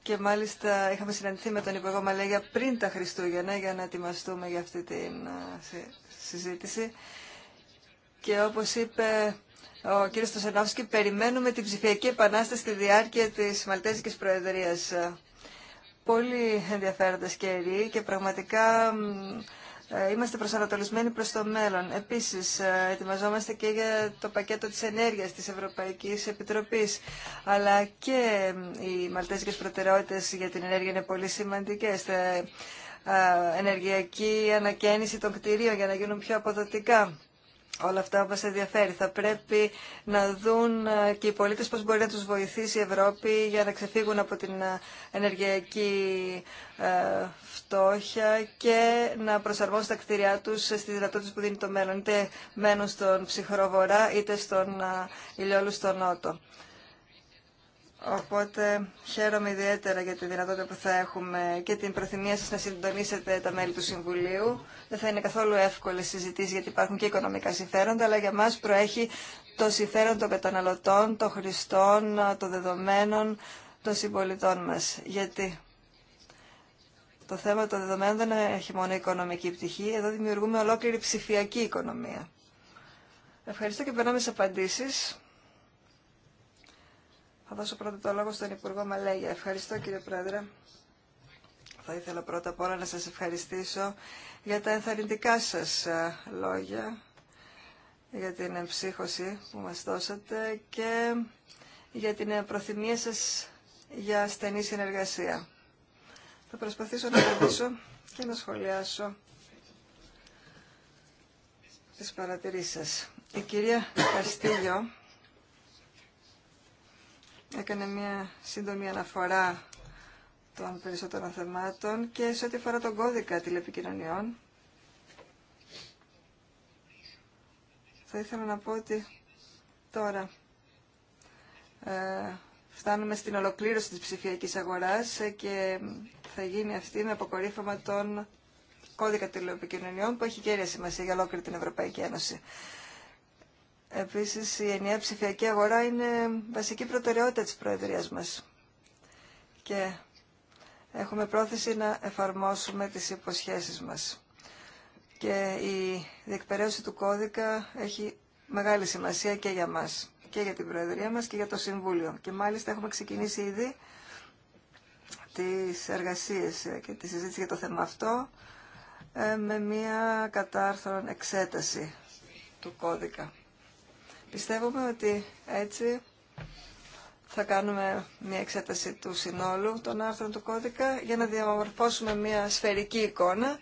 B: και μάλιστα είχαμε συναντηθεί με τον Υπουργό Μαλέγια πριν τα Χριστούγεννα για να ετοιμαστούμε για αυτή τη συζήτηση. Και όπως είπε ο κύριος Στοσενόφσκι, περιμένουμε την ψηφιακή επανάσταση στη διάρκεια της Μαλτέζικης Προεδρίας. Πολύ ενδιαφέροντας καιροί και πραγματικά ε, είμαστε προσανατολισμένοι προς το μέλλον. Επίσης, ε, ετοιμαζόμαστε και για το πακέτο της ενέργειας της Ευρωπαϊκής Επιτροπής. Αλλά και οι μαλτέζικες προτεραιότητες για την ενέργεια είναι πολύ σημαντικές. Ε, ενεργειακή ανακαίνιση των κτηρίων για να γίνουν πιο αποδοτικά. Όλα αυτά μας ενδιαφέρει. Θα πρέπει να δουν και οι πολίτες πώς μπορεί να τους βοηθήσει η Ευρώπη για να ξεφύγουν από την ενεργειακή και να προσαρμόσουν τα κτίρια τους στις δυνατότητες που δίνει το μέλλον. Είτε μένουν στον ψυχρό βορρά είτε στον ηλιόλου στον νότο. Οπότε χαίρομαι ιδιαίτερα για τη δυνατότητα που θα έχουμε και την προθυμία σας να συντονίσετε τα μέλη του Συμβουλίου. Δεν θα είναι καθόλου εύκολη συζητήσει, γιατί υπάρχουν και οικονομικά συμφέροντα, αλλά για μας προέχει το συμφέρον των καταναλωτών, των χρηστών, των δεδομένων, των συμπολιτών μας. Γιατί το θέμα των δεδομένων δεν έχει μόνο οικονομική πτυχή, εδώ δημιουργούμε ολόκληρη ψηφιακή οικονομία. Ευχαριστώ και περνάμε σε απαντήσεις. Θα δώσω πρώτα το λόγο στον Υπουργό Μαλέγια. Ευχαριστώ κύριε Πρόεδρε. Θα ήθελα πρώτα απ' όλα να σας ευχαριστήσω για τα ενθαρρυντικά σας ε, λόγια, για την εμψύχωση που μας δώσατε και για την προθυμία σας για στενή συνεργασία. Θα προσπαθήσω να απαντήσω και να σχολιάσω τις παρατηρήσεις σας. Η κυρία Καρστίγιο έκανε μια σύντομη αναφορά των περισσότερων θεμάτων και σε ό,τι αφορά τον κώδικα τηλεπικοινωνιών θα ήθελα να πω ότι τώρα ε, φτάνουμε στην ολοκλήρωση της ψηφιακής αγοράς και θα γίνει αυτή με αποκορύφωμα τον κώδικα τηλεοπικοινωνιών που έχει κέρια σημασία για ολόκληρη την Ευρωπαϊκή Ένωση. Επίσης, η ενιαία ψηφιακή αγορά είναι βασική προτεραιότητα της Προεδρίας μας. Και έχουμε πρόθεση να εφαρμόσουμε τις υποσχέσεις μας. Και η διεκπαιρέωση του κώδικα έχει μεγάλη σημασία και για μας και για την Προεδρία μας και για το Συμβούλιο. Και μάλιστα έχουμε ξεκινήσει ήδη τις εργασίες και τη συζήτηση για το θέμα αυτό ε, με μία κατάρθρον εξέταση του κώδικα. Πιστεύουμε ότι έτσι θα κάνουμε μία εξέταση του συνόλου των άρθρων του κώδικα για να διαμορφώσουμε μία σφαιρική εικόνα,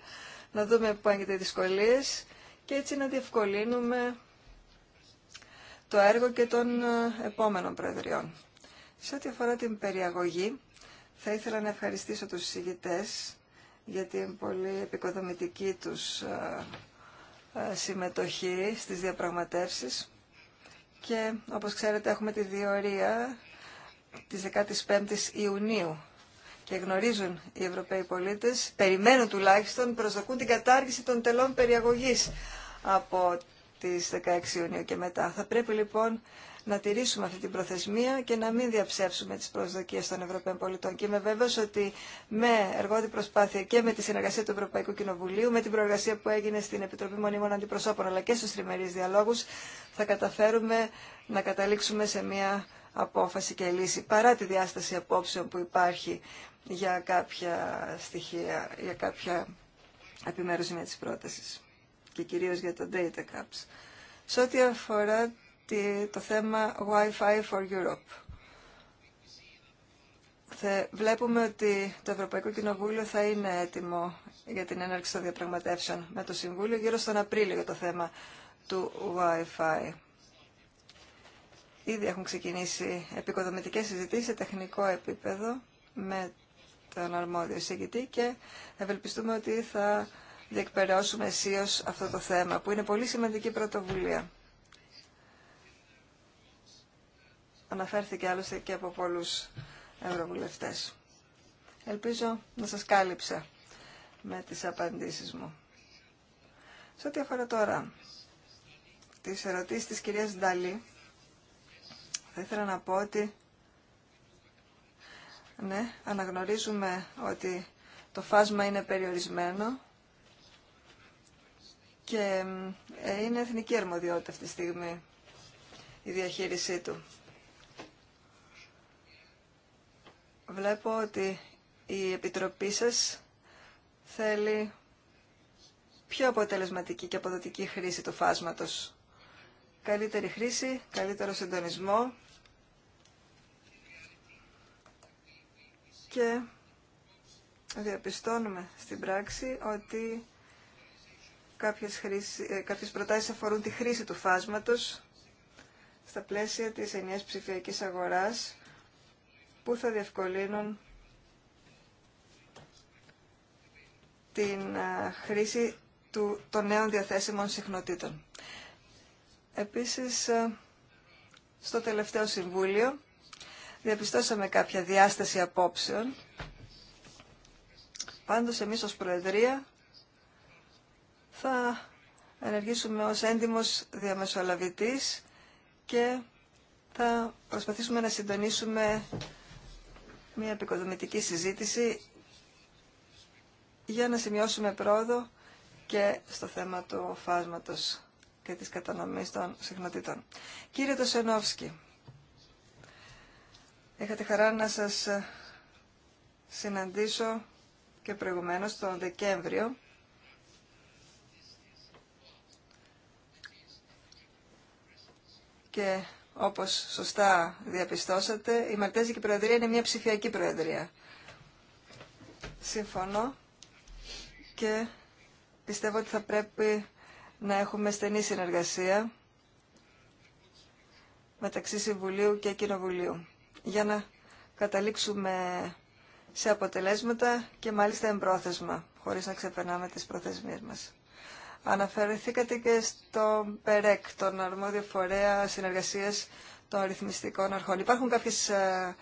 B: να δούμε πού έγινε οι δυσκολίες και έτσι να διευκολύνουμε το έργο και των ε, επόμενων Προεδριών. Σε ό,τι αφορά την περιαγωγή, θα ήθελα να ευχαριστήσω τους συζητητές για την πολύ επικοδομητική τους ε, ε, συμμετοχή στις διαπραγματεύσεις και όπως ξέρετε έχουμε τη διορία της 15ης Ιουνίου και γνωρίζουν οι Ευρωπαίοι πολίτες, περιμένουν τουλάχιστον, προσδοκούν την κατάργηση των τελών περιαγωγής από στις 16 Ιουνίου και μετά. Θα πρέπει λοιπόν να τηρήσουμε αυτή την προθεσμία και να μην διαψεύσουμε τις προσδοκίες των Ευρωπαίων πολιτών. Και είμαι βέβαιος ότι με εργότη προσπάθεια και με τη συνεργασία του Ευρωπαϊκού Κοινοβουλίου, με την προεργασία που έγινε στην Επιτροπή Μονίμων Αντιπροσώπων, αλλά και στους τριμερείς διαλόγους, θα καταφέρουμε να καταλήξουμε σε μια απόφαση και λύση, παρά τη διάσταση απόψεων που υπάρχει για κάποια στοιχεία, για κάποια επιμέρους της πρότασης και κυρίως για το data caps. Σε ό,τι αφορά το θέμα Wi-Fi for Europe, βλέπουμε ότι το Ευρωπαϊκό Κοινοβούλιο θα είναι έτοιμο για την έναρξη των διαπραγματεύσεων με το Συμβούλιο γύρω στον Απρίλιο για το θέμα του Wi-Fi. Ήδη έχουν ξεκινήσει επικοδομητικές συζητήσεις σε τεχνικό επίπεδο με τον αρμόδιο συγκητή και ευελπιστούμε ότι θα διεκπαιρεώσουμε αισίως αυτό το θέμα, που είναι πολύ σημαντική πρωτοβουλία. Αναφέρθηκε άλλωστε και από πολλούς ευρωβουλευτές. Ελπίζω να σας κάλυψα με τις απαντήσεις μου. Σε ό,τι αφορά τώρα τις ερωτήσεις της κυρίας Νταλή, θα ήθελα να πω ότι ναι, αναγνωρίζουμε ότι το φάσμα είναι περιορισμένο και ε, είναι εθνική αρμοδιότητα αυτή τη στιγμή η διαχείρισή του. Βλέπω ότι η Επιτροπή σας θέλει πιο αποτελεσματική και αποδοτική χρήση του φάσματος. Καλύτερη χρήση, καλύτερο συντονισμό και διαπιστώνουμε στην πράξη ότι Κάποιες, χρήσεις, ε, κάποιες προτάσεις αφορούν τη χρήση του φάσματος στα πλαίσια της ενιαίας ψηφιακής αγοράς που θα διευκολύνουν την ε, χρήση του, των νέων διαθέσιμων συχνοτήτων. Επίσης, ε, στο τελευταίο Συμβούλιο διαπιστώσαμε κάποια διάσταση απόψεων. Πάντως, εμείς ως Προεδρία θα ενεργήσουμε ως έντιμος διαμεσολαβητής και θα προσπαθήσουμε να συντονίσουμε μια επικοδομητική συζήτηση για να σημειώσουμε πρόοδο και στο θέμα του φάσματος και της κατανομής των συχνοτήτων. Κύριε Τοσενόφσκι, είχατε χαρά να σας συναντήσω και προηγουμένως τον Δεκέμβριο Και όπως σωστά διαπιστώσατε, η Μαλτέζικη Προεδρία είναι μια ψηφιακή Προεδρία. Συμφωνώ και πιστεύω ότι θα πρέπει να έχουμε στενή συνεργασία μεταξύ Συμβουλίου και Κοινοβουλίου για να καταλήξουμε σε αποτελέσματα και μάλιστα εμπρόθεσμα, χωρίς να ξεπερνάμε τις προθεσμίες μας. Αναφερθήκατε και στο ΠΕΡΕΚ, τον αρμόδιο φορέα συνεργασίας των ρυθμιστικών αρχών. Υπάρχουν κάποιες ε,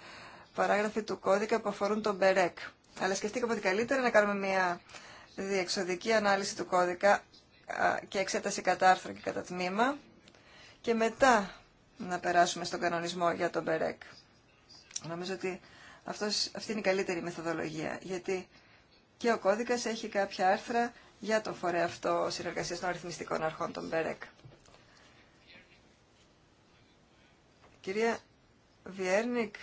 B: παράγραφοι του κώδικα που αφορούν τον ΠΕΡΕΚ. Αλλά σκεφτήκαμε ότι καλύτερα να κάνουμε μια διεξοδική ανάλυση του κώδικα και εξέταση κατά άρθρο και κατά τμήμα και μετά να περάσουμε στον κανονισμό για τον ΠΕΡΕΚ. Νομίζω ότι αυτός, αυτή είναι η καλύτερη μεθοδολογία, γιατί και ο κώδικας έχει κάποια άρθρα για τον φορέα αυτό συνεργασία των αριθμιστικών αρχών των ΜΠΕΡΕΚ. Κυρία Βιέρνικ,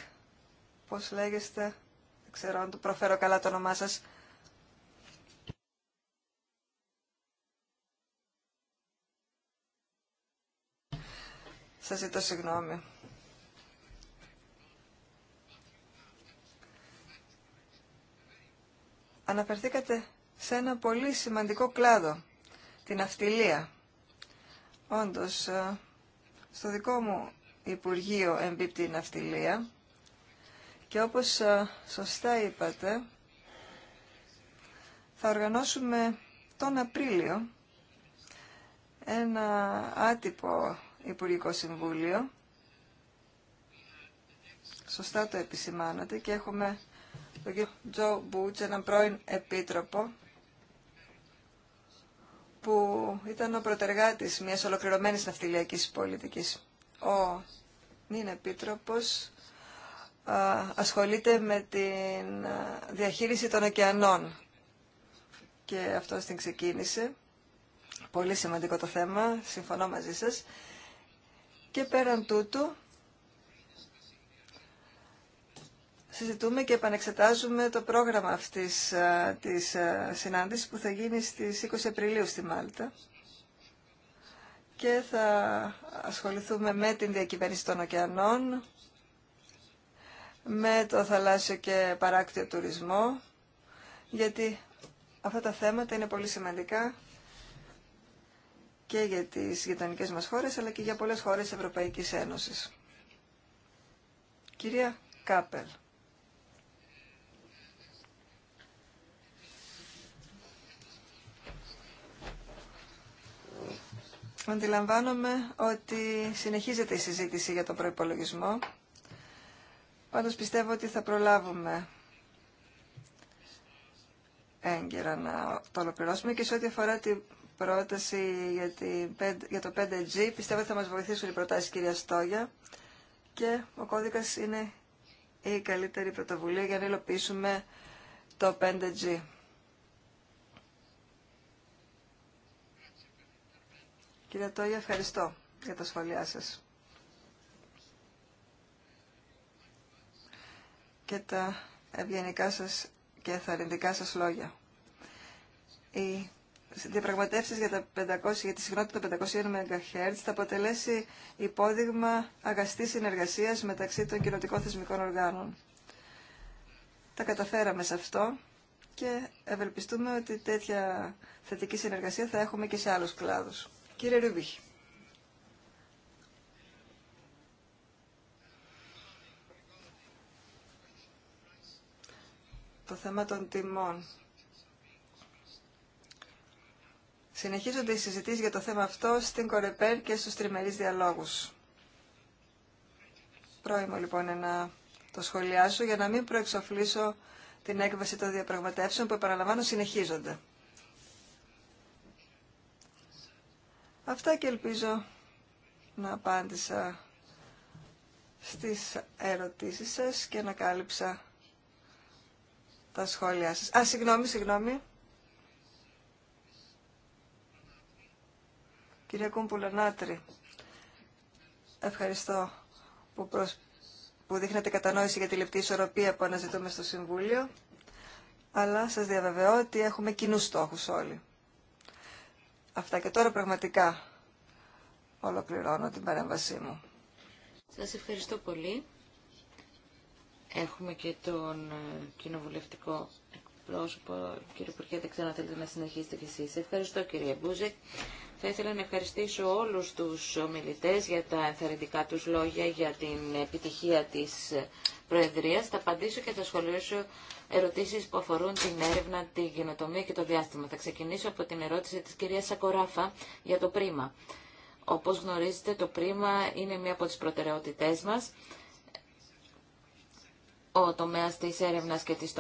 B: πώς λέγεστε, δεν ξέρω αν το προφέρω καλά το όνομά σας. Σας ζητώ συγγνώμη. Αναφερθήκατε σε ένα πολύ σημαντικό κλάδο, την αυτιλία. Όντως, ε, στο δικό μου Υπουργείο εμπίπτει η ναυτιλία και όπως ε, σωστά είπατε, θα οργανώσουμε τον Απρίλιο ένα άτυπο Υπουργικό Συμβούλιο. Σωστά το επισημάνατε και έχουμε τον κύριο Τζο Μπούτς, έναν πρώην επίτροπο που ήταν ο προτεργάτης μιας ολοκληρωμένης ναυτιλιακής πολιτικής. Ο νυν επίτροπος ασχολείται με την διαχείριση των ωκεανών και αυτό την ξεκίνησε. Πολύ σημαντικό το θέμα, συμφωνώ μαζί σας. Και πέραν τούτου συζητούμε και επανεξετάζουμε το πρόγραμμα αυτής της συνάντησης που θα γίνει στις 20 Απριλίου στη Μάλτα και θα ασχοληθούμε με την διακυβέρνηση των ωκεανών, με το θαλάσσιο και παράκτιο τουρισμό, γιατί αυτά τα θέματα είναι πολύ σημαντικά και για τις γειτονικέ μας χώρες, αλλά και για πολλές χώρες Ευρωπαϊκής Ένωσης. Κυρία Κάπελ. Αντιλαμβάνομαι ότι συνεχίζεται η συζήτηση για τον προϋπολογισμό. Πάντως πιστεύω ότι θα προλάβουμε έγκαιρα να το ολοκληρώσουμε και σε ό,τι αφορά την πρόταση για, το 5G πιστεύω ότι θα μας βοηθήσουν οι προτάσεις κυρία Στόγια και ο κώδικας είναι η καλύτερη πρωτοβουλία για να υλοποιήσουμε το 5G. Κύριε Τόγια, ευχαριστώ για τα σχόλιά σας. και τα ευγενικά σας και θαρρυντικά σας λόγια. Οι διαπραγματεύσεις για, τα 500, για τη συχνότητα των 500 MHz θα αποτελέσει υπόδειγμα αγαστής συνεργασίας μεταξύ των κοινωτικών θεσμικών οργάνων. Τα καταφέραμε σε αυτό και ευελπιστούμε ότι τέτοια θετική συνεργασία θα έχουμε και σε άλλους κλάδους. Κύριε Ρούμπιχ. Το θέμα των τιμών. Συνεχίζονται οι συζητήσεις για το θέμα αυτό στην Κορεπέρ και στους τριμερείς διαλόγους. Πρόημο λοιπόν να το σχολιάσω για να μην προεξοφλήσω την έκβαση των διαπραγματεύσεων που επαναλαμβάνω συνεχίζονται. Αυτά και ελπίζω να απάντησα στις ερωτήσεις σας και να κάλυψα τα σχόλιά σας. Α, συγγνώμη, συγγνώμη. Κυρία Κούμπουλανάτρη, ευχαριστώ που, που δείχνετε κατανόηση για τη λεπτή ισορροπία που αναζητούμε στο Συμβούλιο, αλλά σας διαβεβαιώ ότι έχουμε κοινούς στόχους όλοι αυτά. Και τώρα πραγματικά
D: ολοκληρώνω την παρέμβασή μου. Σας ευχαριστώ πολύ. Έχουμε και τον ε, κοινοβουλευτικό εκπρόσωπο. Κύριε Υπουργέ, δεν ξέρω αν θέλετε να συνεχίσετε κι εσείς. Ευχαριστώ κύριε Μπούζε Θα ήθελα να ευχαριστήσω όλους τους ομιλητές για τα ενθαρρυντικά τους λόγια, για την επιτυχία της ε, θα απαντήσω και θα σχολιάσω ερωτήσεις που αφορούν την έρευνα, τη γενοτομία και το διάστημα. Θα ξεκινήσω από την ερώτηση της κυρίας Σακοράφα για το πρίμα. Όπως γνωρίζετε, το πρίμα είναι μία από τις προτεραιότητές μας ο τομέας της έρευνας και της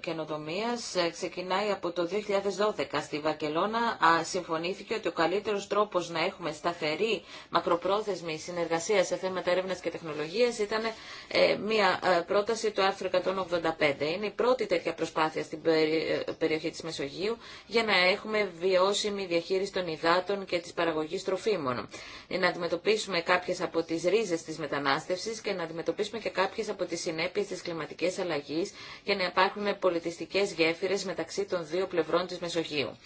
D: καινοτομία, ε, ξεκινάει από το 2012 στη Βακελώνα. Συμφωνήθηκε ότι ο καλύτερος τρόπος να έχουμε σταθερή μακροπρόθεσμη συνεργασία σε θέματα έρευνας και τεχνολογίας ήταν ε, μια ε, πρόταση του άρθρου 185. Είναι η πρώτη τέτοια προσπάθεια στην περιοχή της Μεσογείου για να έχουμε βιώσιμη διαχείριση των υδάτων και της παραγωγής τροφίμων. Να αντιμετωπίσουμε κάποιες από τις ρίζες της μετανάστευσης και να αντιμετωπίσουμε και κάποιε από τις συνέπειες της κλιματικής αλλαγής και να υπάρχουν πολιτιστικές γέφυρες μεταξύ των δύο πλευρών της Μεσογείου.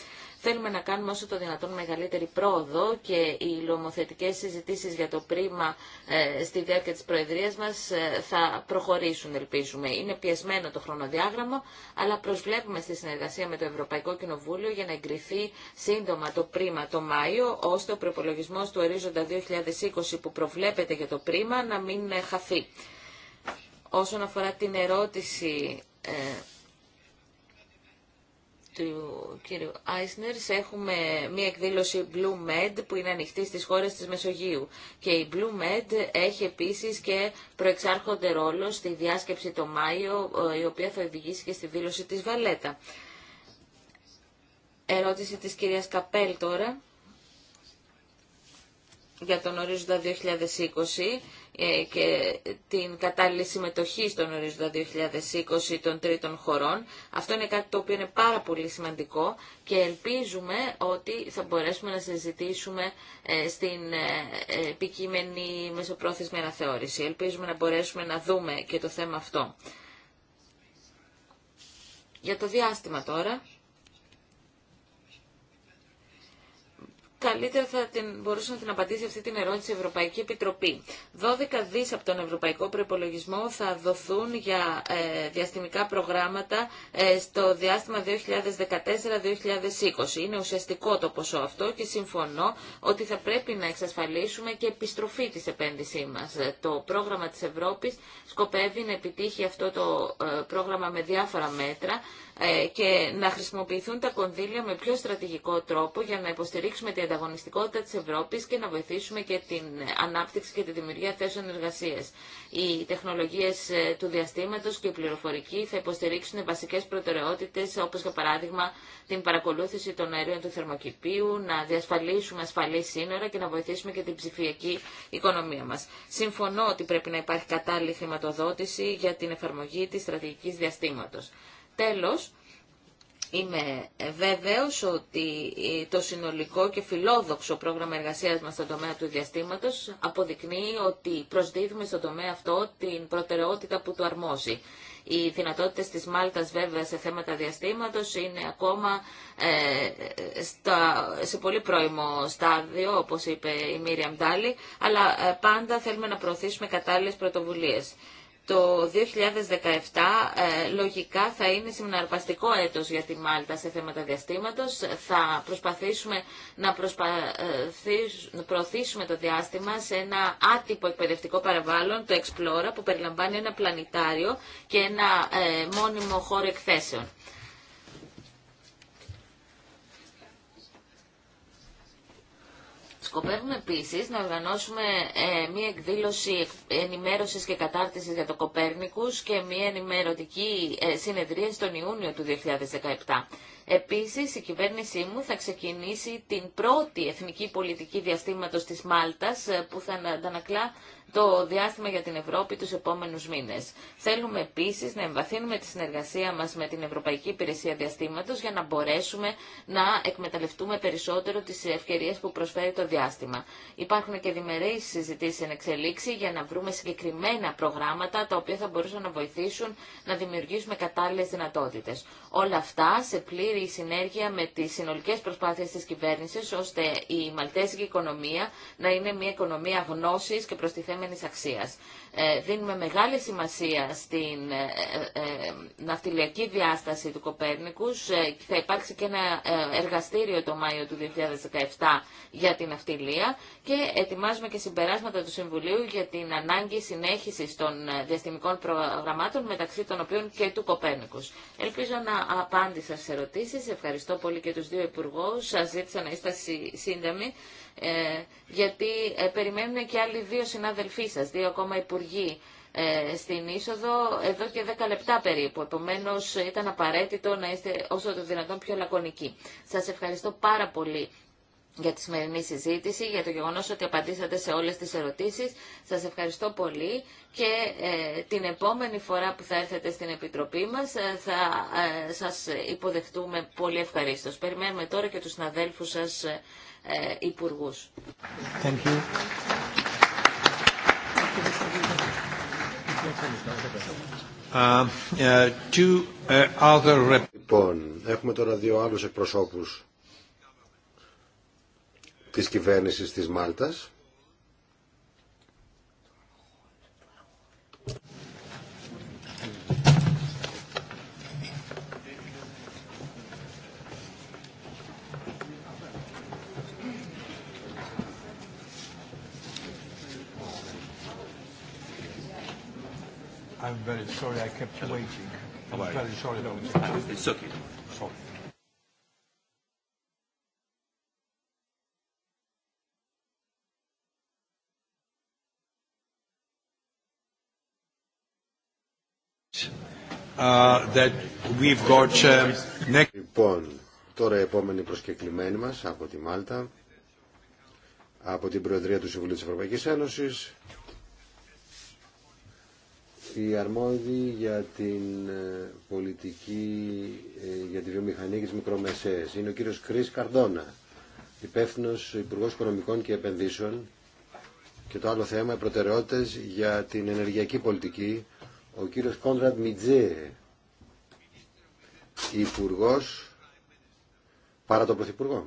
D: Θέλουμε να κάνουμε όσο το δυνατόν μεγαλύτερη πρόοδο και οι λομοθετικές συζητήσεις για το πρίμα ε, στη διάρκεια της Προεδρίας μας ε, θα προχωρήσουν, ελπίζουμε. Είναι πιεσμένο το χρονοδιάγραμμα, αλλά προσβλέπουμε στη συνεργασία με το Ευρωπαϊκό Κοινοβούλιο για να εγκριθεί σύντομα το πρίμα το Μάιο, ώστε ο προπολογισμό του ορίζοντα 2020 που προβλέπεται για το πρίμα να μην ε, χαθεί. Όσον αφορά την ερώτηση ε, του κύριου Αισνερ, έχουμε μία εκδήλωση Blue Med που είναι ανοιχτή στις χώρες της Μεσογείου και η Blue Med έχει επίσης και προεξάρχονται ρόλο στη διάσκεψη το Μάιο ε, η οποία θα οδηγήσει και στη δήλωση της Βαλέτα. Ερώτηση της κυρίας Καπέλ τώρα για τον ορίζοντα 2020 ε, και την κατάλληλη συμμετοχή στον ορίζοντα 2020 των τρίτων χωρών. Αυτό είναι κάτι το οποίο είναι πάρα πολύ σημαντικό και ελπίζουμε ότι θα μπορέσουμε να συζητήσουμε ε, στην ε, επικείμενη μεσοπρόθεσμη αναθεώρηση. Ελπίζουμε να μπορέσουμε να δούμε και το θέμα αυτό. Για το διάστημα τώρα. καλύτερα θα την, μπορούσε να την απαντήσει αυτή την ερώτηση η Ευρωπαϊκή Επιτροπή. 12 δι από τον Ευρωπαϊκό Προπολογισμό θα δοθούν για ε, διαστημικά προγράμματα ε, στο διάστημα 2014-2020. Είναι ουσιαστικό το ποσό αυτό και συμφωνώ ότι θα πρέπει να εξασφαλίσουμε και επιστροφή της επένδυσή μας. Ε, το πρόγραμμα της Ευρώπης σκοπεύει να επιτύχει αυτό το πρόγραμμα με διάφορα μέτρα και να χρησιμοποιηθούν τα κονδύλια με πιο στρατηγικό τρόπο για να υποστηρίξουμε την ανταγωνιστικότητα της Ευρώπης και να βοηθήσουμε και την ανάπτυξη και τη δημιουργία θέσεων εργασίας. Οι τεχνολογίες ε, του διαστήματος και η πληροφορική θα υποστηρίξουν βασικές προτεραιότητες όπως για παράδειγμα την παρακολούθηση των αερίων του θερμοκηπίου, να διασφαλίσουμε ασφαλή σύνορα και να βοηθήσουμε και την ψηφιακή οικονομία μας. Συμφωνώ ότι πρέπει να υπάρχει κατάλληλη χρηματοδότηση για την εφαρμογή της στρατηγικής διαστήματος. Τέλος, Είμαι βέβαιος ότι το συνολικό και φιλόδοξο πρόγραμμα εργασίας μας στον τομέα του διαστήματος αποδεικνύει ότι προσδίδουμε στον τομέα αυτό την προτεραιότητα που του αρμόζει. Οι δυνατότητες της Μάλτας βέβαια σε θέματα διαστήματος είναι ακόμα ε, σε πολύ πρώιμο στάδιο, όπως είπε η Μίρια Μτάλη, αλλά ε, πάντα θέλουμε να προωθήσουμε κατάλληλες πρωτοβουλίες το 2017 ε, λογικά θα είναι συναρπαστικό έτος για τη Μάλτα σε θέματα διαστήματος. Θα προσπαθήσουμε να προωθήσουμε το διάστημα σε ένα άτυπο εκπαιδευτικό παραβάλλον, το Explora, που περιλαμβάνει ένα πλανητάριο και ένα ε, μόνιμο χώρο εκθέσεων. Σκοπεύουμε επίσης να οργανώσουμε ε, μία εκδήλωση ενημέρωσης και κατάρτισης για το Κοπέρνικους και μία ενημερωτική ε, συνεδρία στον Ιούνιο του 2017. Επίσης, η κυβέρνησή μου θα ξεκινήσει την πρώτη εθνική πολιτική διαστήματος της Μάλτας ε, που θα αντανακλά το διάστημα για την Ευρώπη τους επόμενους μήνες. Θέλουμε επίσης να εμβαθύνουμε τη συνεργασία μας με την Ευρωπαϊκή Υπηρεσία Διαστήματος για να μπορέσουμε να εκμεταλλευτούμε περισσότερο τις ευκαιρίες που προσφέρει το διάστημα. Υπάρχουν και διμερείς συζητήσεις εν εξελίξη για να βρούμε συγκεκριμένα προγράμματα τα οποία θα μπορούσαν να βοηθήσουν να δημιουργήσουμε κατάλληλες δυνατότητες. Όλα αυτά σε πλήρη συνέργεια με τι συνολικέ προσπάθειες τη κυβέρνηση, ώστε η μαλτέζικη οικονομία να είναι μια οικονομία γνώση και προστιθέμενης αξία. Ε, Δίνουμε μεγάλη σημασία στην ε, ε, ε, ναυτιλιακή διάσταση του Κοπέρνικους. Θα υπάρξει και ένα εργαστήριο το Μάιο του 2017 για την ναυτιλία και ετοιμάζουμε και συμπεράσματα του Συμβουλίου για την ανάγκη συνέχισης των διαστημικών προγραμμάτων μεταξύ των οποίων και του Κοπέρνικους. Ελπίζω να απάντησα στις ερωτήσεις. Ευχαριστώ πολύ και τους δύο υπουργούς. Σας ζήτησα να είστε σύντομοι. Ε, γιατί ε, περιμένουν και άλλοι δύο συναδελφοί σας, δύο ακόμα υπουργοί ε, στην είσοδο εδώ και 10 λεπτά περίπου. Επομένω, ήταν απαραίτητο να είστε όσο το δυνατόν πιο λακωνικοί. Σας ευχαριστώ πάρα πολύ για τη σημερινή συζήτηση, για το γεγονός ότι απαντήσατε σε όλες τις ερωτήσεις. Σας ευχαριστώ πολύ και την επόμενη φορά που θα έρθετε στην Επιτροπή μας θα ε, σας υποδεχτούμε πολύ ευχαρίστως. Περιμένουμε τώρα και τους συναδέλφους σας ε, υπουργού.
C: Uh, uh, other... Λοιπόν, έχουμε τώρα δύο άλλους εκπροσώπους της κυβέρνησης της Μάλτας.
A: I'm very sorry I kept you waiting. I'm very sorry about this. It's okay. Sorry. Uh, that we've got, uh, next... Λοιπόν,
C: τώρα η επόμενη προσκεκλημένη μας από τη Μάλτα, από την Προεδρία του Συμβουλίου της Ευρωπαϊκής Ένωσης, η αρμόδη για την ε, πολιτική, ε, για τη βιομηχανία και τις μικρομεσαίες. Είναι ο κύριος Κρίς Καρδόνα, υπεύθυνο Υπουργός Οικονομικών και Επενδύσεων. Και το άλλο θέμα, οι προτεραιότητες για την ενεργειακή πολιτική, ο κύριος Κόντραντ Μιτζέ, Υπουργός παρά το Πρωθυπουργό.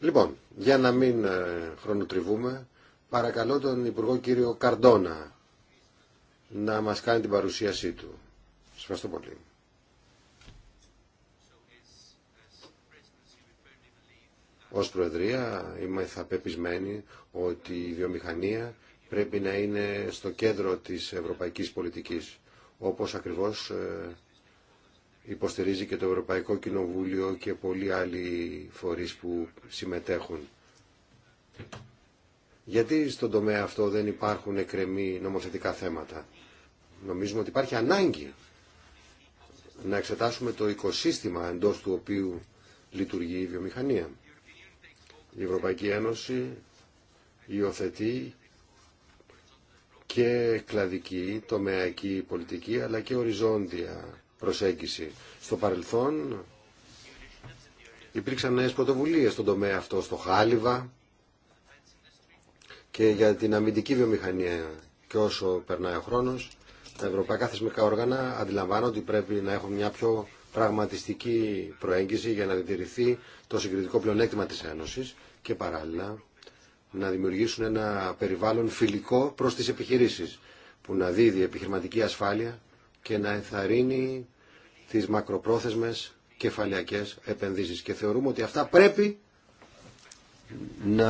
C: Λοιπόν, για να μην ε, χρονοτριβούμε, παρακαλώ τον Υπουργό κύριο Καρντόνα να μας κάνει την παρουσίασή του. Σας ευχαριστώ πολύ. Ως Προεδρία είμαστε θαπεπισμένη ότι η βιομηχανία πρέπει να είναι στο κέντρο της ευρωπαϊκής πολιτικής, όπως ακριβώς ε, υποστηρίζει και το Ευρωπαϊκό Κοινοβούλιο και πολλοί άλλοι φορείς που συμμετέχουν. Γιατί στον τομέα αυτό δεν υπάρχουν εκκρεμή νομοθετικά θέματα. Νομίζουμε ότι υπάρχει ανάγκη να εξετάσουμε το οικοσύστημα εντός του οποίου λειτουργεί η βιομηχανία. Η Ευρωπαϊκή Ένωση υιοθετεί και κλαδική, τομεακή πολιτική, αλλά και οριζόντια προσέγγιση. Στο παρελθόν υπήρξαν νέες πρωτοβουλίες στον τομέα αυτό, στο Χάλιβα και για την αμυντική βιομηχανία. Και όσο περνάει ο χρόνος, τα ευρωπαϊκά θεσμικά όργανα αντιλαμβάνονται ότι πρέπει να έχουν μια πιο πραγματιστική προέγγιση για να διατηρηθεί το συγκριτικό πλεονέκτημα της Ένωσης και παράλληλα να δημιουργήσουν ένα περιβάλλον φιλικό προς τις επιχειρήσεις που να δίδει επιχειρηματική ασφάλεια και να ενθαρρύνει τις μακροπρόθεσμες κεφαλιακές επενδύσεις. Και θεωρούμε ότι αυτά πρέπει να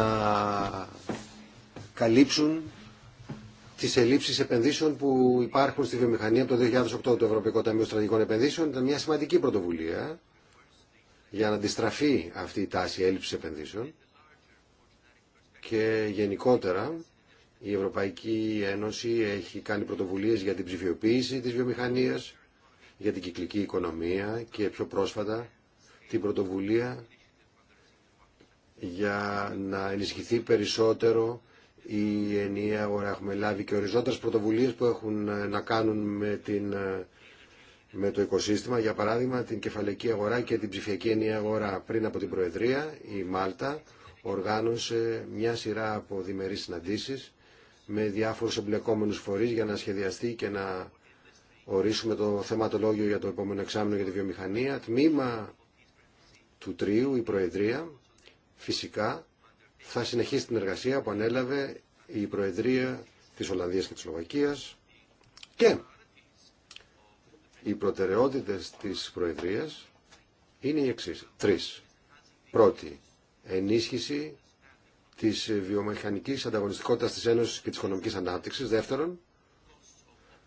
C: καλύψουν τις ελλείψεις επενδύσεων που υπάρχουν στη βιομηχανία από το 2008 το Ευρωπαϊκό Ταμείου Στρατηγικών Επενδύσεων. Ήταν μια σημαντική πρωτοβουλία για να αντιστραφεί αυτή η τάση έλλειψης επενδύσεων και γενικότερα η Ευρωπαϊκή Ένωση έχει κάνει πρωτοβουλίες για την ψηφιοποίηση της βιομηχανίας, για την κυκλική οικονομία και πιο πρόσφατα την πρωτοβουλία για να ενισχυθεί περισσότερο η ενιαία αγορά. Έχουμε λάβει και πρωτοβουλίες που έχουν να κάνουν με, την, με το οικοσύστημα, για παράδειγμα την κεφαλαϊκή αγορά και την ψηφιακή ενιαία αγορά. Πριν από την Προεδρία, η Μάλτα οργάνωσε μια σειρά από διμερείς συναντήσεις με διάφορους εμπλεκόμενους φορείς για να σχεδιαστεί και να ορίσουμε το θεματολόγιο για το επόμενο εξάμεινο για τη βιομηχανία. Τμήμα του Τρίου, η Προεδρία, φυσικά θα συνεχίσει την εργασία που ανέλαβε η Προεδρία της Ολλανδίας και της Σλοβακίας και οι προτεραιότητες της Προεδρίας είναι οι εξής. Τρεις. Πρώτη, ενίσχυση τη βιομηχανική ανταγωνιστικότητας της Ένωσης και της οικονομικής ανάπτυξης. Δεύτερον,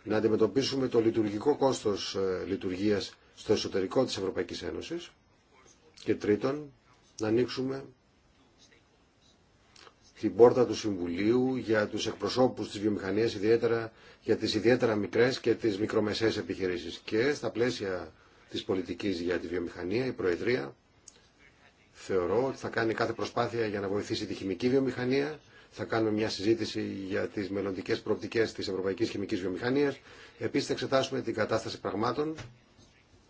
C: να αντιμετωπίσουμε το λειτουργικό κόστος ε, λειτουργία στο εσωτερικό της Ευρωπαϊκής Ένωσης. Και τρίτον, να ανοίξουμε την πόρτα του Συμβουλίου για τους εκπροσώπους της βιομηχανίας, ιδιαίτερα για τις ιδιαίτερα μικρές και τις μικρομεσαίες επιχειρήσεις. Και στα πλαίσια της πολιτικής για τη βιομηχανία, η Προεδρία Θεωρώ ότι θα κάνει κάθε προσπάθεια για να βοηθήσει τη χημική βιομηχανία. Θα κάνουμε μια συζήτηση για τι μελλοντικέ προοπτικέ τη ευρωπαϊκή χημική βιομηχανία. Επίση, θα εξετάσουμε την κατάσταση πραγμάτων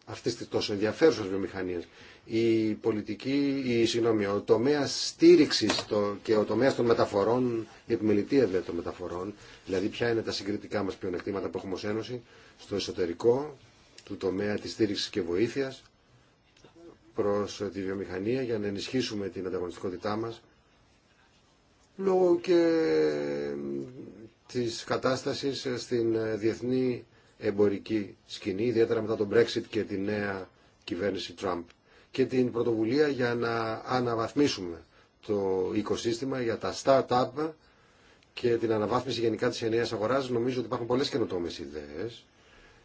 C: αυτή τη τόσο ενδιαφέρουσα βιομηχανία. Η πολιτική, η, συγγνώμη, ο τομέα στήριξη το, και ο τομέα των μεταφορών, η επιμελητία των μεταφορών, δηλαδή ποια είναι τα συγκριτικά μα πλεονεκτήματα που έχουμε ω Ένωση στο εσωτερικό του τομέα τη στήριξη και βοήθεια προς τη βιομηχανία για να ενισχύσουμε την ανταγωνιστικότητά μας λόγω και της κατάστασης στην ε, διεθνή εμπορική σκηνή, ιδιαίτερα μετά τον Brexit και τη νέα κυβέρνηση Trump και την πρωτοβουλία για να αναβαθμίσουμε το οικοσύστημα για τα start-up και την αναβάθμιση γενικά της ενιαίας αγοράς. Νομίζω ότι υπάρχουν πολλές καινοτόμες ιδέες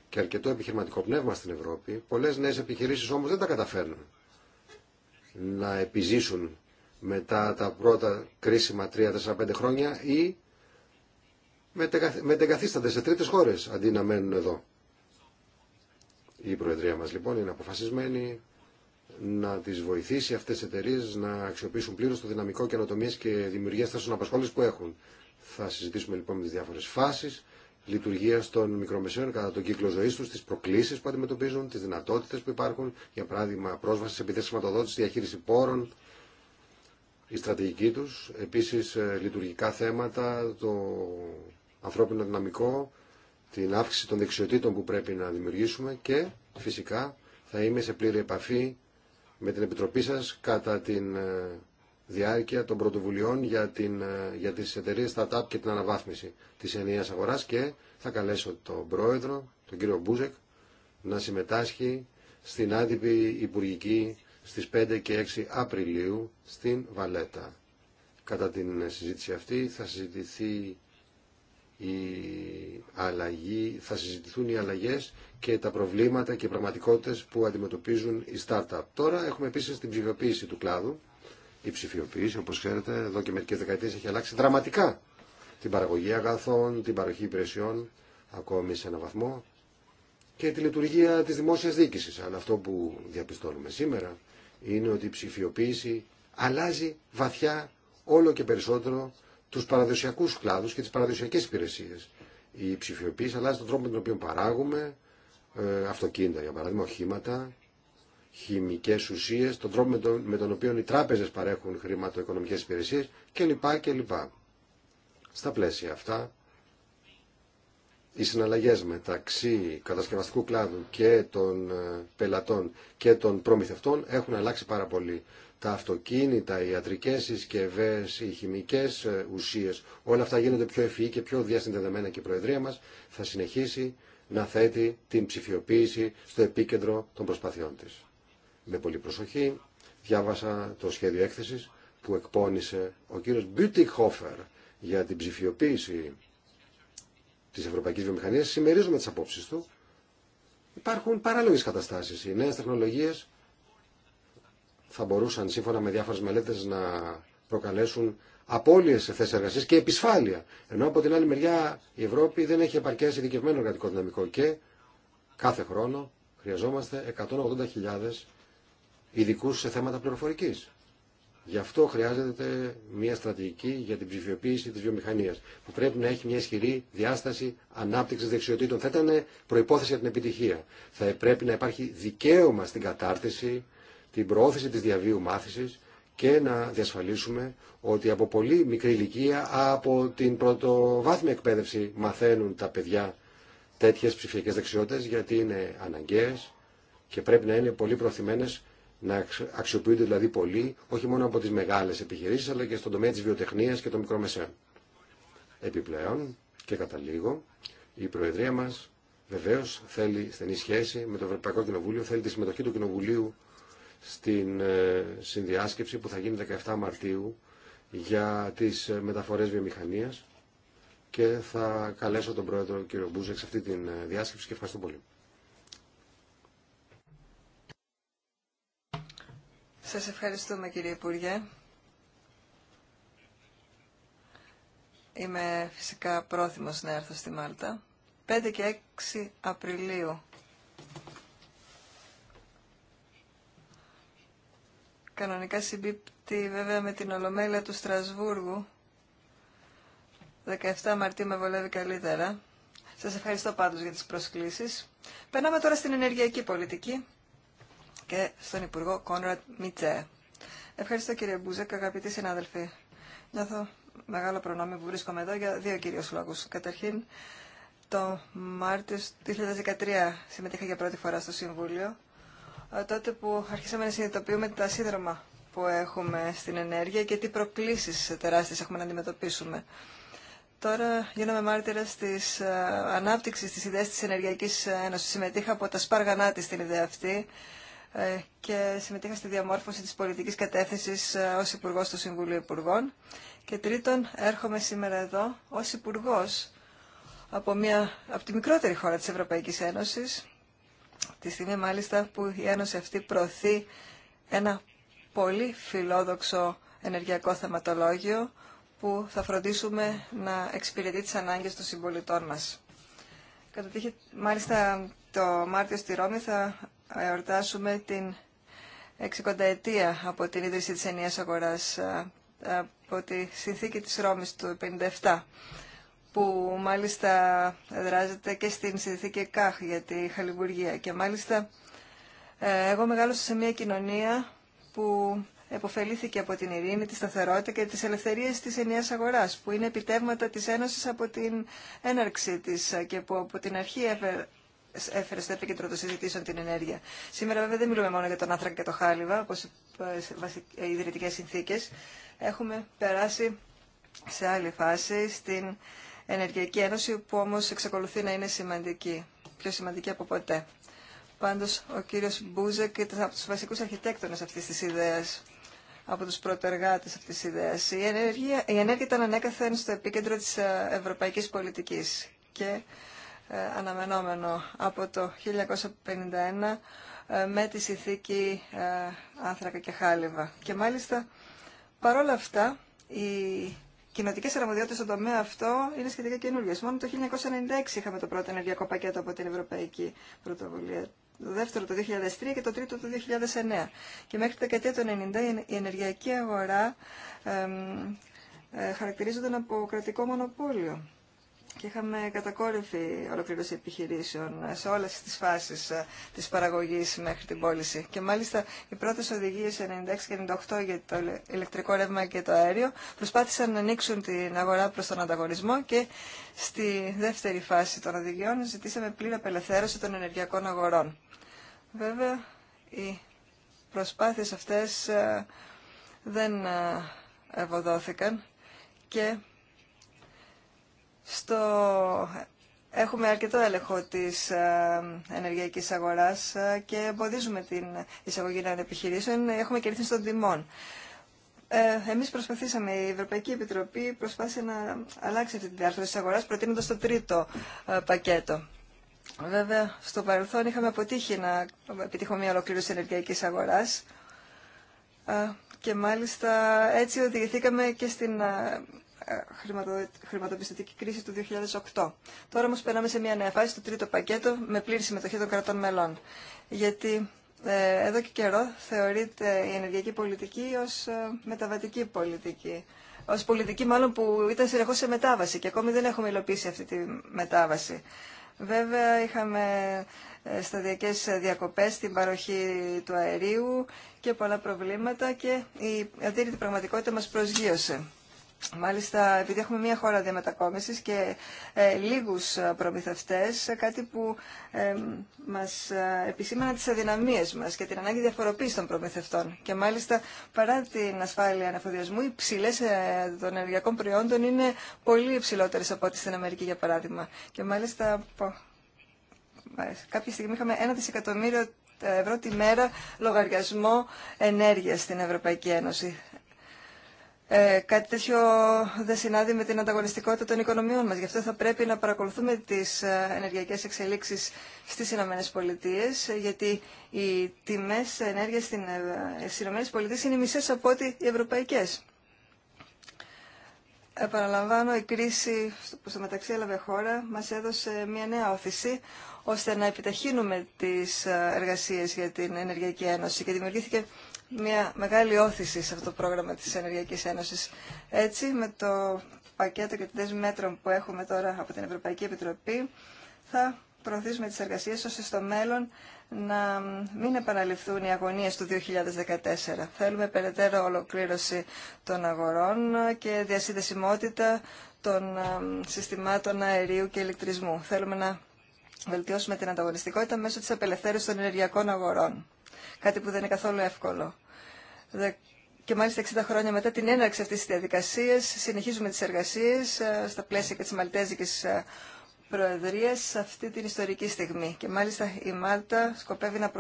C: και αρκετό επιχειρηματικό πνεύμα στην Ευρώπη, πολλέ νέε επιχειρήσει όμω δεν τα καταφέρνουν να επιζήσουν μετά τα πρώτα κρίσιμα 3-4-5 χρόνια ή μετεγκαθίστανται σε τρίτες χώρες αντί να μένουν εδώ. Η Προεδρία μας λοιπόν είναι αποφασισμένη να τις βοηθήσει αυτές τις εταιρείε να αξιοποιήσουν πλήρως το δυναμικό καινοτομίε και δημιουργία θέσεων απασχόλησης που έχουν. Θα συζητήσουμε λοιπόν με τις διάφορες φάσεις λειτουργία των μικρομεσαίων κατά τον κύκλο ζωή του, τι προκλήσει που αντιμετωπίζουν, τι δυνατότητε που υπάρχουν, για παράδειγμα πρόσβαση σε επιθέσει χρηματοδότηση, διαχείριση πόρων, η στρατηγική του, επίση ε, λειτουργικά θέματα, το ανθρώπινο δυναμικό, την αύξηση των δεξιοτήτων που πρέπει να δημιουργήσουμε και φυσικά θα είμαι σε πλήρη επαφή με την Επιτροπή σας κατά την ε, διάρκεια των πρωτοβουλειών για, την, ε, για τις εταιρείες startup και την αναβάθμιση της ενιαίας αγοράς και θα καλέσω τον πρόεδρο, τον κύριο Μπούζεκ, να συμμετάσχει στην άντυπη υπουργική στις 5 και 6 Απριλίου στην Βαλέτα. Κατά την συζήτηση αυτή θα συζητηθεί η αλλαγή, θα συζητηθούν οι αλλαγές και τα προβλήματα και οι πραγματικότητες που αντιμετωπίζουν οι startup. Τώρα έχουμε επίσης την ψηφιοποίηση του κλάδου η ψηφιοποίηση, όπω ξέρετε, εδώ και μερικέ δεκαετίε έχει αλλάξει δραματικά την παραγωγή αγαθών, την παροχή υπηρεσιών, ακόμη σε έναν βαθμό, και τη λειτουργία τη δημόσια διοίκηση. Αλλά αυτό που διαπιστώνουμε σήμερα είναι ότι η ψηφιοποίηση αλλάζει βαθιά όλο και περισσότερο του παραδοσιακού κλάδου και τι παραδοσιακέ υπηρεσίε. Η ψηφιοποίηση αλλάζει τον τρόπο με τον οποίο παράγουμε ε, αυτοκίνητα, για παράδειγμα, οχήματα, χημικές ουσίες, τον τρόπο με τον, με τον οποίο οι τράπεζες παρέχουν χρηματοοικονομικές υπηρεσίες κλπ. Στα πλαίσια αυτά, οι συναλλαγές μεταξύ κατασκευαστικού κλάδου και των ε, πελατών και των προμηθευτών έχουν αλλάξει πάρα πολύ. Τα αυτοκίνητα, οι ιατρικές συσκευές, οι χημικές ε, ουσίες, όλα αυτά γίνονται πιο ευφυή και πιο διασυνδεδεμένα και η Προεδρία μας θα συνεχίσει να θέτει την ψηφιοποίηση στο επίκεντρο των προσπαθειών της με πολύ προσοχή. Διάβασα το σχέδιο έκθεσης που εκπώνησε ο κύριος Μπιουτιχόφερ για την ψηφιοποίηση της ευρωπαϊκής βιομηχανίας. Συμμερίζουμε τις απόψεις του. Υπάρχουν παράλογες καταστάσεις. Οι νέες τεχνολογίες θα μπορούσαν σύμφωνα με διάφορες μελέτες να προκαλέσουν απώλειες σε θέσεις εργασίας και επισφάλεια. Ενώ από την άλλη μεριά η Ευρώπη δεν έχει επαρκές ειδικευμένο εργατικό δυναμικό και κάθε χρόνο χρειαζόμαστε 180.000 ειδικού σε θέματα πληροφορική. Γι' αυτό χρειάζεται μια στρατηγική για την ψηφιοποίηση τη βιομηχανία, που πρέπει να έχει μια ισχυρή διάσταση ανάπτυξη δεξιοτήτων. Θα ήταν προπόθεση για την επιτυχία. Θα πρέπει να υπάρχει δικαίωμα στην κατάρτιση, την προώθηση τη διαβίου μάθηση και να διασφαλίσουμε ότι από πολύ μικρή ηλικία, από την πρωτοβάθμια εκπαίδευση, μαθαίνουν τα παιδιά τέτοιε ψηφιακέ δεξιότητε, γιατί είναι αναγκαίε και πρέπει να είναι πολύ προωθημένε να αξιοποιούνται δηλαδή πολύ, όχι μόνο από τις μεγάλες επιχειρήσεις, αλλά και στον τομέα της βιοτεχνίας και των μικρομεσαίων. Επιπλέον και κατά λίγο, η Προεδρία μας βεβαίως θέλει στενή σχέση με το Ευρωπαϊκό Κοινοβούλιο, θέλει τη συμμετοχή του Κοινοβουλίου στην ε, συνδιάσκεψη που θα γίνει 17 Μαρτίου για τις ε, μεταφορές βιομηχανίας και θα καλέσω τον Πρόεδρο κ. Μπούζεξ σε αυτή τη ε, διάσκεψη και ευχαριστώ πολύ.
B: Σας ευχαριστούμε κύριε Υπουργέ. Είμαι φυσικά πρόθυμος να έρθω στη Μάλτα. 5 και 6 Απριλίου. Κανονικά συμπίπτει βέβαια με την Ολομέλεια του Στρασβούργου. 17 Μαρτίου με βολεύει καλύτερα. Σας ευχαριστώ πάντως για τις προσκλήσεις. Περνάμε τώρα στην ενεργειακή πολιτική και στον Υπουργό Κόνραντ Μιτζέ. Ευχαριστώ κύριε Μπούζεκ, αγαπητοί συνάδελφοι. Νιώθω μεγάλο προνόμιο που βρίσκομαι εδώ για δύο κυρίω λόγου. Καταρχήν, το Μάρτιο 2013 συμμετείχα για πρώτη φορά στο Συμβούλιο, ε, τότε που αρχίσαμε να συνειδητοποιούμε τα σύνδρομα που έχουμε στην ενέργεια και τι προκλήσει τεράστιε έχουμε να αντιμετωπίσουμε. Τώρα γίνομαι μάρτυρα τη ε, ανάπτυξη τη ιδέα τη Ενεργειακή Ένωση. Συμμετείχα από τα σπάργανά τη στην ιδέα αυτή ε, και συμμετείχα στη διαμόρφωση της πολιτικής κατεύθυνσης ε, ως υπουργό του Συμβουλίου Υπουργών. Και τρίτον, έρχομαι σήμερα εδώ ως υπουργό από, μια, από τη μικρότερη χώρα της Ευρωπαϊκής Ένωσης, τη στιγμή μάλιστα που η Ένωση αυτή προωθεί ένα πολύ φιλόδοξο ενεργειακό θεματολόγιο που θα φροντίσουμε να εξυπηρετεί τις ανάγκες των συμπολιτών μας. Κατά τύχη, μάλιστα το Μάρτιο στη θα εορτάσουμε την 60 ετία από την ίδρυση της ενιαίας αγοράς από τη συνθήκη της Ρώμης του 1957 που μάλιστα δράζεται και στην συνθήκη ΚΑΧ για τη χαλιμπουργία. και μάλιστα ε, εγώ μεγάλωσα σε μια κοινωνία που εποφελήθηκε από την ειρήνη, τη σταθερότητα και τις ελευθερίες της ενιαίας αγοράς, που είναι επιτεύγματα της Ένωσης από την έναρξή της ε, και που από την αρχή έφερε στο επίκεντρο των συζητήσεων την ενέργεια. Σήμερα βέβαια δεν μιλούμε μόνο για τον άνθρακα και το χάλιβα, όπω οι ε, ιδρυτικέ συνθήκε, Έχουμε περάσει σε άλλη φάση στην Ενεργειακή Ένωση, που όμω εξακολουθεί να είναι σημαντική, πιο σημαντική από ποτέ. Πάντω ο κύριο Μπούζεκ ήταν από του βασικού αρχιτέκτονε αυτή τη ιδέα από τους πρωτεργάτες αυτής της ιδέας. Η ενέργεια, η ενέργεια ήταν ανέκαθεν στο επίκεντρο της ε, ευρωπαϊκής πολιτικής και ε, αναμενόμενο από το 1951 ε, με τη συνθήκη ε, άνθρακα και χάλιβα. Και μάλιστα παρόλα αυτά οι κοινοτικές αρμοδιότητες στον τομέα αυτό είναι σχετικά καινούργια. Μόνο το 1996 είχαμε το πρώτο ενεργειακό πακέτο από την Ευρωπαϊκή Πρωτοβουλία το δεύτερο το 2003 και το τρίτο το 2009. Και μέχρι τα δεκαετία του 1990 η ενεργειακή αγορά χαρακτηρίζονταν από κρατικό μονοπόλιο και είχαμε κατακόρυφη ολοκλήρωση επιχειρήσεων σε όλες τις φάσεις ε, της παραγωγής μέχρι την πώληση. Και μάλιστα οι πρώτες οδηγίες 96 και 98 για το ηλεκτρικό ρεύμα και το αέριο προσπάθησαν να ανοίξουν την αγορά προς τον ανταγωνισμό και στη δεύτερη φάση των οδηγιών ζητήσαμε πλήρη απελευθέρωση των ενεργειακών αγορών. Βέβαια, οι προσπάθειες αυτές ε, δεν ε, ευωδόθηκαν και στο... Έχουμε αρκετό έλεγχο της ε, ενεργειακής αγοράς ε, και εμποδίζουμε την εισαγωγή νέων επιχειρήσεων. Έχουμε κερδίσει των τιμών. Ε, εμείς προσπαθήσαμε, η Ευρωπαϊκή Επιτροπή προσπάθησε να αλλάξει αυτή τη διάρθρωση της αγοράς προτείνοντας το τρίτο ε, πακέτο. Βέβαια, στο παρελθόν είχαμε αποτύχει να επιτύχουμε μια ολοκλήρωση ενεργειακής αγοράς και μάλιστα έτσι οδηγηθήκαμε και στην ε, χρηματοπιστωτική κρίση του 2008. Τώρα όμως περνάμε σε μια νέα φάση, το τρίτο πακέτο, με πλήρη συμμετοχή των κρατών μελών. Γιατί ε, εδώ και καιρό θεωρείται η ενεργειακή πολιτική ως ε, μεταβατική πολιτική. Ως πολιτική μάλλον που ήταν συνεχώ σε μετάβαση και ακόμη δεν έχουμε υλοποιήσει αυτή τη μετάβαση. Βέβαια είχαμε ε, σταδιακές διακοπές στην παροχή του αερίου και πολλά προβλήματα και η αντίρρητη πραγματικότητα μας προσγείωσε. Μάλιστα, επειδή έχουμε μία χώρα διαμετακόμισης και ε, λίγους ε, προμηθευτές, ε, κάτι που ε, μας τι ε, τις αδυναμίες μας και την ανάγκη διαφοροποίηση των προμηθευτών. Και μάλιστα, παρά την ασφάλεια αναφοδιασμού, οι ψηλές των ενεργειακών προϊόντων είναι πολύ υψηλότερε από ό,τι στην Αμερική, για παράδειγμα. Και μάλιστα, κάποια στιγμή είχαμε ένα δισεκατομμύριο ευρώ τη μέρα λογαριασμό ενέργειας στην Ευρωπαϊκή Ένωση. Ε, κάτι τέτοιο δεν συνάδει με την ανταγωνιστικότητα των οικονομιών μας. Γι' αυτό θα πρέπει να παρακολουθούμε τις ε, ενεργειακές εξελίξεις στις Ηνωμένες Πολιτείες, ε, γιατί οι τιμές ενέργειας ε, στις Ηνωμένες Πολιτείες είναι μισές από ό,τι οι ευρωπαϊκές. Επαναλαμβάνω, η κρίση που στο μεταξύ έλαβε χώρα μας έδωσε μια νέα όθηση ώστε να επιταχύνουμε τις εργασίες για την Ενεργειακή Ένωση και δημιουργήθηκε μια μεγάλη όθηση σε αυτό το πρόγραμμα της Ενεργειακής Ένωσης. Έτσι, με το πακέτο και τη μέτρων που έχουμε τώρα από την Ευρωπαϊκή Επιτροπή, θα προωθήσουμε τις εργασίες ώστε στο μέλλον να μην επαναληφθούν οι αγωνίες του 2014. Θέλουμε περαιτέρω ολοκλήρωση των αγορών και διασυνδεσιμότητα των συστημάτων αερίου και ηλεκτρισμού. Θέλουμε να βελτιώσουμε την ανταγωνιστικότητα μέσω της απελευθέρωσης των ενεργειακών αγορών κάτι που δεν είναι καθόλου εύκολο. Και μάλιστα 60 χρόνια μετά την έναρξη αυτής της διαδικασίας συνεχίζουμε τις εργασίες ε, στα πλαίσια και της Μαλτέζικης ε, Προεδρίας σε αυτή την ιστορική στιγμή. Και μάλιστα η Μάλτα σκοπεύει να,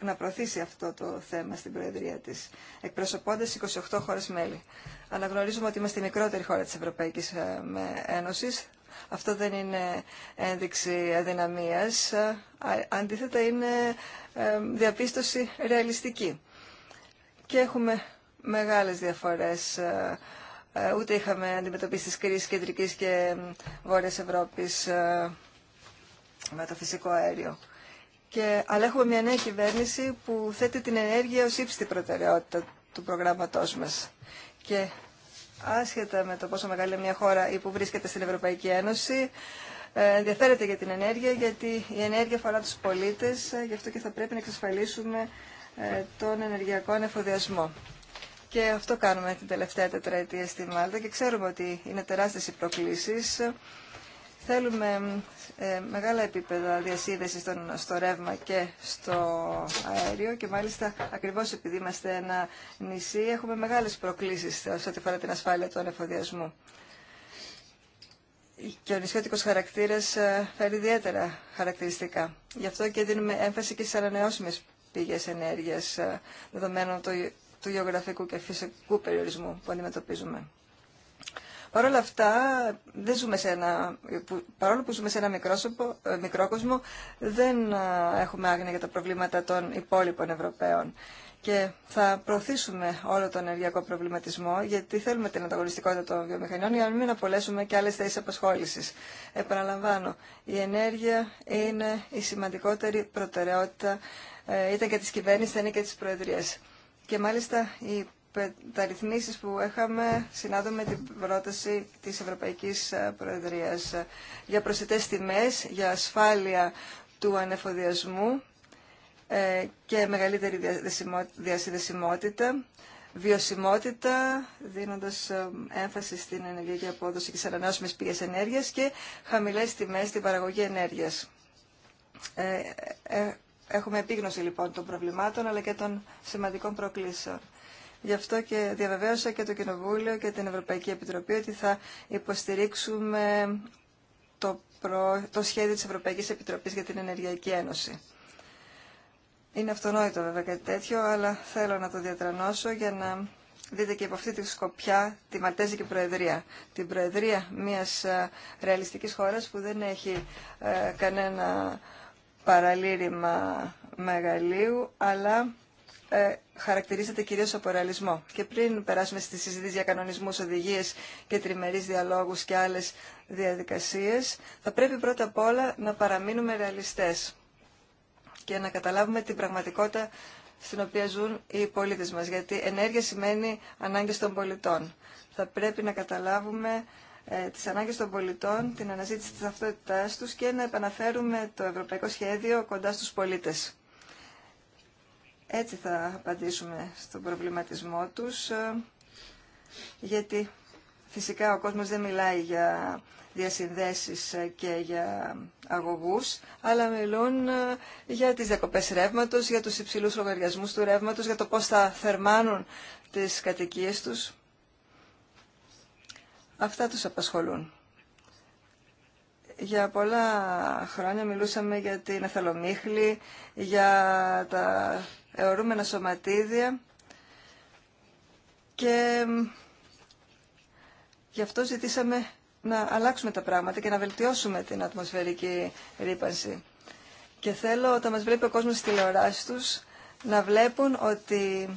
B: να προωθήσει αυτό το θέμα στην Προεδρία της, εκπροσωπώντας 28 χώρες μέλη. Αναγνωρίζουμε ότι είμαστε η μικρότερη χώρα της Ευρωπαϊκής ε, Ένωσης, αυτό δεν είναι ένδειξη αδυναμίας, αντίθετα είναι ε, διαπίστωση ρεαλιστική. Και έχουμε μεγάλες διαφορές. Ε, ε, ούτε είχαμε αντιμετωπίσει τις κρίσεις κεντρικής και βόρειας Ευρώπης με το φυσικό αέριο. Και, αλλά έχουμε μια νέα κυβέρνηση που θέτει την ενέργεια ως ύψητη προτεραιότητα του προγράμματός μας. Και άσχετα με το πόσο μεγάλη είναι μια χώρα ή που βρίσκεται στην Ευρωπαϊκή Ένωση, ε, ενδιαφέρεται για την ενέργεια, γιατί η ενέργεια αφορά τους πολίτες, ε, γι' αυτό και θα πρέπει να εξασφαλίσουμε ε, τον ενεργειακό ανεφοδιασμό. Και αυτό κάνουμε την τελευταία τετραετία στη Μάλτα και ξέρουμε ότι είναι τεράστιες οι προκλήσεις Θέλουμε ε, μεγάλα επίπεδα διασύνδεσης στο ρεύμα και στο αέριο και μάλιστα ακριβώς επειδή είμαστε ένα νησί έχουμε μεγάλες προκλήσεις σε ό,τι φορά την ασφάλεια του ανεφοδιασμού. Και ο νησιώτικος χαρακτήρας ε, φέρει ιδιαίτερα χαρακτηριστικά. Γι' αυτό και δίνουμε έμφαση και στις ανανεώσιμες πηγές ενέργειας ε, δεδομένων του γεωγραφικού και φυσικού περιορισμού που αντιμετωπίζουμε. Παρ' όλα αυτά, δεν ζούμε σε ένα, παρόλο που ζούμε σε ένα μικρό ε, κόσμο, δεν ε, έχουμε άγνοια για τα προβλήματα των υπόλοιπων Ευρωπαίων. Και θα προωθήσουμε όλο τον ενεργειακό προβληματισμό, γιατί θέλουμε την ανταγωνιστικότητα των βιομηχανιών, για να μην απολέσουμε και άλλε θέσει απασχόληση. Επαναλαμβάνω, η ενέργεια είναι η σημαντικότερη προτεραιότητα, ε, ήταν και τη κυβέρνηση, ήταν και τη Προεδρία. Και μάλιστα η τα μεταρρυθμίσεις που έχαμε συνάδουν με την πρόταση της Ευρωπαϊκής ε, Προεδρίας ε, για προσιτές τιμές, για ασφάλεια του ανεφοδιασμού ε, και μεγαλύτερη διασυνδεσιμότητα, βιωσιμότητα, δίνοντας έμφαση στην ενεργειακή απόδοση και στι ανανεώσιμες πηγές ενέργειας και χαμηλές τιμές στην παραγωγή ενέργειας. Έχουμε επίγνωση λοιπόν των προβλημάτων αλλά και των σημαντικών προκλήσεων. Γι' αυτό και διαβεβαίωσα και το Κοινοβούλιο και την Ευρωπαϊκή Επιτροπή ότι θα υποστηρίξουμε το, το σχέδιο της Ευρωπαϊκής Επιτροπής για την Ενεργειακή Ένωση. Είναι αυτονόητο βέβαια κάτι τέτοιο, αλλά θέλω να το διατρανώσω για να δείτε και από αυτή τη σκοπιά τη Μαλτέζικη Προεδρία. Την Προεδρία μιας ε, ρεαλιστικής χώρας που δεν έχει ε, κανένα παραλήρημα μεγαλείου, αλλά ε, χαρακτηρίζεται κυρίως από ρεαλισμό. Και πριν περάσουμε στη συζήτηση για κανονισμούς, οδηγίες και τριμερείς διαλόγους και άλλες διαδικασίες, θα πρέπει πρώτα απ' όλα να παραμείνουμε ρεαλιστές και να καταλάβουμε την πραγματικότητα στην οποία ζουν οι πολίτες μας, γιατί ενέργεια σημαίνει ανάγκες των πολιτών. Θα πρέπει να καταλάβουμε ε, τις ανάγκες των πολιτών, την αναζήτηση της ταυτότητάς τους και να επαναφέρουμε το ευρωπαϊκό σχέδιο κοντά στους πολίτες. Έτσι θα απαντήσουμε στον προβληματισμό τους, ε, γιατί φυσικά ο κόσμος δεν μιλάει για διασυνδέσεις ε, και για αγωγούς, αλλά μιλούν ε, για τις διακοπές ρεύματο, για τους υψηλούς λογαριασμούς του ρεύματο, για το πώς θα θερμάνουν τις κατοικίες τους. Αυτά τους απασχολούν. Για πολλά χρόνια μιλούσαμε για την αθαλομίχλη για τα αιωρούμενα σωματίδια και γι' αυτό ζητήσαμε να αλλάξουμε τα πράγματα και να βελτιώσουμε την ατμοσφαιρική ρήπανση. Και θέλω όταν μας βλέπει ο κόσμος στη τηλεοράση τους να βλέπουν ότι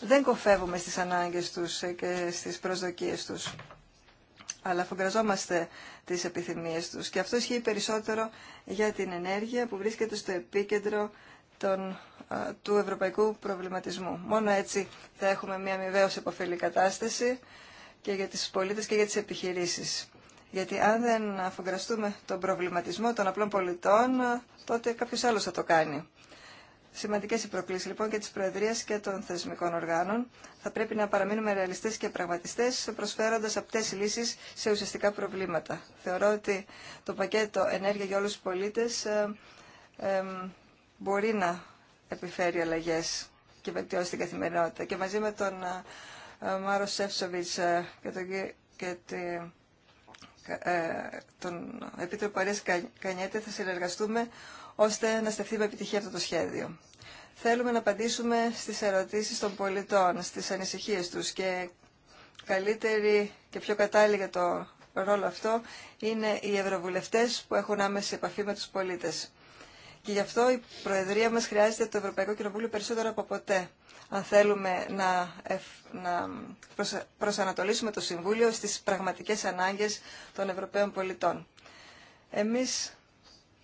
B: δεν κοφεύουμε στις ανάγκες τους και στις προσδοκίες τους, αλλά αφογκραζόμαστε τις επιθυμίες τους. Και αυτό ισχύει περισσότερο για την ενέργεια που βρίσκεται στο επίκεντρο των, α, του ευρωπαϊκού προβληματισμού. Μόνο έτσι θα έχουμε μια αμοιβαίως επωφελή κατάσταση και για τις πολίτες και για τις επιχειρήσεις. Γιατί αν δεν αφογκραστούμε τον προβληματισμό των απλών πολιτών, τότε κάποιο άλλο θα το κάνει. Σημαντικέ οι προκλήσει λοιπόν και τη Προεδρία και των θεσμικών οργάνων. Θα πρέπει να παραμείνουμε ρεαλιστέ και πραγματιστέ, προσφέροντα απτέ λύσει σε ουσιαστικά προβλήματα. Θεωρώ ότι το πακέτο Ενέργεια για όλου του πολίτε μπορεί να επιφέρει αλλαγές και βελτιώσει την καθημερινότητα. Και μαζί με τον ε, ε, Μάρο Σεύσοβιτς ε, και τον, και τον Επίτροπο Αρίας Κανιέτε θα συνεργαστούμε ώστε να στεφθεί με επιτυχία αυτό το σχέδιο. Θέλουμε να απαντήσουμε στις ερωτήσεις των πολιτών, στις ανησυχίες τους και καλύτερη και πιο κατάλληλη για το ρόλο αυτό είναι οι ευρωβουλευτές που έχουν άμεση επαφή με τους πολίτες. Και γι' αυτό η Προεδρία μας χρειάζεται το Ευρωπαϊκό Κοινοβούλιο περισσότερο από ποτέ. Αν θέλουμε να, να προσανατολίσουμε το Συμβούλιο στις πραγματικές ανάγκες των Ευρωπαίων πολιτών. Εμείς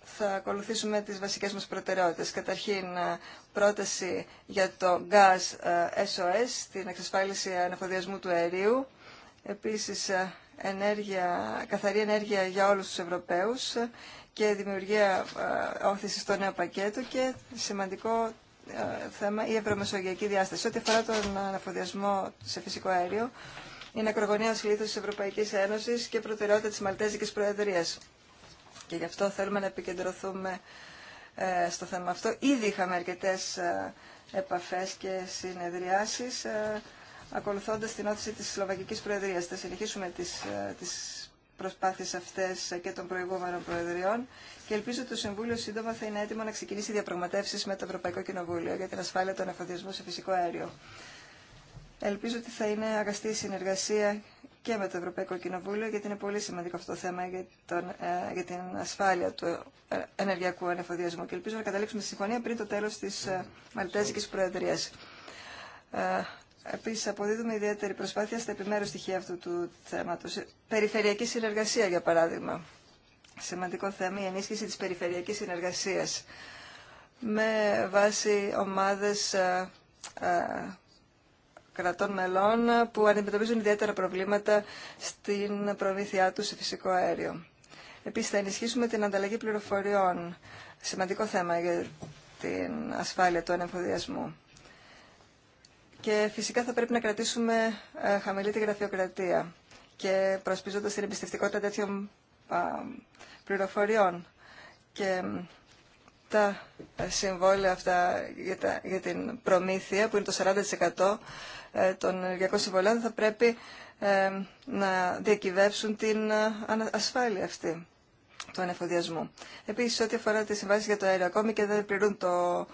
B: θα ακολουθήσουμε τις βασικές μας προτεραιότητες. Καταρχήν, ε, πρόταση για το Gas ε, SOS, την εξασφάλιση αναφοδιασμού του αερίου. Επίσης, ε, ενέργεια, καθαρή ενέργεια για όλους τους Ευρωπαίους και δημιουργία ε, όθηση στο νέο πακέτο και σημαντικό ε, θέμα η ευρωμεσογειακή διάσταση. Ό,τι αφορά τον αναφοδιασμό σε φυσικό αέριο, είναι ακρογωνία λήθο τη Ευρωπαϊκή Ένωση και προτεραιότητα τη Μαλτέζικη Προεδρία. Και γι' αυτό θέλουμε να επικεντρωθούμε ε, στο θέμα αυτό. Ήδη είχαμε αρκετέ επαφέ και συνεδριάσει ακολουθώντας την όθηση της Σλοβακικής Προεδρίας. Θα συνεχίσουμε τις, προσπάθειες αυτές και των προηγούμενων Προεδριών και ελπίζω ότι το Συμβούλιο σύντομα θα είναι έτοιμο να ξεκινήσει διαπραγματεύσεις με το Ευρωπαϊκό Κοινοβούλιο για την ασφάλεια των εφοδιασμών σε φυσικό αέριο. Ελπίζω ότι θα είναι αγαστή συνεργασία και με το Ευρωπαϊκό Κοινοβούλιο γιατί είναι πολύ σημαντικό αυτό το θέμα για, τον, ε, για την ασφάλεια του ε, ενεργειακού ανεφοδιασμού και ελπίζω να καταλήξουμε στη συμφωνία πριν το τέλος της ε, Μαλτέζικης Προεδρίας. Ε, Επίση αποδίδουμε ιδιαίτερη προσπάθεια στα επιμέρους στοιχεία αυτού του θέματο. Περιφερειακή συνεργασία, για παράδειγμα. Σημαντικό θέμα, η ενίσχυση της περιφερειακής συνεργασίας με βάση ομάδες ε, ε, κρατών μελών που αντιμετωπίζουν ιδιαίτερα προβλήματα στην προμήθειά τους σε φυσικό αέριο. Επίση, θα ενισχύσουμε την ανταλλαγή πληροφοριών. Σημαντικό θέμα για την ασφάλεια του ανεμφοδιασμού. Και φυσικά θα πρέπει να κρατήσουμε ε, χαμηλή τη γραφειοκρατία και προσπίζοντας την εμπιστευτικότητα τέτοιων πληροφοριών. Και τα ε, συμβόλαια αυτά για, τα, για την προμήθεια, που είναι το 40% ε, των ενεργειακών συμβολέων, θα πρέπει να διακυβεύσουν την ασφάλεια αυτή του ανεφοδιασμού. Επίσης, ό,τι αφορά τις συμβάσεις για το αέριο, και δεν πληρούν το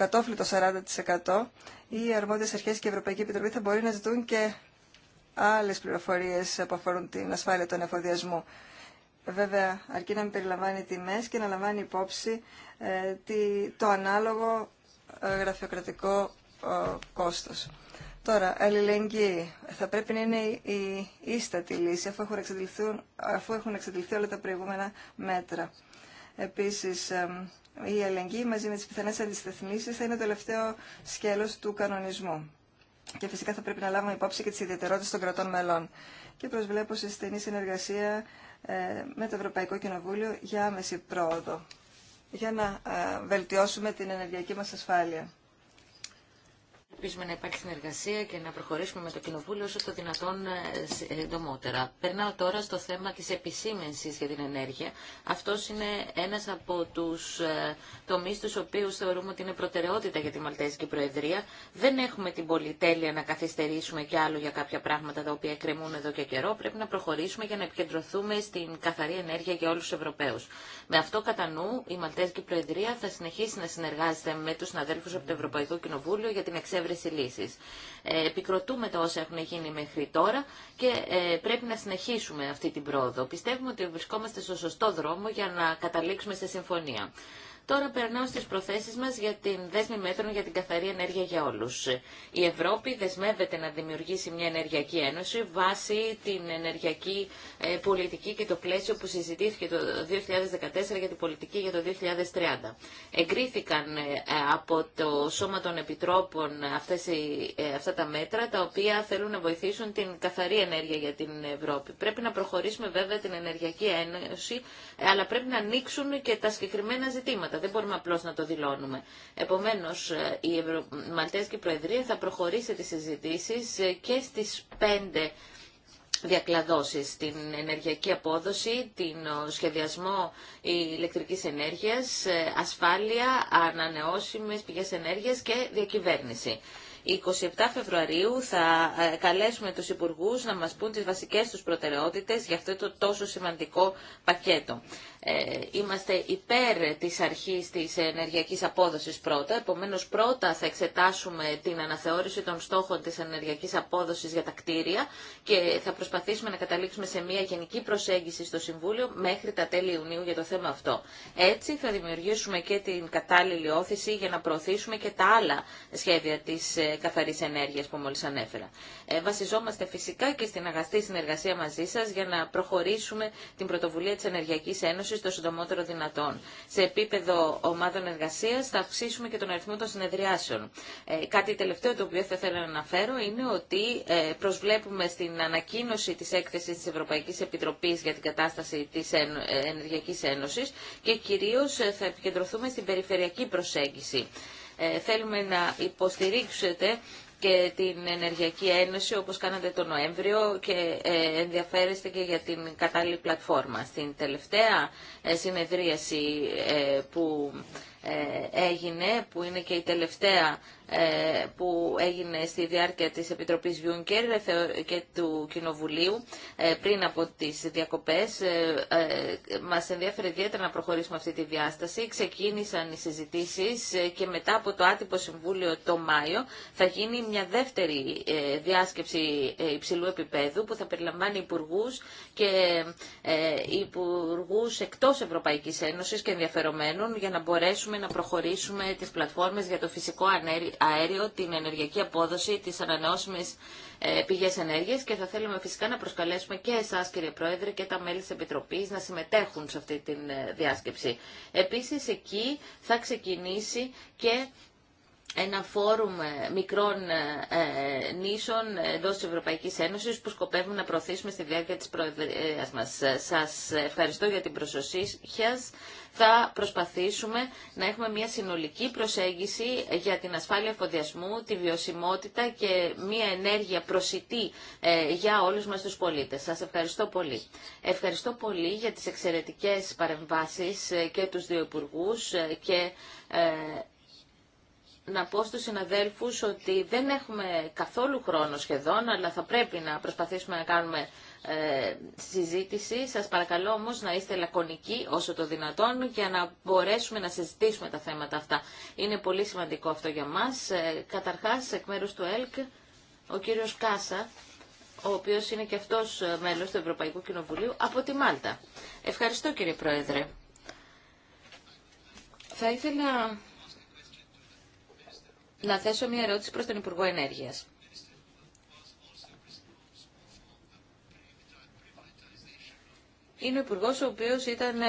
B: κατόφλι το 40%, οι αρμόδιες αρχές και η Ευρωπαϊκή Επιτροπή θα μπορεί να ζητούν και άλλες πληροφορίες που αφορούν την ασφάλεια των εφοδιασμού. Βέβαια, αρκεί να μην περιλαμβάνει τιμές και να λαμβάνει υπόψη ε, το ανάλογο ε, γραφειοκρατικό ε, κόστος. Τώρα, αλληλεγγύη. Θα πρέπει να είναι η ίστατη λύση, αφού έχουν εξαντληθεί, έχουν όλα τα προηγούμενα μέτρα. Επίσης, η ελεγγύη μαζί με τις πιθανές αντισταθμίσεις θα είναι το τελευταίο σκέλος του κανονισμού. Και φυσικά θα πρέπει να λάβουμε υπόψη και τις ιδιαιτερότητες των κρατών μελών. Και προσβλέπω σε στενή συνεργασία ε, με το Ευρωπαϊκό Κοινοβούλιο για άμεση πρόοδο, για να ε, βελτιώσουμε την ενεργειακή μας ασφάλεια.
D: Ελπίζουμε να υπάρχει συνεργασία και να προχωρήσουμε με το Κοινοβούλιο όσο το δυνατόν ε, ε, εντομότερα. Περνάω τώρα στο θέμα της επισήμενσης για την ενέργεια. Αυτός είναι ένας από τους ε, τομείς τους οποίους θεωρούμε ότι είναι προτεραιότητα για τη Μαλτέζικη Προεδρία. Δεν έχουμε την πολυτέλεια να καθυστερήσουμε κι άλλο για κάποια πράγματα τα οποία εκκρεμούν εδώ και καιρό. Πρέπει να προχωρήσουμε για να επικεντρωθούμε στην καθαρή ενέργεια για όλους τους Ευρωπαίους. Με αυτό κατά νου η Μαλτέζικη Προεδρία θα συνεχίσει να συνεργάζεται με τους συναδέλφους από το Ευρωπαϊκό Κοινοβούλιο για την εξέβρεση λύσει. Ε, επικροτούμε τα όσα έχουν γίνει μέχρι τώρα και ε, πρέπει να συνεχίσουμε αυτή την πρόοδο. Πιστεύουμε ότι βρισκόμαστε στο σωστό δρόμο για να καταλήξουμε σε συμφωνία. Τώρα περνάω στις προθέσεις μας για την δέσμη μέτρων για την καθαρή ενέργεια για όλους. Η Ευρώπη δεσμεύεται να δημιουργήσει μια ενεργειακή ένωση βάσει την ενεργειακή ε, πολιτική και το πλαίσιο που συζητήθηκε το 2014 για την πολιτική για το 2030. Εγκρίθηκαν ε, από το Σώμα των Επιτρόπων αυτές οι, ε, αυτά τα μέτρα τα οποία θέλουν να βοηθήσουν την καθαρή ενέργεια για την Ευρώπη. Πρέπει να προχωρήσουμε βέβαια την Ενεργειακή Ένωση αλλά πρέπει να ανοίξουν και τα συγκεκριμένα ζητήματα δεν μπορούμε απλώς να το δηλώνουμε. Επομένως, ε, η Ευρω... Μαλτέζικη Προεδρία θα προχωρήσει τι συζητήσει ε, και στις πέντε διακλαδώσεις, την ενεργειακή απόδοση, την σχεδιασμό ηλεκτρικής ενέργειας, ε, ασφάλεια, ανανεώσιμες πηγές ενέργειας και διακυβέρνηση. 27 Φεβρουαρίου θα καλέσουμε τους Υπουργούς να μας πούν τις βασικές τους προτεραιότητες για αυτό το τόσο σημαντικό πακέτο. Ε, είμαστε υπέρ της αρχής της ενεργειακής απόδοσης πρώτα. Επομένως πρώτα θα εξετάσουμε την αναθεώρηση των στόχων της ενεργειακής απόδοσης για τα κτίρια και θα προσπαθήσουμε να καταλήξουμε σε μια γενική προσέγγιση στο Συμβούλιο μέχρι τα τέλη Ιουνίου για το θέμα αυτό. Έτσι θα δημιουργήσουμε και την κατάλληλη όθηση για να προωθήσουμε και τα άλλα σχέδια της ε, καθαρής ενέργειας που μόλις ανέφερα. Ε, βασιζόμαστε φυσικά και στην αγαστή συνεργασία μαζί σας για να προχωρήσουμε την πρωτοβουλία της Ενεργειακής Ένωσης στο το συντομότερο δυνατόν. Σε επίπεδο ομάδων εργασία θα αυξήσουμε και τον αριθμό των συνεδριάσεων. Ε, κάτι τελευταίο το οποίο θα ήθελα να αναφέρω είναι ότι ε, προσβλέπουμε στην ανακοίνωση τη έκθεση τη Ευρωπαϊκή Επιτροπή για την κατάσταση τη ε, Ενεργειακή Ένωση και κυρίω ε, θα επικεντρωθούμε στην περιφερειακή προσέγγιση. Ε, θέλουμε να υποστηρίξετε και την Ενεργειακή Ένωση όπως κάνατε το Νοέμβριο και ε, ενδιαφέρεστε και για την κατάλληλη πλατφόρμα. Στην τελευταία ε, συνεδρίαση ε, που ε, έγινε, που είναι και η τελευταία ε, που έγινε στη διάρκεια της Επιτροπής Βιούνκερ και του Κοινοβουλίου ε, πριν από τις διακοπές. Μας ενδιαφέρει ιδιαίτερα να προχωρήσουμε αυτή τη διάσταση. Ξεκίνησαν οι συζητήσεις και μετά από το άτυπο συμβούλιο το Μάιο θα γίνει μια δεύτερη διάσκεψη υψηλού επίπεδου που θα περιλαμβάνει υπουργού και υπουργού εκτός Ευρωπαϊκής Ένωσης και ενδιαφερομένων για να μπορέσουμε να προχωρήσουμε τις πλατφόρμες για το φυσικό αέριο, την ενεργειακή απόδοση, τις ανανεώσιμες ε, πηγές ενέργειας και θα θέλουμε φυσικά να προσκαλέσουμε και εσά, κύριε Πρόεδρε και τα μέλη της Επιτροπής να συμμετέχουν σε αυτή τη ε, διάσκεψη. Επίσης εκεί θα ξεκινήσει και ένα φόρουμ ε, μικρών ε, ε, νήσων εντό της Ευρωπαϊκής Ένωσης που σκοπεύουμε να προωθήσουμε στη διάρκεια της προεδρίας μας. Σας ευχαριστώ για την προσοχή σας. Θα προσπαθήσουμε να έχουμε μια συνολική προσέγγιση για την ασφάλεια εφοδιασμού, τη βιωσιμότητα και μια ενέργεια προσιτή για όλους μας τους πολίτες. Σας ευχαριστώ πολύ. Ευχαριστώ πολύ για τις εξαιρετικές παρεμβάσεις και τους δύο υπουργού και να πω στους συναδέλφους ότι δεν έχουμε καθόλου χρόνο σχεδόν, αλλά θα πρέπει να προσπαθήσουμε να κάνουμε ε, συζήτηση. Σας παρακαλώ όμως να είστε λακωνικοί όσο το δυνατόν για να μπορέσουμε να συζητήσουμε τα θέματα αυτά. Είναι πολύ σημαντικό αυτό για μας. Ε, καταρχάς, εκ μέρους του ΕΛΚ, ο κύριος Κάσα, ο οποίος είναι και αυτός ε, μέλος του Ευρωπαϊκού Κοινοβουλίου, από τη Μάλτα. Ευχαριστώ κύριε Πρόεδρε. Θα ήθελα να θέσω μια ερώτηση προς τον Υπουργό Ενέργειας. Είναι ο υπουργό ο οποίο ήταν ε,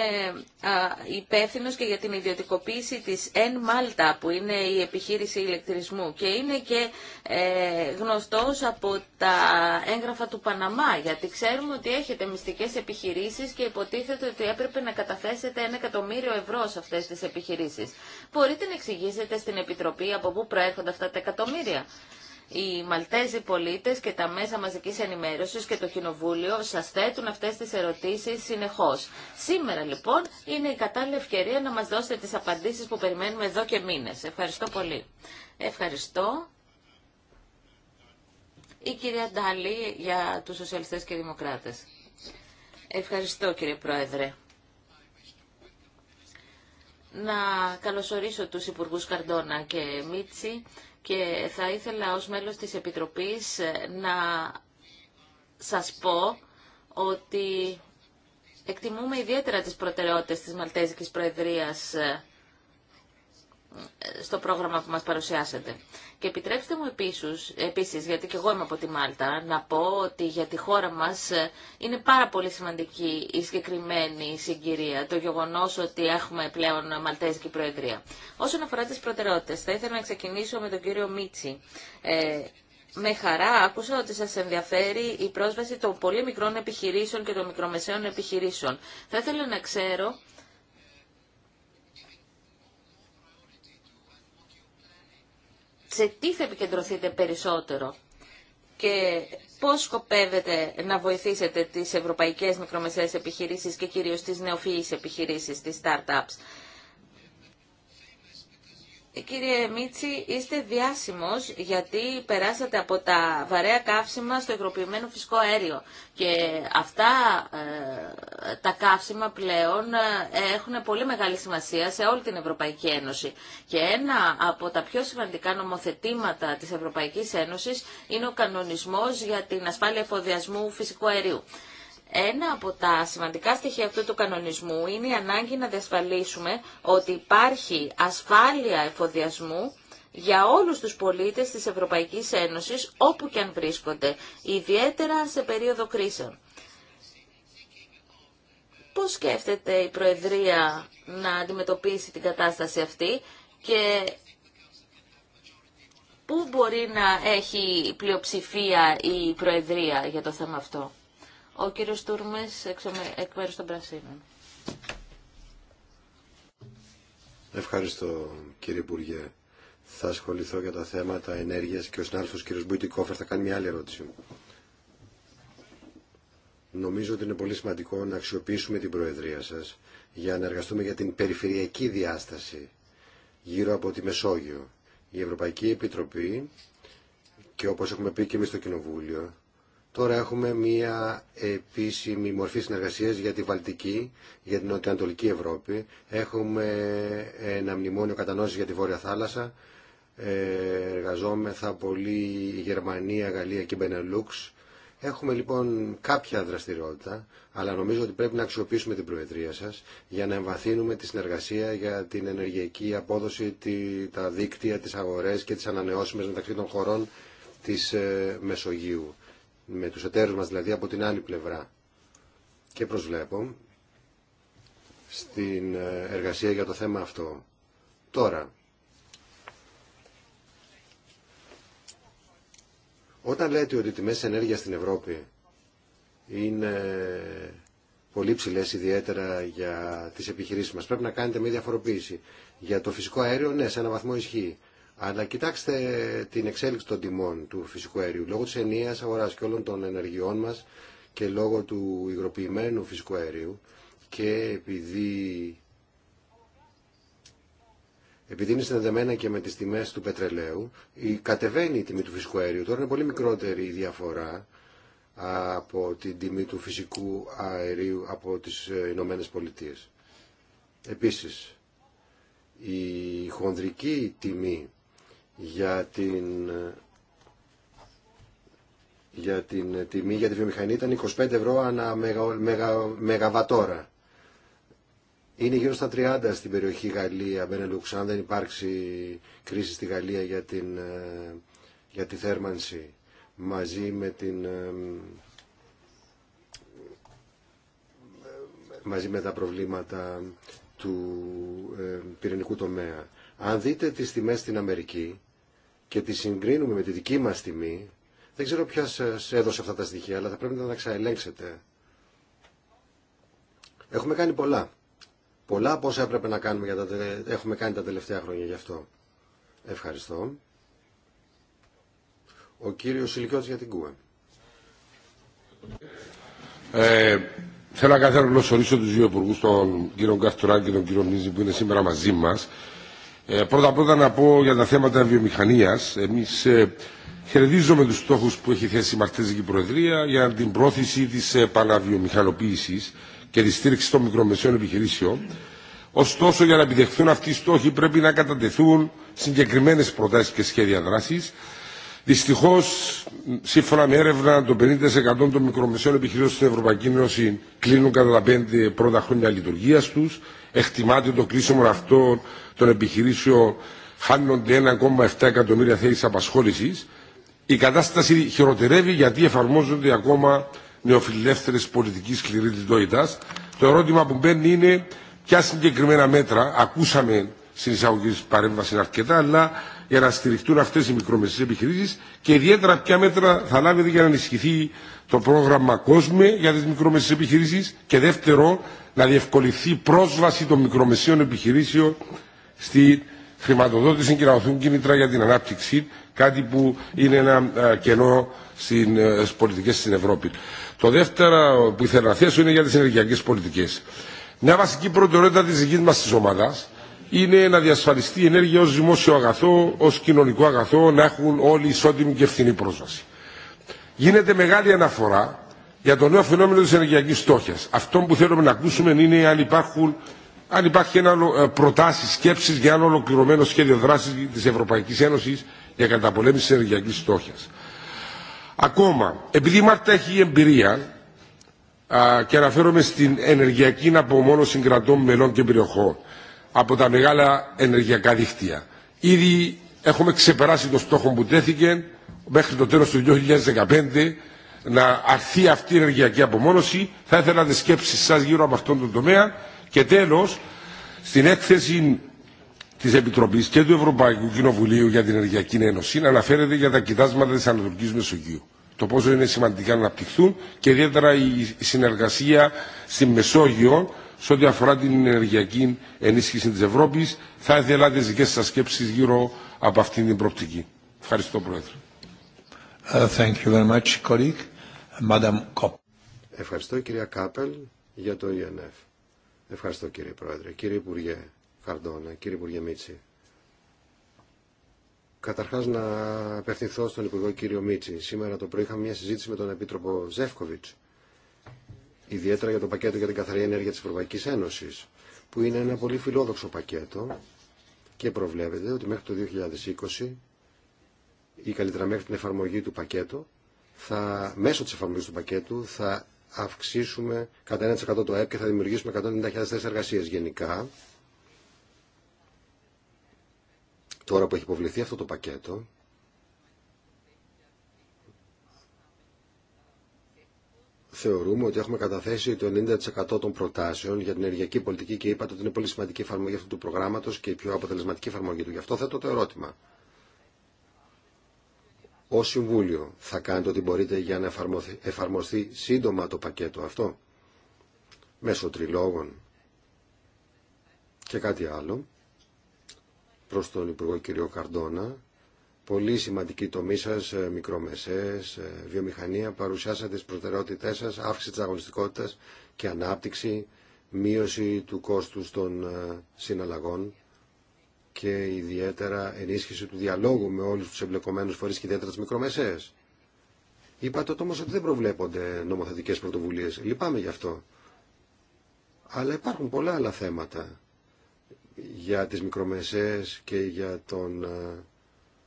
D: υπεύθυνο και για την ιδιωτικοποίηση τη Εν Μάλτα, που είναι η επιχείρηση ηλεκτρισμού και είναι και ε, γνωστό από τα έγγραφα του Παναμά, γιατί ξέρουμε ότι έχετε μυστικέ επιχειρήσει και υποτίθεται ότι έπρεπε να καταθέσετε ένα εκατομμύριο ευρώ σε αυτέ τι επιχειρήσει μπορείτε να εξηγήσετε στην Επιτροπή από πού προέρχονται αυτά τα εκατομμύρια. Οι Μαλτέζοι πολίτες και τα μέσα μαζικής ενημέρωσης και το Κοινοβούλιο σας θέτουν αυτές τις ερωτήσεις συνεχώς. Σήμερα λοιπόν είναι η κατάλληλη ευκαιρία να μας δώσετε τις απαντήσεις που περιμένουμε εδώ και μήνες. Ευχαριστώ πολύ. Ευχαριστώ. Η κυρία Ντάλη για τους Σοσιαλιστές και Δημοκράτες. Ευχαριστώ κύριε Πρόεδρε να καλωσορίσω τους Υπουργούς Καρντόνα και Μίτσι και θα ήθελα ως μέλος της Επιτροπής ε, να σας πω ότι εκτιμούμε ιδιαίτερα τις προτεραιότητες της Μαλτέζικης Προεδρίας ε, στο πρόγραμμα που μας παρουσίασετε Και επιτρέψτε μου επίσης, επίσης, γιατί και εγώ είμαι από τη Μάλτα, να πω ότι για τη χώρα μας ε, είναι πάρα πολύ σημαντική η συγκεκριμένη συγκυρία, το γεγονός ότι έχουμε πλέον Μαλτέζικη Προεδρία. Όσον αφορά τις προτεραιότητες, θα ήθελα να ξεκινήσω με τον κύριο Μίτσι. Ε, με χαρά άκουσα ότι σας ενδιαφέρει η πρόσβαση των πολύ μικρών επιχειρήσεων και των μικρομεσαίων επιχειρήσεων. Θα ήθελα να ξέρω σε τι θα επικεντρωθείτε περισσότερο και πώς σκοπεύετε να βοηθήσετε τις ευρωπαϊκές μικρομεσαίες επιχειρήσεις και κυρίως τις νεοφυείς επιχειρήσεις, τις startups. Κύριε Μίτσι, είστε διάσημος γιατί περάσατε από τα βαρέα καύσιμα στο υγροποιημένο φυσικό αέριο και αυτά ε, τα καύσιμα πλέον ε, έχουν πολύ μεγάλη σημασία σε όλη την Ευρωπαϊκή Ένωση και ένα από τα πιο σημαντικά νομοθετήματα της Ευρωπαϊκής Ένωσης είναι ο κανονισμός για την ασφάλεια εφοδιασμού φυσικού αερίου. Ένα από τα σημαντικά στοιχεία αυτού του κανονισμού είναι η ανάγκη να διασφαλίσουμε ότι υπάρχει ασφάλεια εφοδιασμού για όλους τους πολίτες της Ευρωπαϊκής Ένωσης, όπου και αν βρίσκονται, ιδιαίτερα σε περίοδο κρίσεων. Πώς σκέφτεται η Προεδρία να αντιμετωπίσει την κατάσταση αυτή και πού μπορεί να έχει πλειοψηφία η Προεδρία για το θέμα αυτό. Ο κύριος Τούρμες, εκ μέρους των Πρασίνων.
C: Ευχαριστώ κύριε Υπουργέ. Θα ασχοληθώ για τα θέματα ενέργειας και ο συνάδελφος κύριος Μπουτικόφερ θα κάνει μια άλλη ερώτηση. Νομίζω ότι είναι πολύ σημαντικό να αξιοποιήσουμε την Προεδρία σας για να εργαστούμε για την περιφερειακή διάσταση γύρω από τη Μεσόγειο. Η Ευρωπαϊκή Επιτροπή και όπως έχουμε πει και εμείς στο Κοινοβούλιο Τώρα έχουμε μία επίσημη μορφή συνεργασίας για τη Βαλτική, για την Νοτιοανατολική Ευρώπη. Έχουμε ένα μνημόνιο κατανόησης για τη Βόρεια Θάλασσα. Ε, εργαζόμεθα πολύ η Γερμανία, Γαλλία και Μπενελούξ. Έχουμε λοιπόν κάποια δραστηριότητα, αλλά νομίζω ότι πρέπει να αξιοποιήσουμε την Προεδρία σας για να εμβαθύνουμε τη συνεργασία για την ενεργειακή απόδοση, τα δίκτυα, τις αγορές και τις ανανεώσιμες μεταξύ των χωρών της ε, Μεσογείου με τους εταίρους μας δηλαδή από την άλλη πλευρά. Και προσβλέπω στην ε, εργασία για το θέμα αυτό. Τώρα, όταν λέτε ότι οι τιμές ενέργειας στην Ευρώπη είναι πολύ ψηλές ιδιαίτερα για τις επιχειρήσεις μας, πρέπει να κάνετε μια διαφοροποίηση. Για το φυσικό αέριο, ναι, σε ένα βαθμό ισχύει. Αλλά κοιτάξτε την εξέλιξη των τιμών του φυσικού αερίου. Λόγω της ενίας αγοράς και όλων των ενεργειών μας και λόγω του υγροποιημένου φυσικού αερίου και επειδή, επειδή είναι συνδεδεμένα και με τις τιμές του πετρελαίου, η, κατεβαίνει η τιμή του φυσικού αερίου. Τώρα είναι πολύ μικρότερη η διαφορά από την τιμή του φυσικού αερίου από τις ε, Ηνωμένε Πολιτείες. Επίσης, η χονδρική τιμή για την, για την τιμή για τη βιομηχανία ήταν 25 ευρώ ανά μεγαβατόρα. Είναι γύρω στα 30 στην περιοχή Γαλλία, Μπενελούξ, αν δεν υπάρξει κρίση στη Γαλλία για, την, ε, για τη θέρμανση μαζί με την... Ε, ε, μαζί με τα προβλήματα του πυρηνικού τομέα. Αν δείτε τις τιμές στην Αμερική και τις συγκρίνουμε με τη δική μας τιμή, δεν ξέρω ποια σας έδωσε αυτά τα στοιχεία, αλλά θα πρέπει να τα ξαελέγξετε. Έχουμε κάνει πολλά. Πολλά από όσα έπρεπε να κάνουμε για τα έχουμε κάνει τα τελευταία χρόνια γι' αυτό. Ευχαριστώ. Ο κύριος Σιλικιώτης για την ΚΟΕ.
A: Ε, θέλω να καθαρολώσω τους δύο υπουργούς, τον κύριο Καστοράκη και τον κύριο Νίζη που είναι σήμερα μαζί μας. Πρώτα-πρώτα ε, να πω για τα θέματα βιομηχανίας. Εμείς ε, χαιρετίζουμε τους στόχους που έχει θέσει η Μαρτίζικη Προεδρία για την πρόθεση της ε, επαναβιομηχανοποίησης και τη στήριξη των μικρομεσαίων επιχειρήσεων. Ωστόσο, για να επιτευχθούν αυτοί οι στόχοι πρέπει να κατατεθούν συγκεκριμένες προτάσεις και σχέδια δράσης. Δυστυχώ, σύμφωνα με έρευνα, το 50% των μικρομεσαίων επιχειρήσεων στην Ευρωπαϊκή Ένωση κλείνουν κατά τα πέντε πρώτα χρόνια λειτουργία του εκτιμάται το κλείσιμο αυτών των επιχειρήσεων χάνονται 1,7 εκατομμύρια θέσει απασχόληση. Η κατάσταση χειροτερεύει γιατί εφαρμόζονται ακόμα νεοφιλελεύθερε πολιτική σκληρή λιτότητα. Το ερώτημα που μπαίνει είναι ποια συγκεκριμένα μέτρα, ακούσαμε στην εισαγωγή τη παρέμβαση αρκετά, αλλά για να στηριχτούν αυτέ οι μικρομεσαίε επιχειρήσει και ιδιαίτερα ποια μέτρα θα λάβετε για να ενισχυθεί το πρόγραμμα COSME για τι μικρομεσαίε επιχειρήσει και δεύτερο, να διευκολυνθεί πρόσβαση των μικρομεσαίων επιχειρήσεων στη χρηματοδότηση και να οθούν κίνητρα για την ανάπτυξή, κάτι που είναι ένα ε, κενό ε, στι πολιτικέ στην Ευρώπη. Το δεύτερο που ήθελα να θέσω είναι για τι ενεργειακέ πολιτικέ. Μια βασική προτεραιότητα τη δική μα τη ομάδα είναι να διασφαλιστεί η ενέργεια ως δημόσιο αγαθό, ως κοινωνικό αγαθό, να έχουν όλοι ισότιμη και ευθυνή πρόσβαση. Γίνεται μεγάλη αναφορά για το νέο φαινόμενο της ενεργειακής στόχιας. Αυτό που θέλουμε να ακούσουμε είναι αν, υπάρχουν, αν υπάρχει ένα ε, προτάσει σκέψης για ένα ολοκληρωμένο σχέδιο δράση τη Ευρωπαϊκή Ένωση για καταπολέμηση τη ενεργειακής στόχιας. Ακόμα, επειδή η Μάρτα έχει εμπειρία και αναφέρομαι στην ενεργειακή απομόνωση κρατών μελών και περιοχών από τα μεγάλα ενεργειακά δίκτυα. Ήδη έχουμε ξεπεράσει το στόχο που τέθηκε μέχρι το τέλος του 2015 να αρθεί αυτή η ενεργειακή απομόνωση. Θα ήθελα να σκέψεις σας γύρω από αυτόν τον τομέα. Και τέλος, στην έκθεση τη Επιτροπής και του Ευρωπαϊκού Κοινοβουλίου για την Ενεργειακή Ένωση αναφέρεται για τα κοιτάσματα τη Ανατολική Μεσογείου. Το πόσο είναι σημαντικά να αναπτυχθούν και ιδιαίτερα η συνεργασία στη Μεσόγειο σε ό,τι αφορά την ενεργειακή ενίσχυση της Ευρώπης. Θα ήθελα τις δικές σας σκέψεις γύρω από αυτήν την προοπτική. Ευχαριστώ, Πρόεδρε. Ε,
C: Ευχαριστώ, κυρία Κάπελ, για το ΙΕΝΕΦ. E Ευχαριστώ, κύριε Πρόεδρε. Κύριε Υπουργέ Καρντόνα, κύριε Υπουργέ Μίτση. Καταρχά, να απευθυνθώ στον Υπουργό κύριο Μίτση. Σήμερα το πρωί είχαμε μια συζήτηση με τον Επίτροπο Ζεύκοβιτς ιδιαίτερα για το πακέτο για την καθαρή ενέργεια της Ευρωπαϊκής Ένωσης, που είναι ένα πολύ φιλόδοξο πακέτο και προβλέπεται ότι μέχρι το 2020 ή καλύτερα μέχρι την εφαρμογή του πακέτου, θα, μέσω της εφαρμογής του πακέτου θα αυξήσουμε κατά 1% το ΑΕΠ και θα δημιουργήσουμε 190.000 θέσεις εργασίας γενικά. Τώρα που έχει υποβληθεί αυτό το πακέτο, θεωρούμε ότι έχουμε καταθέσει το 90% των προτάσεων για την ενεργειακή πολιτική και είπατε ότι είναι πολύ σημαντική εφαρμογή αυτού του προγράμματος και η πιο αποτελεσματική εφαρμογή του. Γι' αυτό θέτω το ερώτημα. Ω Συμβούλιο θα κάνετε ό,τι μπορείτε για να εφαρμοστεί σύντομα το πακέτο αυτό μέσω τριλόγων και κάτι άλλο προς τον Υπουργό κ. Καρντόνα πολύ σημαντική τομή σα, ε, μικρομεσαίε, ε, βιομηχανία. Παρουσιάσατε τι προτεραιότητέ σα, αύξηση τη αγωνιστικότητα και ανάπτυξη, μείωση του κόστου των ε, συναλλαγών και ιδιαίτερα ενίσχυση του διαλόγου με όλου του εμπλεκομένου φορεί και ιδιαίτερα τι μικρομεσαίε. Είπατε όμω ότι δεν προβλέπονται νομοθετικέ πρωτοβουλίε. Λυπάμαι γι' αυτό. Αλλά υπάρχουν πολλά άλλα θέματα για τις μικρομεσαίες και για τον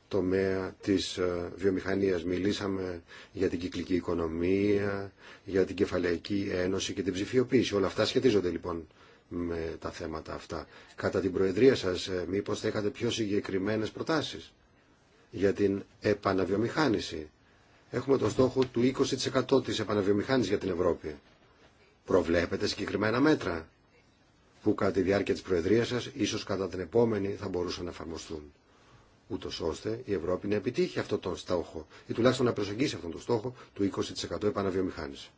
C: τομέα της ε, βιομηχανίας. Μιλήσαμε για την κυκλική οικονομία, για την κεφαλαϊκή ένωση και την ψηφιοποίηση. Όλα αυτά σχετίζονται λοιπόν με τα θέματα αυτά. Κατά την Προεδρία σας, ε, μήπως θα είχατε πιο συγκεκριμένες προτάσεις για την επαναβιομηχάνηση. Έχουμε το στόχο του 20% της επαναβιομηχάνησης για την Ευρώπη. Προβλέπετε συγκεκριμένα μέτρα που κατά τη διάρκεια της Προεδρίας σας, ίσως κατά την επόμενη, θα μπορούσαν να εφαρμοστούν ούτω ώστε η Ευρώπη να επιτύχει αυτόν τον στόχο ή τουλάχιστον να προσεγγίσει αυτόν τον στόχο του 20% επαναβιομηχάνηση.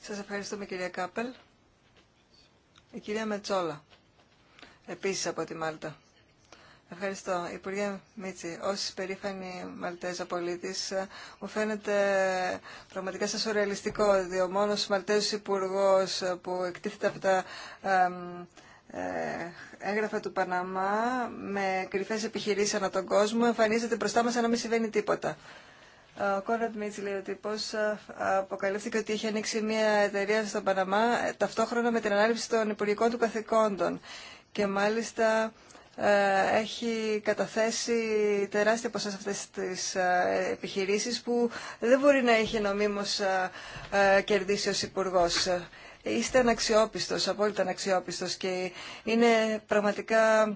B: Σας ευχαριστούμε κυρία Κάπελ. Η κυρία Μετσόλα, επίσης από τη Μάλτα. Ευχαριστώ. Υπουργέ Μίτση, ω περήφανη Μαλτέζα πολίτη, μου φαίνεται πραγματικά σα ορεαλιστικό ότι ο μόνο Μαλτέζο υπουργό που εκτίθεται από τα ε, έγγραφα του Παναμά με κρυφές επιχειρήσεις ανά τον κόσμο εμφανίζεται μπροστά μας να μην συμβαίνει τίποτα. Ο Κόνραντ Μίτς λέει ότι πώς ε, αποκαλύφθηκε ότι είχε ανοίξει μια εταιρεία στον Παναμά ε, ταυτόχρονα με την ανάληψη των υπουργικών του καθηκόντων και μάλιστα έχει καταθέσει τεράστια ποσά σε αυτές τις επιχειρήσεις που δεν μπορεί να έχει νομίμως κερδίσει ως υπουργός είστε αναξιόπιστος, απόλυτα αναξιόπιστος και είναι πραγματικά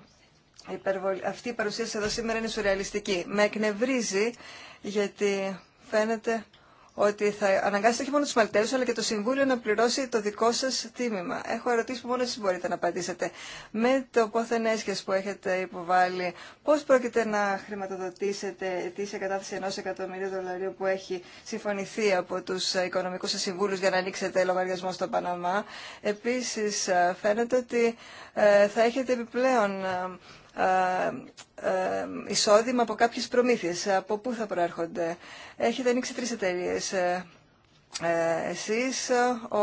B: υπερβολη... αυτή η παρουσίαση εδώ σήμερα είναι σουρεαλιστική. Με εκνευρίζει γιατί φαίνεται ότι θα αναγκάσετε όχι μόνο του Μαλτέζου, αλλά και το Συμβούλιο να πληρώσει το δικό σα τίμημα. Έχω ερωτήσει που μόνο εσεί μπορείτε να απαντήσετε. Με το πόθεν έσχεση που έχετε υποβάλει, πώ πρόκειται να χρηματοδοτήσετε τη σε κατάθεση ενό εκατομμυρίου δολαρίου που έχει συμφωνηθεί από του οικονομικού σα συμβούλου για να ανοίξετε λογαριασμό στο Παναμά. Επίση, φαίνεται ότι ε, θα έχετε επιπλέον ε, ε, εισόδημα από κάποιες προμήθειες. Από πού θα προέρχονται. Έχετε ανοίξει τρεις εταιρείε. Ε, ε, εσείς, ο,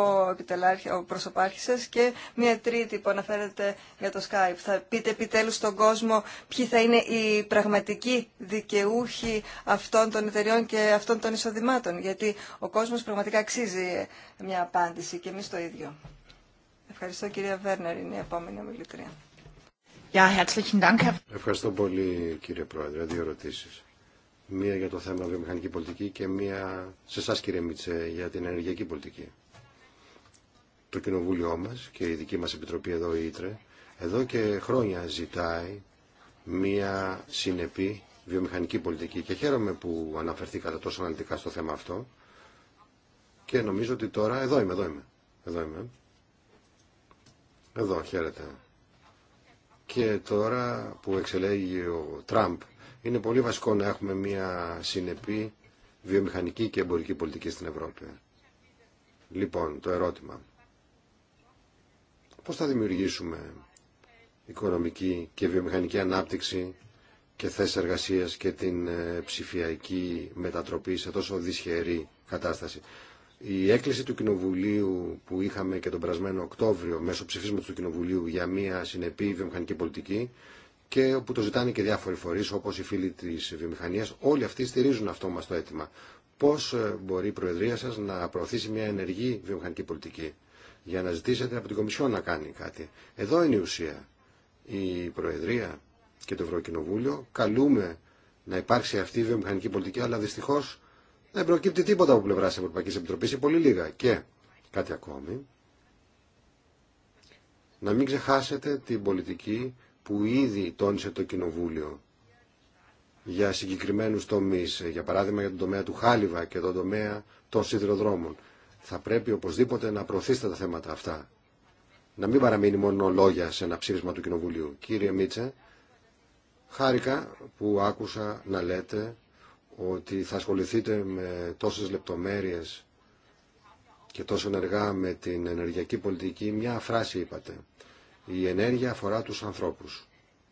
B: ο προσωπάρχης σας και μια τρίτη που αναφέρετε για το Skype. Θα πείτε επιτέλους στον κόσμο ποιοι θα είναι οι πραγματικοί δικαιούχοι αυτών των εταιριών και αυτών των εισοδημάτων. Γιατί ο κόσμος πραγματικά αξίζει μια απάντηση και εμείς το ίδιο. Ευχαριστώ κυρία Βέρνερ, είναι η επόμενη ομιλητρία.
A: Ευχαριστώ
C: πολύ κύριε Πρόεδρε. Δύο ερωτήσει. Μία για το θέμα βιομηχανική πολιτική και μία σε εσά κύριε Μίτσε για την ενεργειακή πολιτική. Το κοινοβούλιο μα και η δική μα επιτροπή εδώ, η Ήτρε, εδώ και χρόνια ζητάει μία συνεπή βιομηχανική πολιτική και χαίρομαι που αναφερθήκατε τόσο αναλυτικά στο θέμα αυτό και νομίζω ότι τώρα εδώ είμαι, εδώ είμαι, εδώ είμαι. Εδώ, χαίρετε και τώρα που εξελέγει ο Τραμπ είναι πολύ βασικό να έχουμε μια συνεπή βιομηχανική και εμπορική πολιτική στην Ευρώπη. Λοιπόν, το ερώτημα. Πώς θα δημιουργήσουμε οικονομική και βιομηχανική ανάπτυξη και θέσει εργασίας και την ε, ψηφιακή μετατροπή σε τόσο δυσχερή κατάσταση. Η έκκληση του Κοινοβουλίου που είχαμε και τον περασμένο Οκτώβριο μέσω ψηφίσματος του Κοινοβουλίου για μια συνεπή βιομηχανική πολιτική και όπου το ζητάνε και διάφοροι φορεί όπω οι φίλοι τη βιομηχανία, όλοι αυτοί στηρίζουν αυτό μα το αίτημα. Πώ ε, μπορεί η Προεδρία σα να προωθήσει μια ενεργή βιομηχανική πολιτική για να ζητήσετε από την Κομισιόν να κάνει κάτι. Εδώ είναι η ουσία. Η Προεδρία και το Ευρωκοινοβούλιο καλούμε να υπάρξει αυτή η βιομηχανική πολιτική, αλλά δυστυχώς δεν προκύπτει τίποτα από πλευρά τη Ευρωπαϊκή Επιτροπή ή πολύ λίγα. Και κάτι ακόμη, να μην ξεχάσετε την πολιτική που ήδη τόνισε το Κοινοβούλιο για συγκεκριμένους τομείς, για παράδειγμα για τον τομέα του Χάλιβα και τον τομέα των σιδηροδρόμων. Θα πρέπει οπωσδήποτε να προωθήσετε τα θέματα αυτά. Να μην παραμείνει μόνο λόγια σε ένα ψήφισμα του Κοινοβουλίου. Κύριε Μίτσε, χάρηκα που άκουσα να λέτε ότι θα ασχοληθείτε με τόσες λεπτομέρειες και τόσο ενεργά με την ενεργειακή πολιτική, μια φράση είπατε. Η ενέργεια αφορά τους ανθρώπους,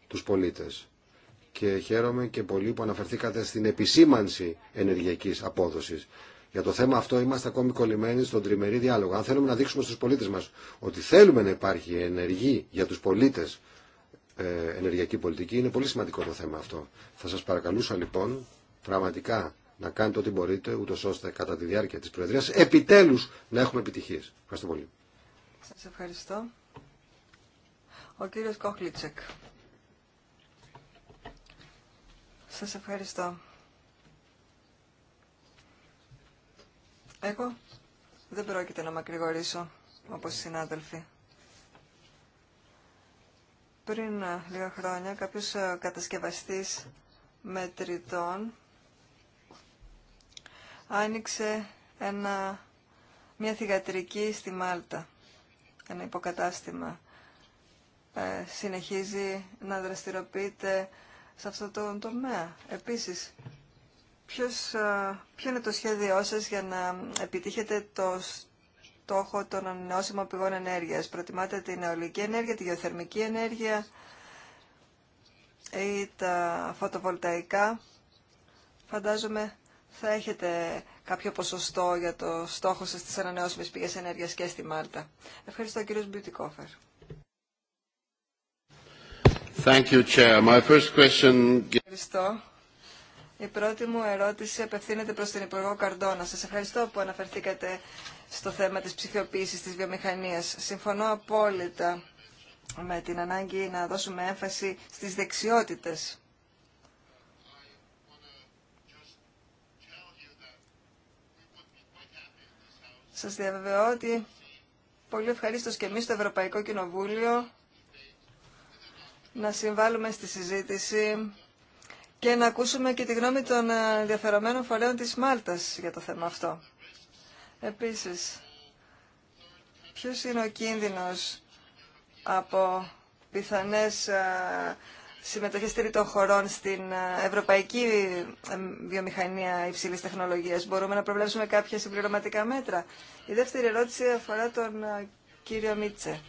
C: τους πολίτες. Και χαίρομαι και πολύ που αναφερθήκατε στην επισήμανση ενεργειακής απόδοσης. Για το θέμα αυτό είμαστε ακόμη κολλημένοι στον τριμερή διάλογο. Αν θέλουμε να δείξουμε στους πολίτες μας ότι θέλουμε να υπάρχει ενεργή για τους πολίτες ε, ενεργειακή πολιτική, είναι πολύ σημαντικό το θέμα αυτό. Θα σας παρακαλούσα λοιπόν πραγματικά να κάνετε ό,τι μπορείτε, ούτω ώστε κατά τη διάρκεια της Προεδρίας επιτέλους να έχουμε επιτυχίες. Ευχαριστώ πολύ.
B: Σας ευχαριστώ. Ο κύριο Κόχλιτσεκ. Σας ευχαριστώ. Εγώ δεν πρόκειται να μακρηγορήσω όπω οι συνάδελφοι. Πριν ε, λίγα χρόνια κάποιος ε, κατασκευαστής μετρητών άνοιξε ένα, μια θηγατρική στη Μάλτα, ένα υποκατάστημα. Ε, συνεχίζει να δραστηριοποιείται σε αυτό το τομέα. Επίσης, ποιος, ε, ποιο είναι το σχέδιό σας για να επιτύχετε το στόχο των ανανεώσιμων πηγών ενέργειας. Προτιμάτε την αιωλική ενέργεια, τη γεωθερμική ενέργεια ή τα φωτοβολταϊκά. Φαντάζομαι θα έχετε κάποιο ποσοστό για το στόχο σας στις ανανεώσιμες πηγές ενέργειας και στη Μάλτα. Ευχαριστώ κύριος Μπιουτικόφερ. Ευχαριστώ. Η πρώτη μου ερώτηση απευθύνεται προς τον Υπουργό Καρντόνα. Σας ευχαριστώ που αναφερθήκατε στο θέμα της ψηφιοποίησης της βιομηχανίας. Συμφωνώ απόλυτα με την ανάγκη να δώσουμε έμφαση στις δεξιότητες Σας διαβεβαιώ ότι πολύ ευχαριστώ και εμείς στο Ευρωπαϊκό Κοινοβούλιο να συμβάλλουμε στη συζήτηση και να ακούσουμε και τη γνώμη των ενδιαφερομένων φορέων της Μάλτας για το θέμα αυτό. Επίσης, ποιος είναι ο κίνδυνος από πιθανές ε, συμμετοχή τρίτων χωρών στην ε, ευρωπαϊκή ε, βιομηχανία υψηλής τεχνολογίας. Μπορούμε να προβλέψουμε κάποια συμπληρωματικά μέτρα. Η δεύτερη ερώτηση αφορά τον ε, κύριο Μίτσε.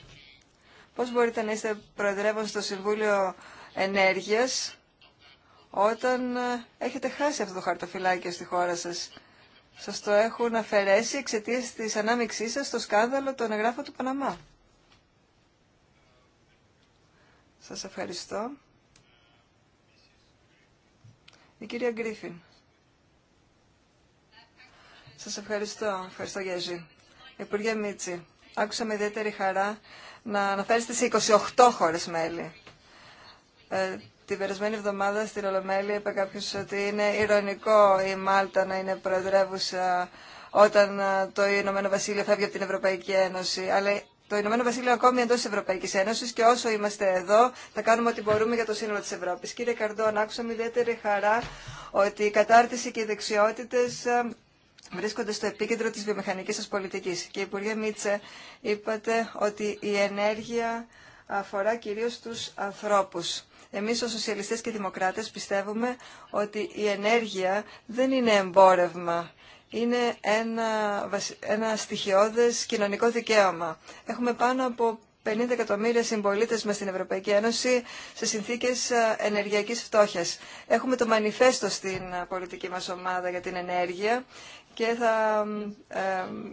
B: Πώς μπορείτε να είστε προεδρεύον στο Συμβούλιο Ενέργειας όταν έχετε χάσει αυτό το χαρτοφυλάκιο στη χώρα σας. Σας το έχουν αφαιρέσει εξαιτία τη ανάμειξή σα στο σκάνδαλο των εγγράφων του Παναμά. Σας ευχαριστώ. Η κυρία Γκρίφιν. Σα ευχαριστώ. Ευχαριστώ, Γέζη. Υπουργέ Μίτσι, άκουσα με ιδιαίτερη χαρά να αναφέρεστε σε 28 χώρε μέλη. Ε, την περασμένη εβδομάδα στην Ολομέλη είπε κάποιο ότι είναι ηρωνικό η Μάλτα να είναι προεδρεύουσα όταν ε, το Ηνωμένο Βασίλειο φεύγει από την Ευρωπαϊκή Ένωση. Αλλά το Ηνωμένο Βασίλειο ακόμη εντό τη Ευρωπαϊκή Ένωση και όσο είμαστε εδώ θα κάνουμε ό,τι μπορούμε για το σύνολο τη Ευρώπη. Κύριε Καρντόν, άκουσα με ιδιαίτερη χαρά ότι η κατάρτιση και οι δεξιότητε ε, βρίσκονται στο επίκεντρο τη βιομηχανική σα πολιτική. Και η Υπουργέ Μίτσε, είπατε ότι η ενέργεια αφορά κυρίω του ανθρώπου. Εμεί, ω Σοσιαλιστέ και δημοκράτε, πιστεύουμε ότι η ενέργεια δεν είναι εμπόρευμα είναι ένα, ένα στοιχειώδες κοινωνικό δικαίωμα. Έχουμε πάνω από 50 εκατομμύρια συμπολίτες μα στην Ευρωπαϊκή Ένωση σε συνθήκες ε, ενεργειακής φτώχειας. Έχουμε το μανιφέστο στην ε, πολιτική μας ομάδα για την ενέργεια και θα ε,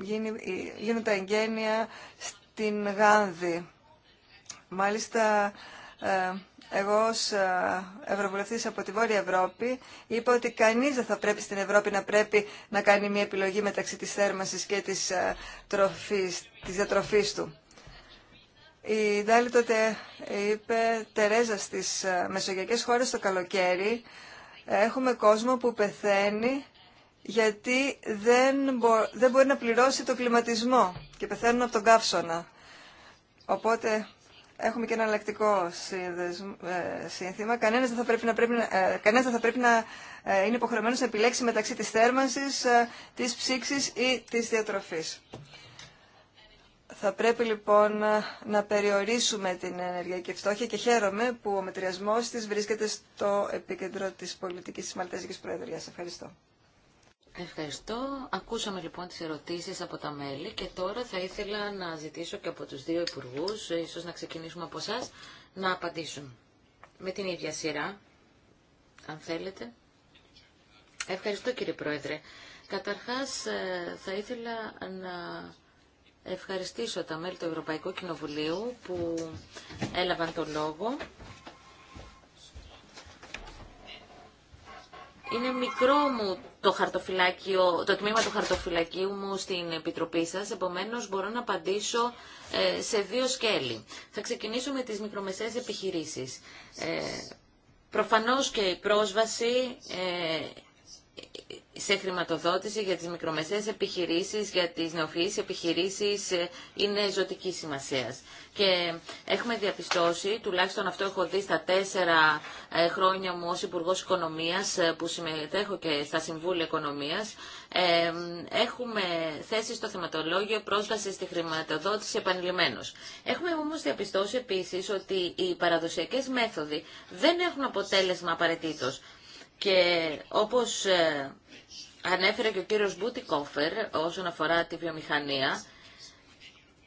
B: γίνει, ε, γίνουν τα εγγένεια στην Γάνδη. Μάλιστα, εγώ ως ε, Ευρωβουλευτής από τη Βόρεια Ευρώπη είπα ότι κανείς δεν θα πρέπει στην Ευρώπη να πρέπει να κάνει μια επιλογή μεταξύ της θέρμανσης και της, ε, τροφής, διατροφής του. Η Ντάλη τότε είπε Τερέζα στις ε, μεσογειακές χώρες το καλοκαίρι έχουμε κόσμο που πεθαίνει γιατί δεν, δεν μπορεί να πληρώσει το κλιματισμό και πεθαίνουν από τον καύσωνα. Οπότε έχουμε και ένα αλλακτικό ε, σύνθημα. Κανένας δεν θα πρέπει να, πρέπει ε, δεν θα πρέπει να ε, είναι υποχρεωμένος να επιλέξει μεταξύ της θέρμανσης, της ψήξης ή της διατροφής. Θα πρέπει λοιπόν να περιορίσουμε την ενεργειακή φτώχεια και χαίρομαι που ο μετριασμός της βρίσκεται στο
D: επίκεντρο της πολιτικής της Μαλτέζικης Προεδρίας. Ευχαριστώ.
E: Ευχαριστώ.
D: Ακούσαμε λοιπόν τις ερωτήσεις από τα μέλη και τώρα θα ήθελα να ζητήσω και από τους δύο υπουργούς, ίσως να ξεκινήσουμε από εσά, να απαντήσουν. Με την ίδια σειρά, αν θέλετε. Ευχαριστώ κύριε Πρόεδρε. Καταρχάς ε, θα ήθελα να ευχαριστήσω τα μέλη του Ευρωπαϊκού Κοινοβουλίου που έλαβαν τον λόγο Είναι μικρό μου το, χαρτοφυλάκιο, το τμήμα του χαρτοφυλακίου μου στην Επιτροπή σας, επομένως μπορώ να απαντήσω ε, σε δύο σκέλη. Θα ξεκινήσω με τις μικρομεσαίες επιχειρήσεις. Ε, προφανώς και η πρόσβαση ε, σε χρηματοδότηση για τις μικρομεσαίες επιχειρήσεις, για τις νεοφυείς επιχειρήσεις ε, είναι ζωτική σημασία. Και έχουμε διαπιστώσει, τουλάχιστον αυτό έχω δει στα τέσσερα ε, χρόνια μου ως Υπουργός Οικονομίας ε, που συμμετέχω και στα Συμβούλια Οικονομίας, έχουμε θέσει στο θεματολόγιο πρόσβαση στη χρηματοδότηση επανειλημμένως. Έχουμε όμως διαπιστώσει επίσης ότι οι παραδοσιακές μέθοδοι δεν έχουν αποτέλεσμα απαραίτητο. Και όπως ε, ανέφερε και ο κύριος Μπούτικόφερ όσον αφορά τη βιομηχανία,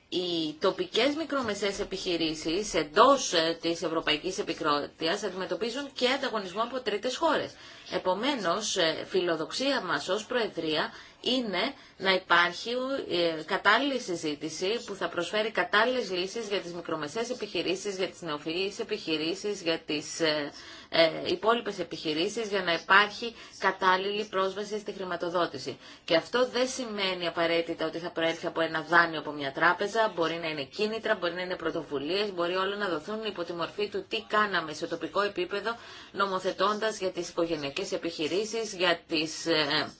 D: οι τοπικές μικρομεσαίες επιχειρήσεις εντός ε, της Ευρωπαϊκής Επικρότητας αντιμετωπίζουν και ανταγωνισμό από τρίτες χώρες. Επομένως, ε, φιλοδοξία μας ως Προεδρία είναι να υπάρχει ε, κατάλληλη συζήτηση που θα προσφέρει κατάλληλες λύσεις για τις μικρομεσαίες επιχειρήσεις, για τις νεοφυγείς επιχειρήσεις, για τις ε, ε, υπόλοιπες επιχειρήσεις για να υπάρχει κατάλληλη πρόσβαση στη χρηματοδότηση. Και αυτό δεν σημαίνει απαραίτητα ότι θα προέρχεται από ένα δάνειο από μια τράπεζα, μπορεί να είναι κίνητρα, μπορεί να είναι πρωτοβουλίες, μπορεί όλα να δοθούν υπό τη μορφή του τι κάναμε σε τοπικό επίπεδο νομοθετώντας για τις οικογενειακές οικογενειακές επιχειρήσεις, για τις ε,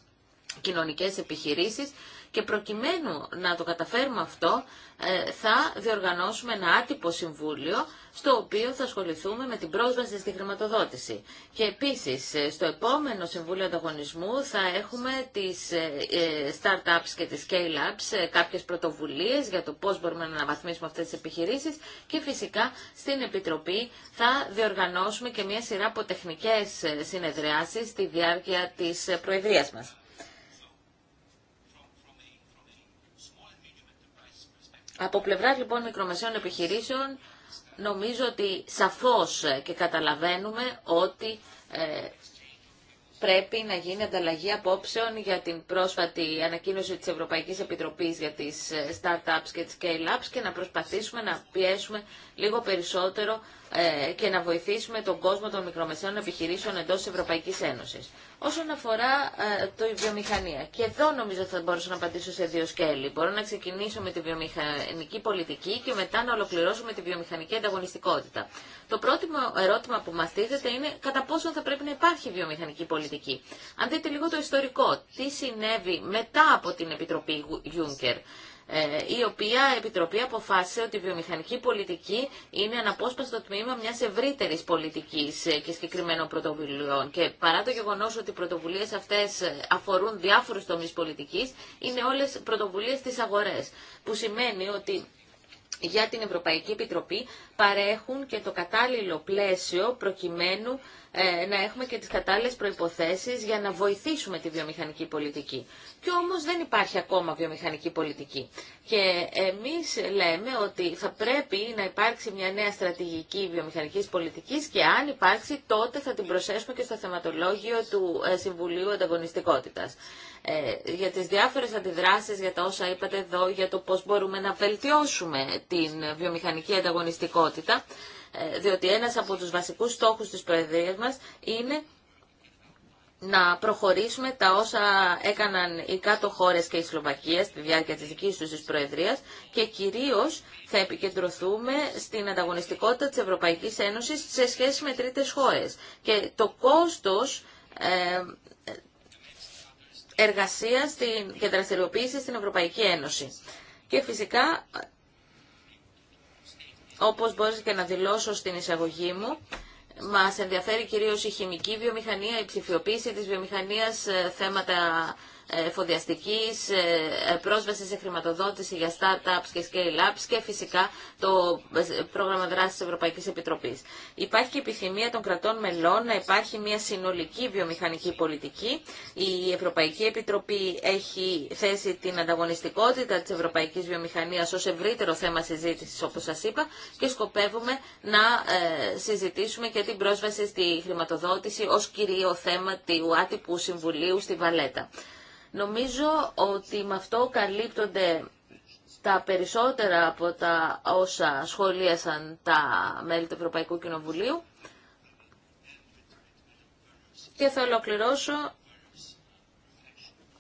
D: κοινωνικές επιχειρήσεις και προκειμένου να το καταφέρουμε αυτό ε, θα διοργανώσουμε ένα άτυπο συμβούλιο στο οποίο θα ασχοληθούμε με την πρόσβαση στη χρηματοδότηση. Και επίσης ε, στο επόμενο Συμβούλιο Ανταγωνισμού θα έχουμε τις ε, startups και τις scale-ups, κάποιες πρωτοβουλίες για το πώς μπορούμε να αναβαθμίσουμε αυτές τις επιχειρήσεις και φυσικά στην Επιτροπή θα διοργανώσουμε και μια σειρά από τεχνικές συνεδριάσεις στη διάρκεια της Προεδρίας μας. Από πλευρά λοιπόν μικρομεσαίων επιχειρήσεων νομίζω ότι σαφώς ε, και καταλαβαίνουμε ότι ε, πρέπει να γίνει ανταλλαγή απόψεων για την πρόσφατη ανακοίνωση της Ευρωπαϊκής Επιτροπής για τις ε, startups και τις scale-ups και να προσπαθήσουμε να πιέσουμε λίγο περισσότερο ε, και να βοηθήσουμε τον κόσμο των μικρομεσαίων επιχειρήσεων εντός της Ευρωπαϊκής Ένωσης. Όσον αφορά ε, το βιομηχανία, και εδώ νομίζω θα μπορούσα να απαντήσω σε δύο σκέλη. Μπορώ να ξεκινήσω με τη βιομηχανική πολιτική και μετά να ολοκληρώσω με τη βιομηχανική ανταγωνιστικότητα. Το πρώτο ερώτημα που μας τίθεται είναι κατά πόσο θα πρέπει να υπάρχει βιομηχανική πολιτική. Αν δείτε λίγο το ιστορικό, τι συνέβη μετά από την Επιτροπή Juncker. Ε, η οποία επιτροπή αποφάσισε ότι η βιομηχανική πολιτική είναι αναπόσπαστο τμήμα μιας ευρύτερη πολιτική ε, και συγκεκριμένων πρωτοβουλειών. Και παρά το γεγονός ότι οι πρωτοβουλίε αυτές ε, αφορούν διάφορου τομεί πολιτικής, είναι όλες πρωτοβουλίε της αγορέ, που σημαίνει ότι για την Ευρωπαϊκή Επιτροπή παρέχουν και το κατάλληλο πλαίσιο προκειμένου ε, να έχουμε και τις κατάλληλες προϋποθέσεις για να βοηθήσουμε τη βιομηχανική πολιτική. Κι όμως δεν υπάρχει ακόμα βιομηχανική πολιτική. Και εμείς λέμε ότι θα πρέπει να υπάρξει μια νέα στρατηγική βιομηχανικής πολιτικής και αν υπάρξει τότε θα την προσέσουμε και στο θεματολόγιο του ε, Συμβουλίου Ανταγωνιστικότητας. Ε, για τις διάφορες αντιδράσεις, για τα όσα είπατε εδώ, για το πώς μπορούμε να βελτιώσουμε την βιομηχανική ανταγωνιστικότητα. Ε, διότι ένας από τους βασικούς στόχους της Προεδρίας μας είναι να προχωρήσουμε τα όσα έκαναν οι κάτω χώρες και η Σλοβακία στη διάρκεια της δικής τους της Προεδρίας και κυρίως θα επικεντρωθούμε στην ανταγωνιστικότητα της Ευρωπαϊκής Ένωσης σε σχέση με τρίτες χώρες. Και το κόστος ε, εργασία στην, και δραστηριοποίηση στην Ευρωπαϊκή Ένωση. Και φυσικά όπως μπορείς και να δηλώσω στην εισαγωγή μου, μας ενδιαφέρει κυρίως η χημική βιομηχανία, η ψηφιοποίηση της βιομηχανίας, ε, θέματα ε, εφοδιαστικής ε, ε, πρόσβαση σε χρηματοδότηση για startups και scale-ups και φυσικά το πρόγραμμα δράσης της Ευρωπαϊκής Επιτροπής. Υπάρχει και επιθυμία των κρατών μελών να υπάρχει μια συνολική βιομηχανική πολιτική. Η Ευρωπαϊκή Επιτροπή έχει θέσει την ανταγωνιστικότητα της ευρωπαϊκής βιομηχανίας ως ευρύτερο θέμα συζήτησης όπως σας είπα και σκοπεύουμε να συζητήσουμε και την πρόσβαση στη χρηματοδότηση ως κυρίο θέμα του άτυπου συμβουλίου στη Βαλέτα. Νομίζω ότι με αυτό καλύπτονται τα περισσότερα από τα όσα σχολίασαν τα μέλη του Ευρωπαϊκού Κοινοβουλίου. Και θα ολοκληρώσω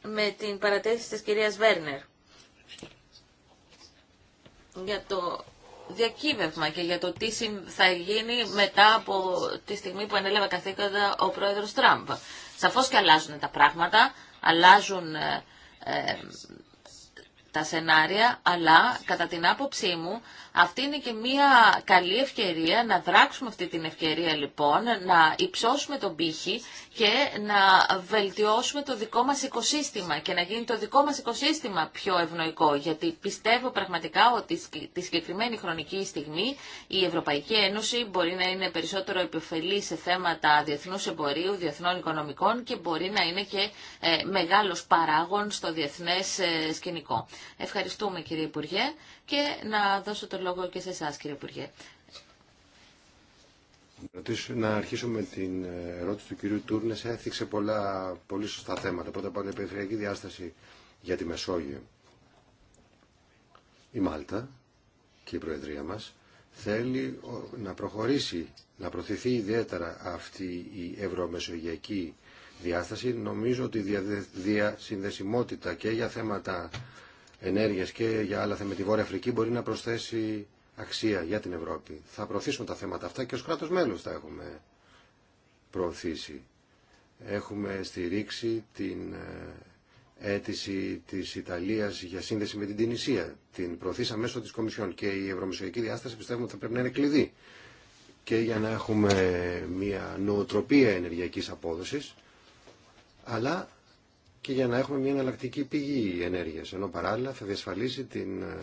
D: με την παρατήρηση της κυρίας Βέρνερ για το διακύβευμα και για το τι θα γίνει μετά από τη στιγμή που ανέλαβε καθήκοντα ο πρόεδρος Τραμπ. Σαφώς και αλλάζουν τα πράγματα αλλάζουν ε, ε, τα σενάρια, αλλά κατά την άποψή μου αυτή είναι και μια καλή ευκαιρία να δράξουμε αυτή την ευκαιρία λοιπόν, να υψώσουμε τον πύχη και να βελτιώσουμε το δικό μας οικοσύστημα και να γίνει το δικό μας οικοσύστημα πιο ευνοϊκό. Γιατί πιστεύω πραγματικά ότι τη συγκεκριμένη χρονική στιγμή η Ευρωπαϊκή Ένωση μπορεί να είναι περισσότερο επιφελή σε θέματα διεθνούς εμπορίου, διεθνών οικονομικών και μπορεί να είναι και ε, μεγάλος παράγων στο διεθνές ε, σκηνικό. Ευχαριστούμε κύριε Υπουργέ και να δώσω το λόγο και σε εσά, κύριε Υπουργέ.
C: Να αρχίσω με την ε, ερώτηση του κυρίου Τούρνε. Έθιξε πολλά πολύ σωστά θέματα. Πρώτα απ' όλα η περιφερειακή διάσταση για τη Μεσόγειο. Η Μάλτα και η Προεδρία μας θέλει να προχωρήσει, να προωθηθεί ιδιαίτερα αυτή η ευρωμεσογειακή διάσταση. Νομίζω ότι η διασυνδεσιμότητα και για θέματα ενέργειας και για άλλα θέματα τη Βόρεια Αφρική μπορεί να προσθέσει αξία για την Ευρώπη. Θα προωθήσουμε τα θέματα αυτά και ως κράτος μέλος τα έχουμε προωθήσει. Έχουμε στηρίξει την ε, αίτηση της Ιταλίας για σύνδεση με την Τινησία. Την προωθήσαμε μέσω της Κομισιόν και η Ευρωμεσογειακή Διάσταση πιστεύουμε ότι θα πρέπει να είναι κλειδί και για να έχουμε μια νοοτροπία ενεργειακής απόδοσης αλλά και για να έχουμε μια εναλλακτική πηγή ενέργειας, ενώ παράλληλα θα διασφαλίσει την ε,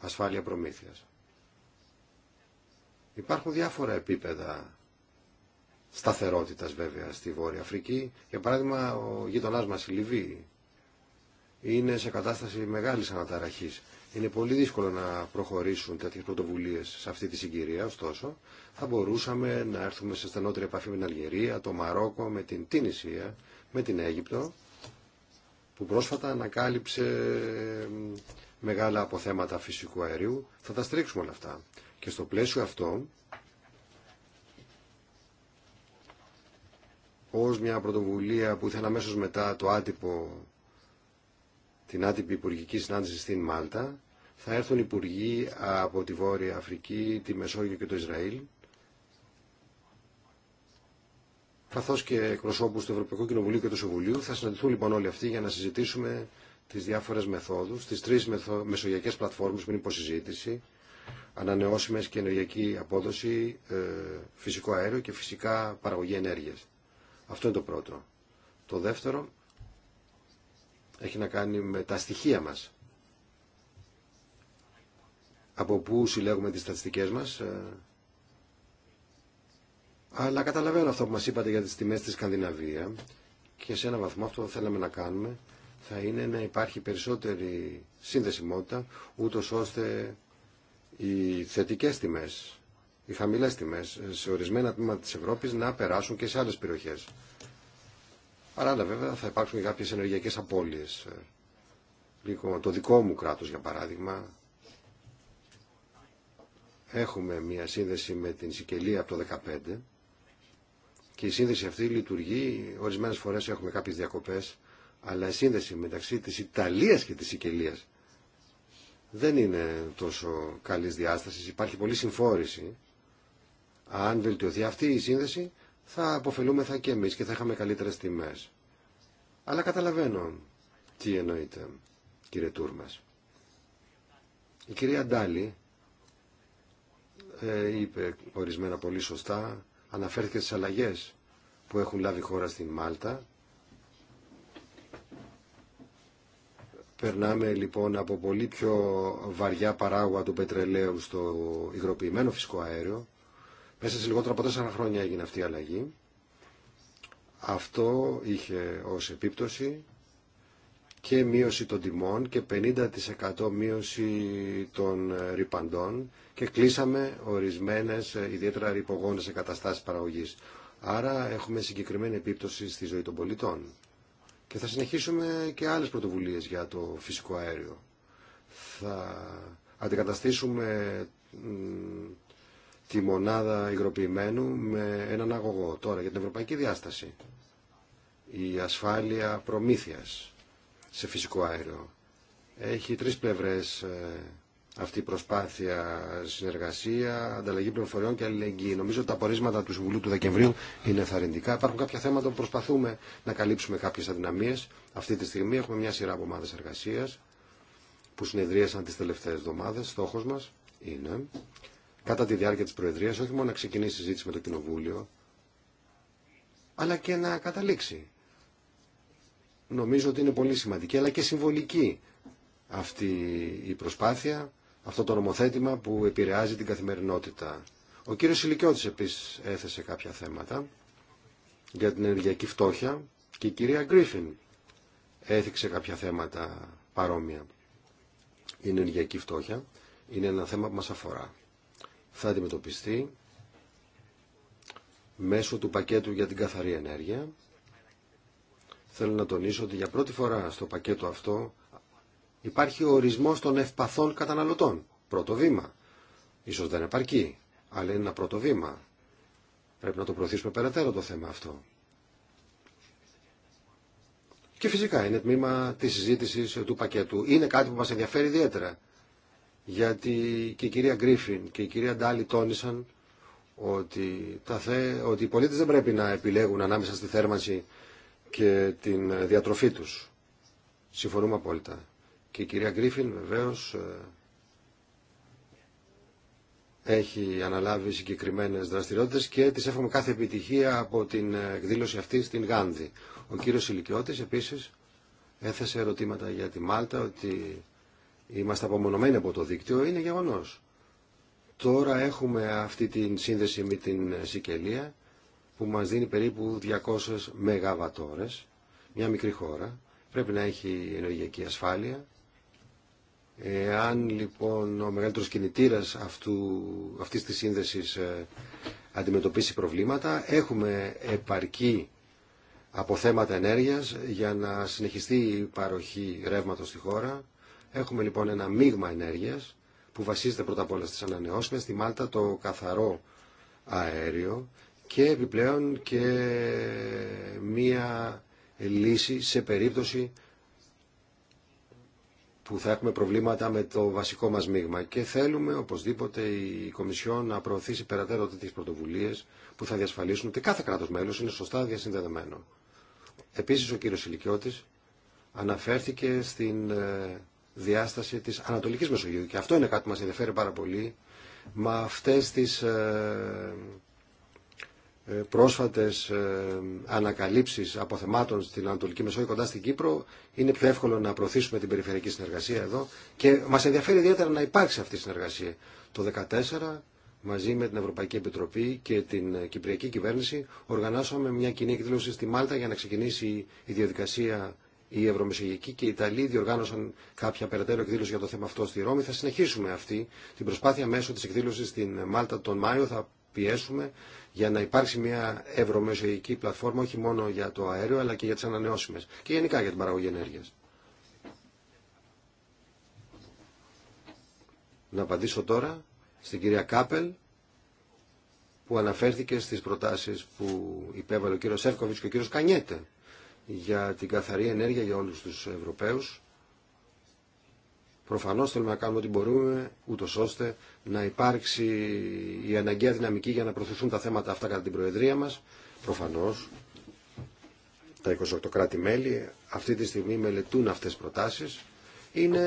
C: ασφάλεια προμήθειας. Υπάρχουν διάφορα επίπεδα σταθερότητας βέβαια στη Βόρεια Αφρική. Για παράδειγμα ο γείτονάς μας η Λιβύη είναι σε κατάσταση μεγάλης αναταραχής. Είναι πολύ δύσκολο να προχωρήσουν τέτοιες πρωτοβουλίε σε αυτή τη συγκυρία, ωστόσο θα μπορούσαμε να έρθουμε σε στενότερη επαφή με την Αλγερία, το Μαρόκο, με την Τινησία, με την Αίγυπτο που πρόσφατα ανακάλυψε μεγάλα αποθέματα φυσικού αερίου. Θα τα στρίξουμε όλα αυτά. Και στο πλαίσιο αυτό, ως μια πρωτοβουλία που ήθελα αμέσως μετά το άτυπο, την άτυπη υπουργική συνάντηση στην Μάλτα, θα έρθουν υπουργοί από τη Βόρεια Αφρική, τη Μεσόγειο και το Ισραήλ Καθώ και εκπροσώπους του Ευρωπαϊκού Κοινοβουλίου και του Συμβουλίου. Θα συναντηθούν λοιπόν όλοι αυτοί για να συζητήσουμε τις διάφορες μεθόδους, τι τρεις μεθο... μεσογειακές πλατφόρμες που είναι υποσυζήτηση, ανανεώσιμες και ενεργειακή απόδοση, ε, φυσικό αέριο και φυσικά παραγωγή ενέργεια. Αυτό είναι το πρώτο. Το δεύτερο έχει να κάνει με τα στοιχεία μας. Από πού συλλέγουμε τις στατιστικές μας, ε, αλλά καταλαβαίνω αυτό που μας είπατε για τις τιμές στη Σκανδιναβία και σε ένα βαθμό αυτό που θέλαμε να κάνουμε θα είναι να υπάρχει περισσότερη συνδεσιμότητα ούτω ώστε οι θετικές τιμές, οι χαμηλές τιμές σε ορισμένα τμήματα της Ευρώπης να περάσουν και σε άλλες περιοχές. Παράλληλα βέβαια θα υπάρξουν και κάποιες ενεργειακές απώλειες. Το δικό μου κράτος για παράδειγμα έχουμε μια σύνδεση με την Σικελία από το 2015 και η σύνδεση αυτή λειτουργεί, ορισμένε φορές έχουμε κάποιε διακοπές, αλλά η σύνδεση μεταξύ της Ιταλίας και της Σικελία δεν είναι τόσο καλής διάσταση. υπάρχει πολλή συμφόρηση. Αν βελτιωθεί αυτή η σύνδεση θα αποφελούμεθα και εμεί και θα είχαμε καλύτερες τιμές. Αλλά καταλαβαίνω τι εννοείται κύριε Τουρμα. Η κυρία Ντάλη ε, είπε ορισμένα πολύ σωστά αναφέρθηκε στις αλλαγές που έχουν λάβει χώρα στην Μάλτα. Περνάμε λοιπόν από πολύ πιο βαριά παράγωγα του πετρελαίου στο υγροποιημένο φυσικό αέριο. Μέσα σε λιγότερο από τέσσερα χρόνια έγινε αυτή η αλλαγή. Αυτό είχε ως επίπτωση και μείωση των τιμών και 50% μείωση των ε, ρηπαντών και κλείσαμε ορισμένες ε, ιδιαίτερα ρηπογόνες εγκαταστάσεις παραγωγής. Άρα έχουμε συγκεκριμένη επίπτωση στη ζωή των πολιτών. Και θα συνεχίσουμε και άλλες πρωτοβουλίες για το φυσικό αέριο. Θα αντικαταστήσουμε τη μονάδα υγροποιημένου με έναν αγωγό. Τώρα για την ευρωπαϊκή διάσταση. Η ασφάλεια προμήθειας σε φυσικό αέριο. Έχει τρεις πλευρές ε, αυτή η προσπάθεια, συνεργασία, ανταλλαγή πληροφοριών και αλληλεγγύη. Νομίζω ότι τα απορίσματα του Συμβουλίου του Δεκεμβρίου είναι θαρρυντικά. Υπάρχουν κάποια θέματα που προσπαθούμε να καλύψουμε κάποιες αδυναμίες Αυτή τη στιγμή έχουμε μια σειρά από ομάδε εργασία που συνεδρίασαν τις τελευταίες εβδομάδες, στόχος μας είναι, κατά τη διάρκεια της προεδρίας όχι μόνο να ξεκινήσει η συζήτηση με το Κοινοβούλιο, αλλά και να καταλήξει νομίζω ότι είναι πολύ σημαντική αλλά και συμβολική αυτή η προσπάθεια, αυτό το νομοθέτημα που επηρεάζει την καθημερινότητα. Ο κύριος Ηλικιώτης επίσης έθεσε κάποια θέματα για την ενεργειακή φτώχεια και η κυρία Γκρίφιν έθιξε κάποια θέματα παρόμοια. Η ενεργειακή φτώχεια είναι ένα θέμα που μας αφορά. Θα αντιμετωπιστεί μέσω του πακέτου για την καθαρή ενέργεια Θέλω να τονίσω ότι για πρώτη φορά στο πακέτο αυτό υπάρχει ο ορισμός των ευπαθών καταναλωτών. Πρώτο βήμα. Ίσως δεν επαρκεί, αλλά είναι ένα πρώτο βήμα. Πρέπει να το προωθήσουμε περαιτέρω το θέμα αυτό. Και φυσικά είναι τμήμα της συζήτησης του πακέτου. Είναι κάτι που μας ενδιαφέρει ιδιαίτερα. Γιατί και η κυρία Γκρίφιν και η κυρία Ντάλι τόνισαν ότι, τα θε... ότι οι πολίτες δεν πρέπει να επιλέγουν ανάμεσα στη θέρμανση και την ε, διατροφή τους. Συμφωνούμε απόλυτα. Και η κυρία Γκρίφιν βεβαίως ε, έχει αναλάβει συγκεκριμένες δραστηριότητες και της εύχομαι κάθε επιτυχία από την ε, εκδήλωση αυτή στην Γάνδη. Ο κύριος Ηλικιώτης επίσης έθεσε ερωτήματα για τη Μάλτα ότι είμαστε απομονωμένοι από το δίκτυο. Είναι γεγονός. Τώρα έχουμε αυτή την σύνδεση με την Σικελία που μας δίνει περίπου 200 μεγαβατόρες, μια μικρή χώρα, πρέπει να έχει ενεργειακή ασφάλεια. Αν λοιπόν ο μεγαλύτερος κινητήρας αυτού, αυτής της σύνδεσης ε, αντιμετωπίσει προβλήματα, έχουμε επαρκή αποθέματα ενέργειας για να συνεχιστεί η παροχή ρεύματος στη χώρα. Έχουμε λοιπόν ένα μείγμα ενέργεια που βασίζεται πρώτα απ' όλα στις ανανεώσιμες, στη Μάλτα το καθαρό αέριο, και επιπλέον και μία λύση σε περίπτωση που θα έχουμε προβλήματα με το βασικό μας μείγμα και θέλουμε οπωσδήποτε η Κομισιόν να προωθήσει περαιτέρω τέτοιες πρωτοβουλίες που θα διασφαλίσουν ότι κάθε κράτος μέλος είναι σωστά διασυνδεδεμένο. Επίσης ο κύριος Ηλικιώτης αναφέρθηκε στην ε, διάσταση της Ανατολικής Μεσογείου και αυτό είναι κάτι που μας ενδιαφέρει πάρα πολύ με αυτές τις ε, ε, πρόσφατες ε, ανακαλύψεις θεμάτων στην Ανατολική Μεσόγειο κοντά στην Κύπρο είναι πιο εύκολο να προωθήσουμε την περιφερειακή συνεργασία εδώ και μας ενδιαφέρει ιδιαίτερα να υπάρξει αυτή η συνεργασία. Το 2014 μαζί με την Ευρωπαϊκή Επιτροπή και την ε, Κυπριακή Κυβέρνηση οργανώσαμε μια κοινή εκδήλωση στη Μάλτα για να ξεκινήσει η διαδικασία η Ευρωμεσογειακή και οι Ιταλοί διοργάνωσαν κάποια περαιτέρω εκδήλωση για το θέμα αυτό στη Ρώμη. Θα συνεχίσουμε αυτή την προσπάθεια μέσω τη εκδήλωση στην Μάλτα τον Μάιο. Θα πιέσουμε για να υπάρξει μια ευρωμεσογειακή πλατφόρμα όχι μόνο για το αέριο αλλά και για τις ανανεώσιμες και γενικά για την παραγωγή ενέργειας. Να απαντήσω τώρα στην κυρία Κάπελ που αναφέρθηκε στις προτάσεις που υπέβαλε ο κύριος Σεύκοβιτς και ο κύριος Κανιέτε για την καθαρή ενέργεια για όλους τους Ευρωπαίους Προφανώς θέλουμε να κάνουμε ό,τι μπορούμε, ούτω ώστε να υπάρξει η αναγκαία δυναμική για να προωθηθούν τα θέματα αυτά κατά την Προεδρία μας. Προφανώς τα 28 κράτη-μέλη αυτή τη στιγμή μελετούν αυτές τις προτάσεις. Είναι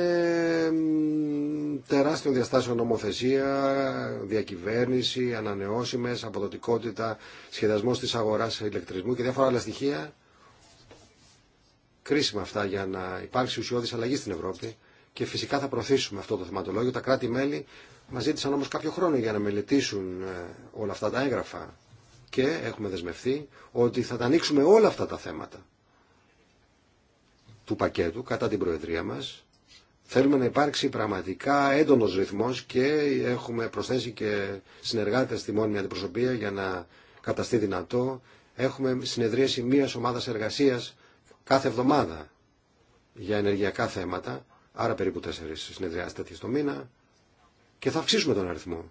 C: τεράστιο διαστάσεων νομοθεσία, διακυβέρνηση, ανανεώσιμες, αποδοτικότητα, σχεδιασμός της αγοράς ηλεκτρισμού και διάφορα άλλα στοιχεία. Κρίσιμα αυτά για να υπάρξει ουσιώδης αλλαγή στην Ευρώπη και φυσικά θα προωθήσουμε αυτό το θεματολόγιο. Τα κράτη-μέλη μα ζήτησαν όμω κάποιο χρόνο για να μελετήσουν ε, όλα αυτά τα έγγραφα και έχουμε δεσμευθεί ότι θα τα ανοίξουμε όλα αυτά τα θέματα του πακέτου κατά την Προεδρία μας. Θέλουμε να υπάρξει πραγματικά έντονος ρυθμός και έχουμε προσθέσει και συνεργάτες στη μόνιμη αντιπροσωπεία για να καταστεί δυνατό. Έχουμε συνεδρίαση μίας ομάδας εργασίας κάθε εβδομάδα για ενεργειακά θέματα άρα περίπου τέσσερι συνεδριάσεις τέτοιε το μήνα και θα αυξήσουμε τον αριθμό.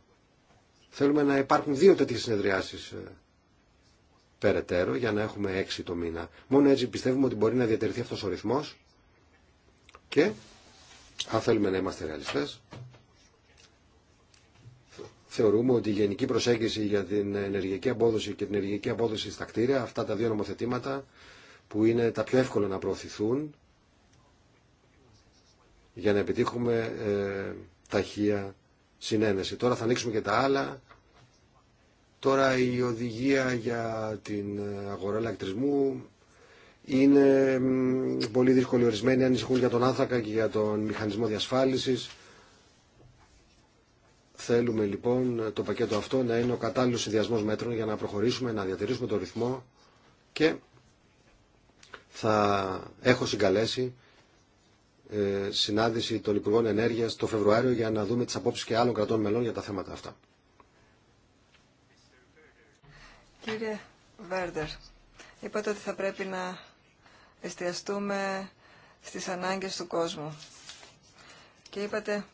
C: Θέλουμε να υπάρχουν δύο τέτοιε συνεδριάσει ε, περαιτέρω για να έχουμε έξι το μήνα. Μόνο έτσι πιστεύουμε ότι μπορεί να διατηρηθεί αυτό ο ρυθμός και αν θέλουμε να είμαστε ρεαλιστέ, θεωρούμε ότι η γενική προσέγγιση για την ενεργειακή απόδοση και την ενεργειακή απόδοση στα κτίρια, αυτά τα δύο νομοθετήματα που είναι τα πιο εύκολα να προωθηθούν για να επιτύχουμε ε, ταχεία συνένεση. Τώρα θα ανοίξουμε και τα άλλα. Τώρα η οδηγία για την ε, αγορά ηλεκτρισμού είναι πολύ δύσκολη ορισμένη, ανησυχούν για τον άνθρακα και για τον μηχανισμό διασφάλισης. Θέλουμε λοιπόν το πακέτο αυτό να είναι ο κατάλληλος συνδυασμό μέτρων για να προχωρήσουμε, να διατηρήσουμε τον ρυθμό και θα έχω συγκαλέσει ε, συνάντηση των Υπουργών Ενέργειας το Φεβρουάριο για να δούμε τις απόψει και άλλων κρατών μελών για τα θέματα αυτά.
B: Κύριε Βέρντερ, είπατε ότι θα πρέπει να εστιαστούμε στις ανάγκες του κόσμου. Και είπατε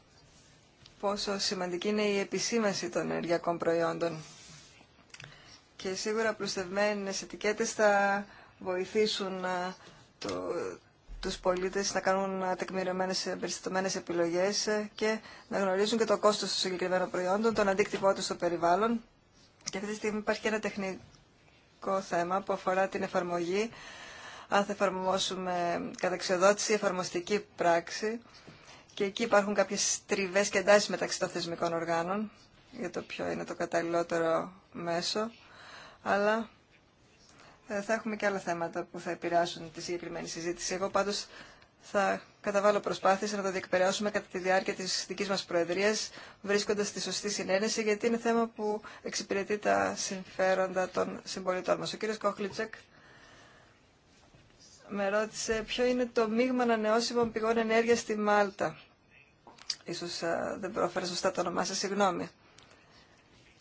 B: πόσο σημαντική είναι η επισήμανση των ενεργειακών προϊόντων. Και σίγουρα πλουστευμένες ετικέτες θα βοηθήσουν ε, το, τους πολίτες να κάνουν τεκμηριωμένες περιστατωμένες επιλογές και να γνωρίζουν και το κόστος των συγκεκριμένων προϊόντων, τον αντίκτυπό του στο περιβάλλον. Και αυτή τη στιγμή υπάρχει και ένα τεχνικό θέμα που αφορά την εφαρμογή, αν θα εφαρμόσουμε καταξιοδότηση, εφαρμοστική πράξη και εκεί υπάρχουν κάποιες τριβές και εντάσεις μεταξύ των θεσμικών οργάνων για το ποιο είναι το καταλληλότερο μέσο, αλλά ε, θα έχουμε και άλλα θέματα που θα επηρεάσουν τη συγκεκριμένη συζήτηση. Εγώ πάντως θα καταβάλω προσπάθειες να τα διεκπαιρεώσουμε κατά τη διάρκεια της δική μας Προεδρίας, βρίσκοντας τη σωστή συνένεση, γιατί είναι θέμα που εξυπηρετεί τα συμφέροντα των συμπολιτών μα. Ο κύριος Κόχλιτσεκ με ρώτησε ποιο είναι το μείγμα ανανεώσιμων πηγών ενέργεια στη Μάλτα. Ίσως ε, δεν πρόφερα σωστά το όνομά σας, συγγνώμη.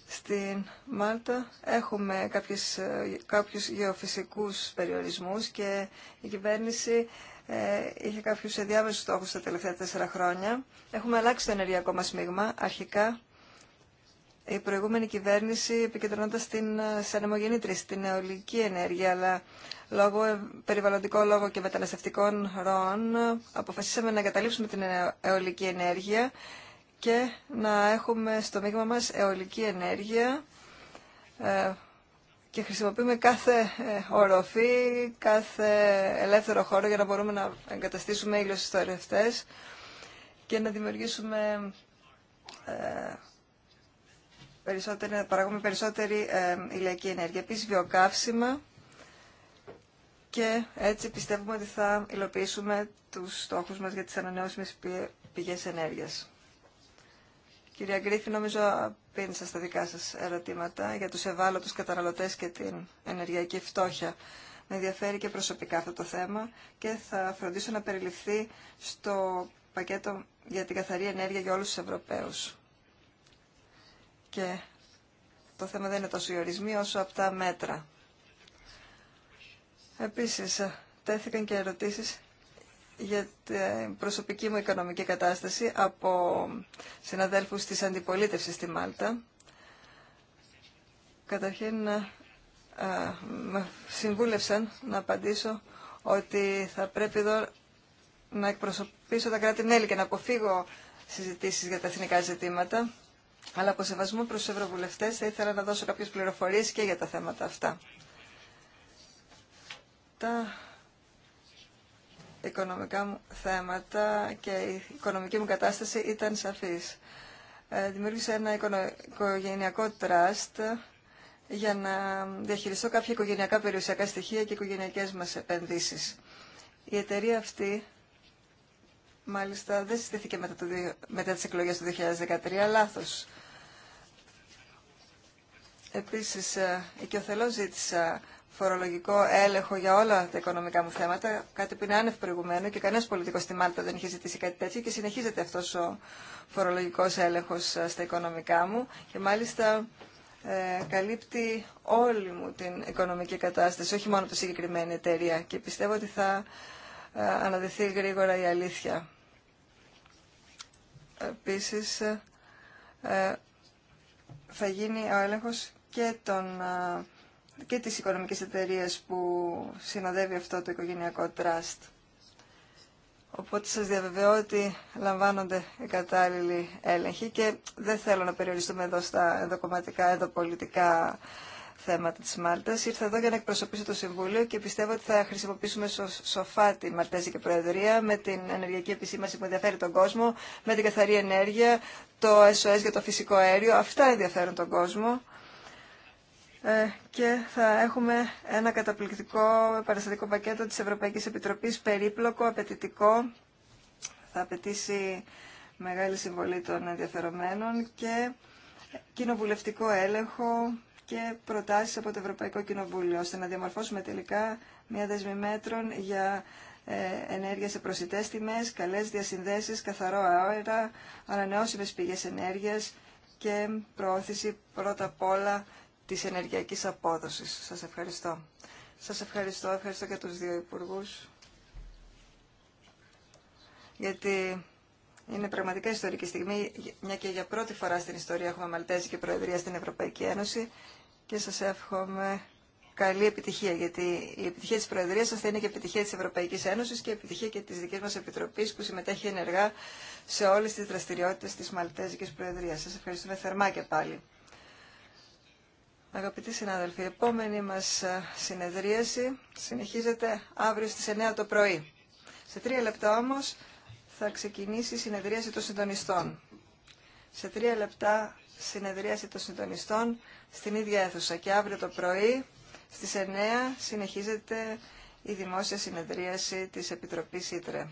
B: Στην Μάλτα έχουμε κάποιες, ε, κάποιους γεωφυσικούς περιορισμούς και η κυβέρνηση ε, είχε κάποιους ενδιάμεσους στόχους τα τελευταία τέσσερα χρόνια. Έχουμε αλλάξει το ενεργειακό μας μείγμα. Αρχικά η προηγούμενη κυβέρνηση επικεντρωνόταν στην ε, ανεμογεννήτρη, στην αιωλική ενέργεια, αλλά λόγω περιβαλλοντικών λόγων και μεταναστευτικών ροών αποφασίσαμε να εγκαταλείψουμε την αιωλική ενέργεια και να έχουμε στο μείγμα μας αιωλική ενέργεια ε, και χρησιμοποιούμε κάθε ε, οροφή, κάθε ελεύθερο χώρο για να μπορούμε να εγκαταστήσουμε ήλιος στους και να δημιουργήσουμε ε, περισσότερη, να παράγουμε περισσότερη ηλιακή ενέργεια. Επίσης βιοκαύσιμα και έτσι πιστεύουμε ότι θα υλοποιήσουμε τους στόχους μας για τις ανανεώσιμες πηγές ενέργειας. Κυρία Γκρίφη, νομίζω πίνησα στα δικά σας ερωτήματα για τους ευάλωτους καταναλωτές και την ενεργειακή φτώχεια. Με ενδιαφέρει και προσωπικά αυτό το θέμα και θα φροντίσω να περιληφθεί στο πακέτο για την καθαρή ενέργεια για όλους τους Ευρωπαίους. Και το θέμα δεν είναι τόσο οι ορισμοί όσο τα μέτρα. Επίσης, τέθηκαν και ερωτήσεις για την προσωπική μου οικονομική κατάσταση από συναδέλφους της αντιπολίτευσης στη Μάλτα. Καταρχήν ε, με συμβούλευσαν να απαντήσω ότι θα πρέπει εδώ να εκπροσωπήσω τα κράτη-μέλη και να αποφύγω συζητήσεις για τα εθνικά ζητήματα. Αλλά από σεβασμό προς τους ευρωβουλευτές θα ήθελα να δώσω κάποιες πληροφορίες και για τα θέματα αυτά. Τα οικονομικά μου θέματα και η οικονομική μου κατάσταση ήταν σαφής. Ε, δημιούργησα ένα οικογενειακό τραστ για να διαχειριστώ κάποια οικογενειακά περιουσιακά στοιχεία και οικογενειακές μας επενδύσεις. Η εταιρεία αυτή μάλιστα δεν συστήθηκε μετά, το, μετά τις εκλογές του 2013, λάθος. Επίσης, ε, οικειοθελώς ζήτησα φορολογικό έλεγχο για όλα τα οικονομικά μου θέματα, κάτι που είναι άνευ προηγουμένου και κανένα πολιτικό στη Μάλτα δεν είχε ζητήσει κάτι τέτοιο και συνεχίζεται αυτό ο φορολογικό έλεγχο ε, στα οικονομικά μου και μάλιστα ε, καλύπτει όλη μου την οικονομική κατάσταση, όχι μόνο τη συγκεκριμένη εταιρεία και πιστεύω ότι θα ε, αναδεθεί γρήγορα η αλήθεια. Επίση θα γίνει ο έλεγχο και των και τις οικονομικές εταιρείες που συνοδεύει αυτό το οικογενειακό τραστ. Οπότε σας διαβεβαιώ ότι λαμβάνονται οι κατάλληλοι έλεγχοι και δεν θέλω να περιοριστούμε εδώ στα ενδοκομματικά, ενδοπολιτικά θέματα της Μάλτας. Ήρθα εδώ για να εκπροσωπήσω το Συμβούλιο και πιστεύω ότι θα χρησιμοποιήσουμε σοφά τη Μαλτέζικη Προεδρία με την ενεργειακή επισήμαση που ενδιαφέρει τον κόσμο, με την καθαρή ενέργεια, το SOS για το φυσικό αέριο. Αυτά ενδιαφέρουν τον κόσμο. Ε, και θα έχουμε ένα καταπληκτικό παραστατικό πακέτο της Ευρωπαϊκής Επιτροπής, περίπλοκο, απαιτητικό, θα απαιτήσει μεγάλη συμβολή των ενδιαφερομένων και κοινοβουλευτικό έλεγχο και προτάσεις από το Ευρωπαϊκό Κοινοβούλιο, ώστε να διαμορφώσουμε τελικά μια δεσμή μέτρων για ε, ενέργεια σε προσιτές τιμές, καλές διασυνδέσεις, καθαρό αέρα, ανανεώσιμες πηγές ενέργειας και προώθηση πρώτα απ' όλα της ενεργειακής απόδοσης. Σας ευχαριστώ. Σας ευχαριστώ, ευχαριστώ και τους δύο υπουργούς, γιατί είναι πραγματικά ιστορική στιγμή, μια και για πρώτη φορά στην ιστορία έχουμε Μαλτέζικη Προεδρία στην Ευρωπαϊκή Ένωση και σας εύχομαι καλή επιτυχία, γιατί η επιτυχία της Προεδρίας σας θα είναι και επιτυχία της Ευρωπαϊκής Ένωσης και επιτυχία και της δικής μας Επιτροπής που συμμετέχει ενεργά σε όλες τις δραστηριότητες της Μαλτέζικης Προεδρίας. Σας ευχαριστούμε θερμά και πάλι. Αγαπητοί συνάδελφοι, η επόμενη μας ε, συνεδρίαση συνεχίζεται αύριο στις 9 το πρωί. Σε τρία λεπτά όμως θα ξεκινήσει η συνεδρίαση των συντονιστών. Σε τρία λεπτά συνεδρίαση των συντονιστών στην ίδια αίθουσα και αύριο το πρωί στις 9 συνεχίζεται η δημόσια συνεδρίαση της Επιτροπής Ήτρε.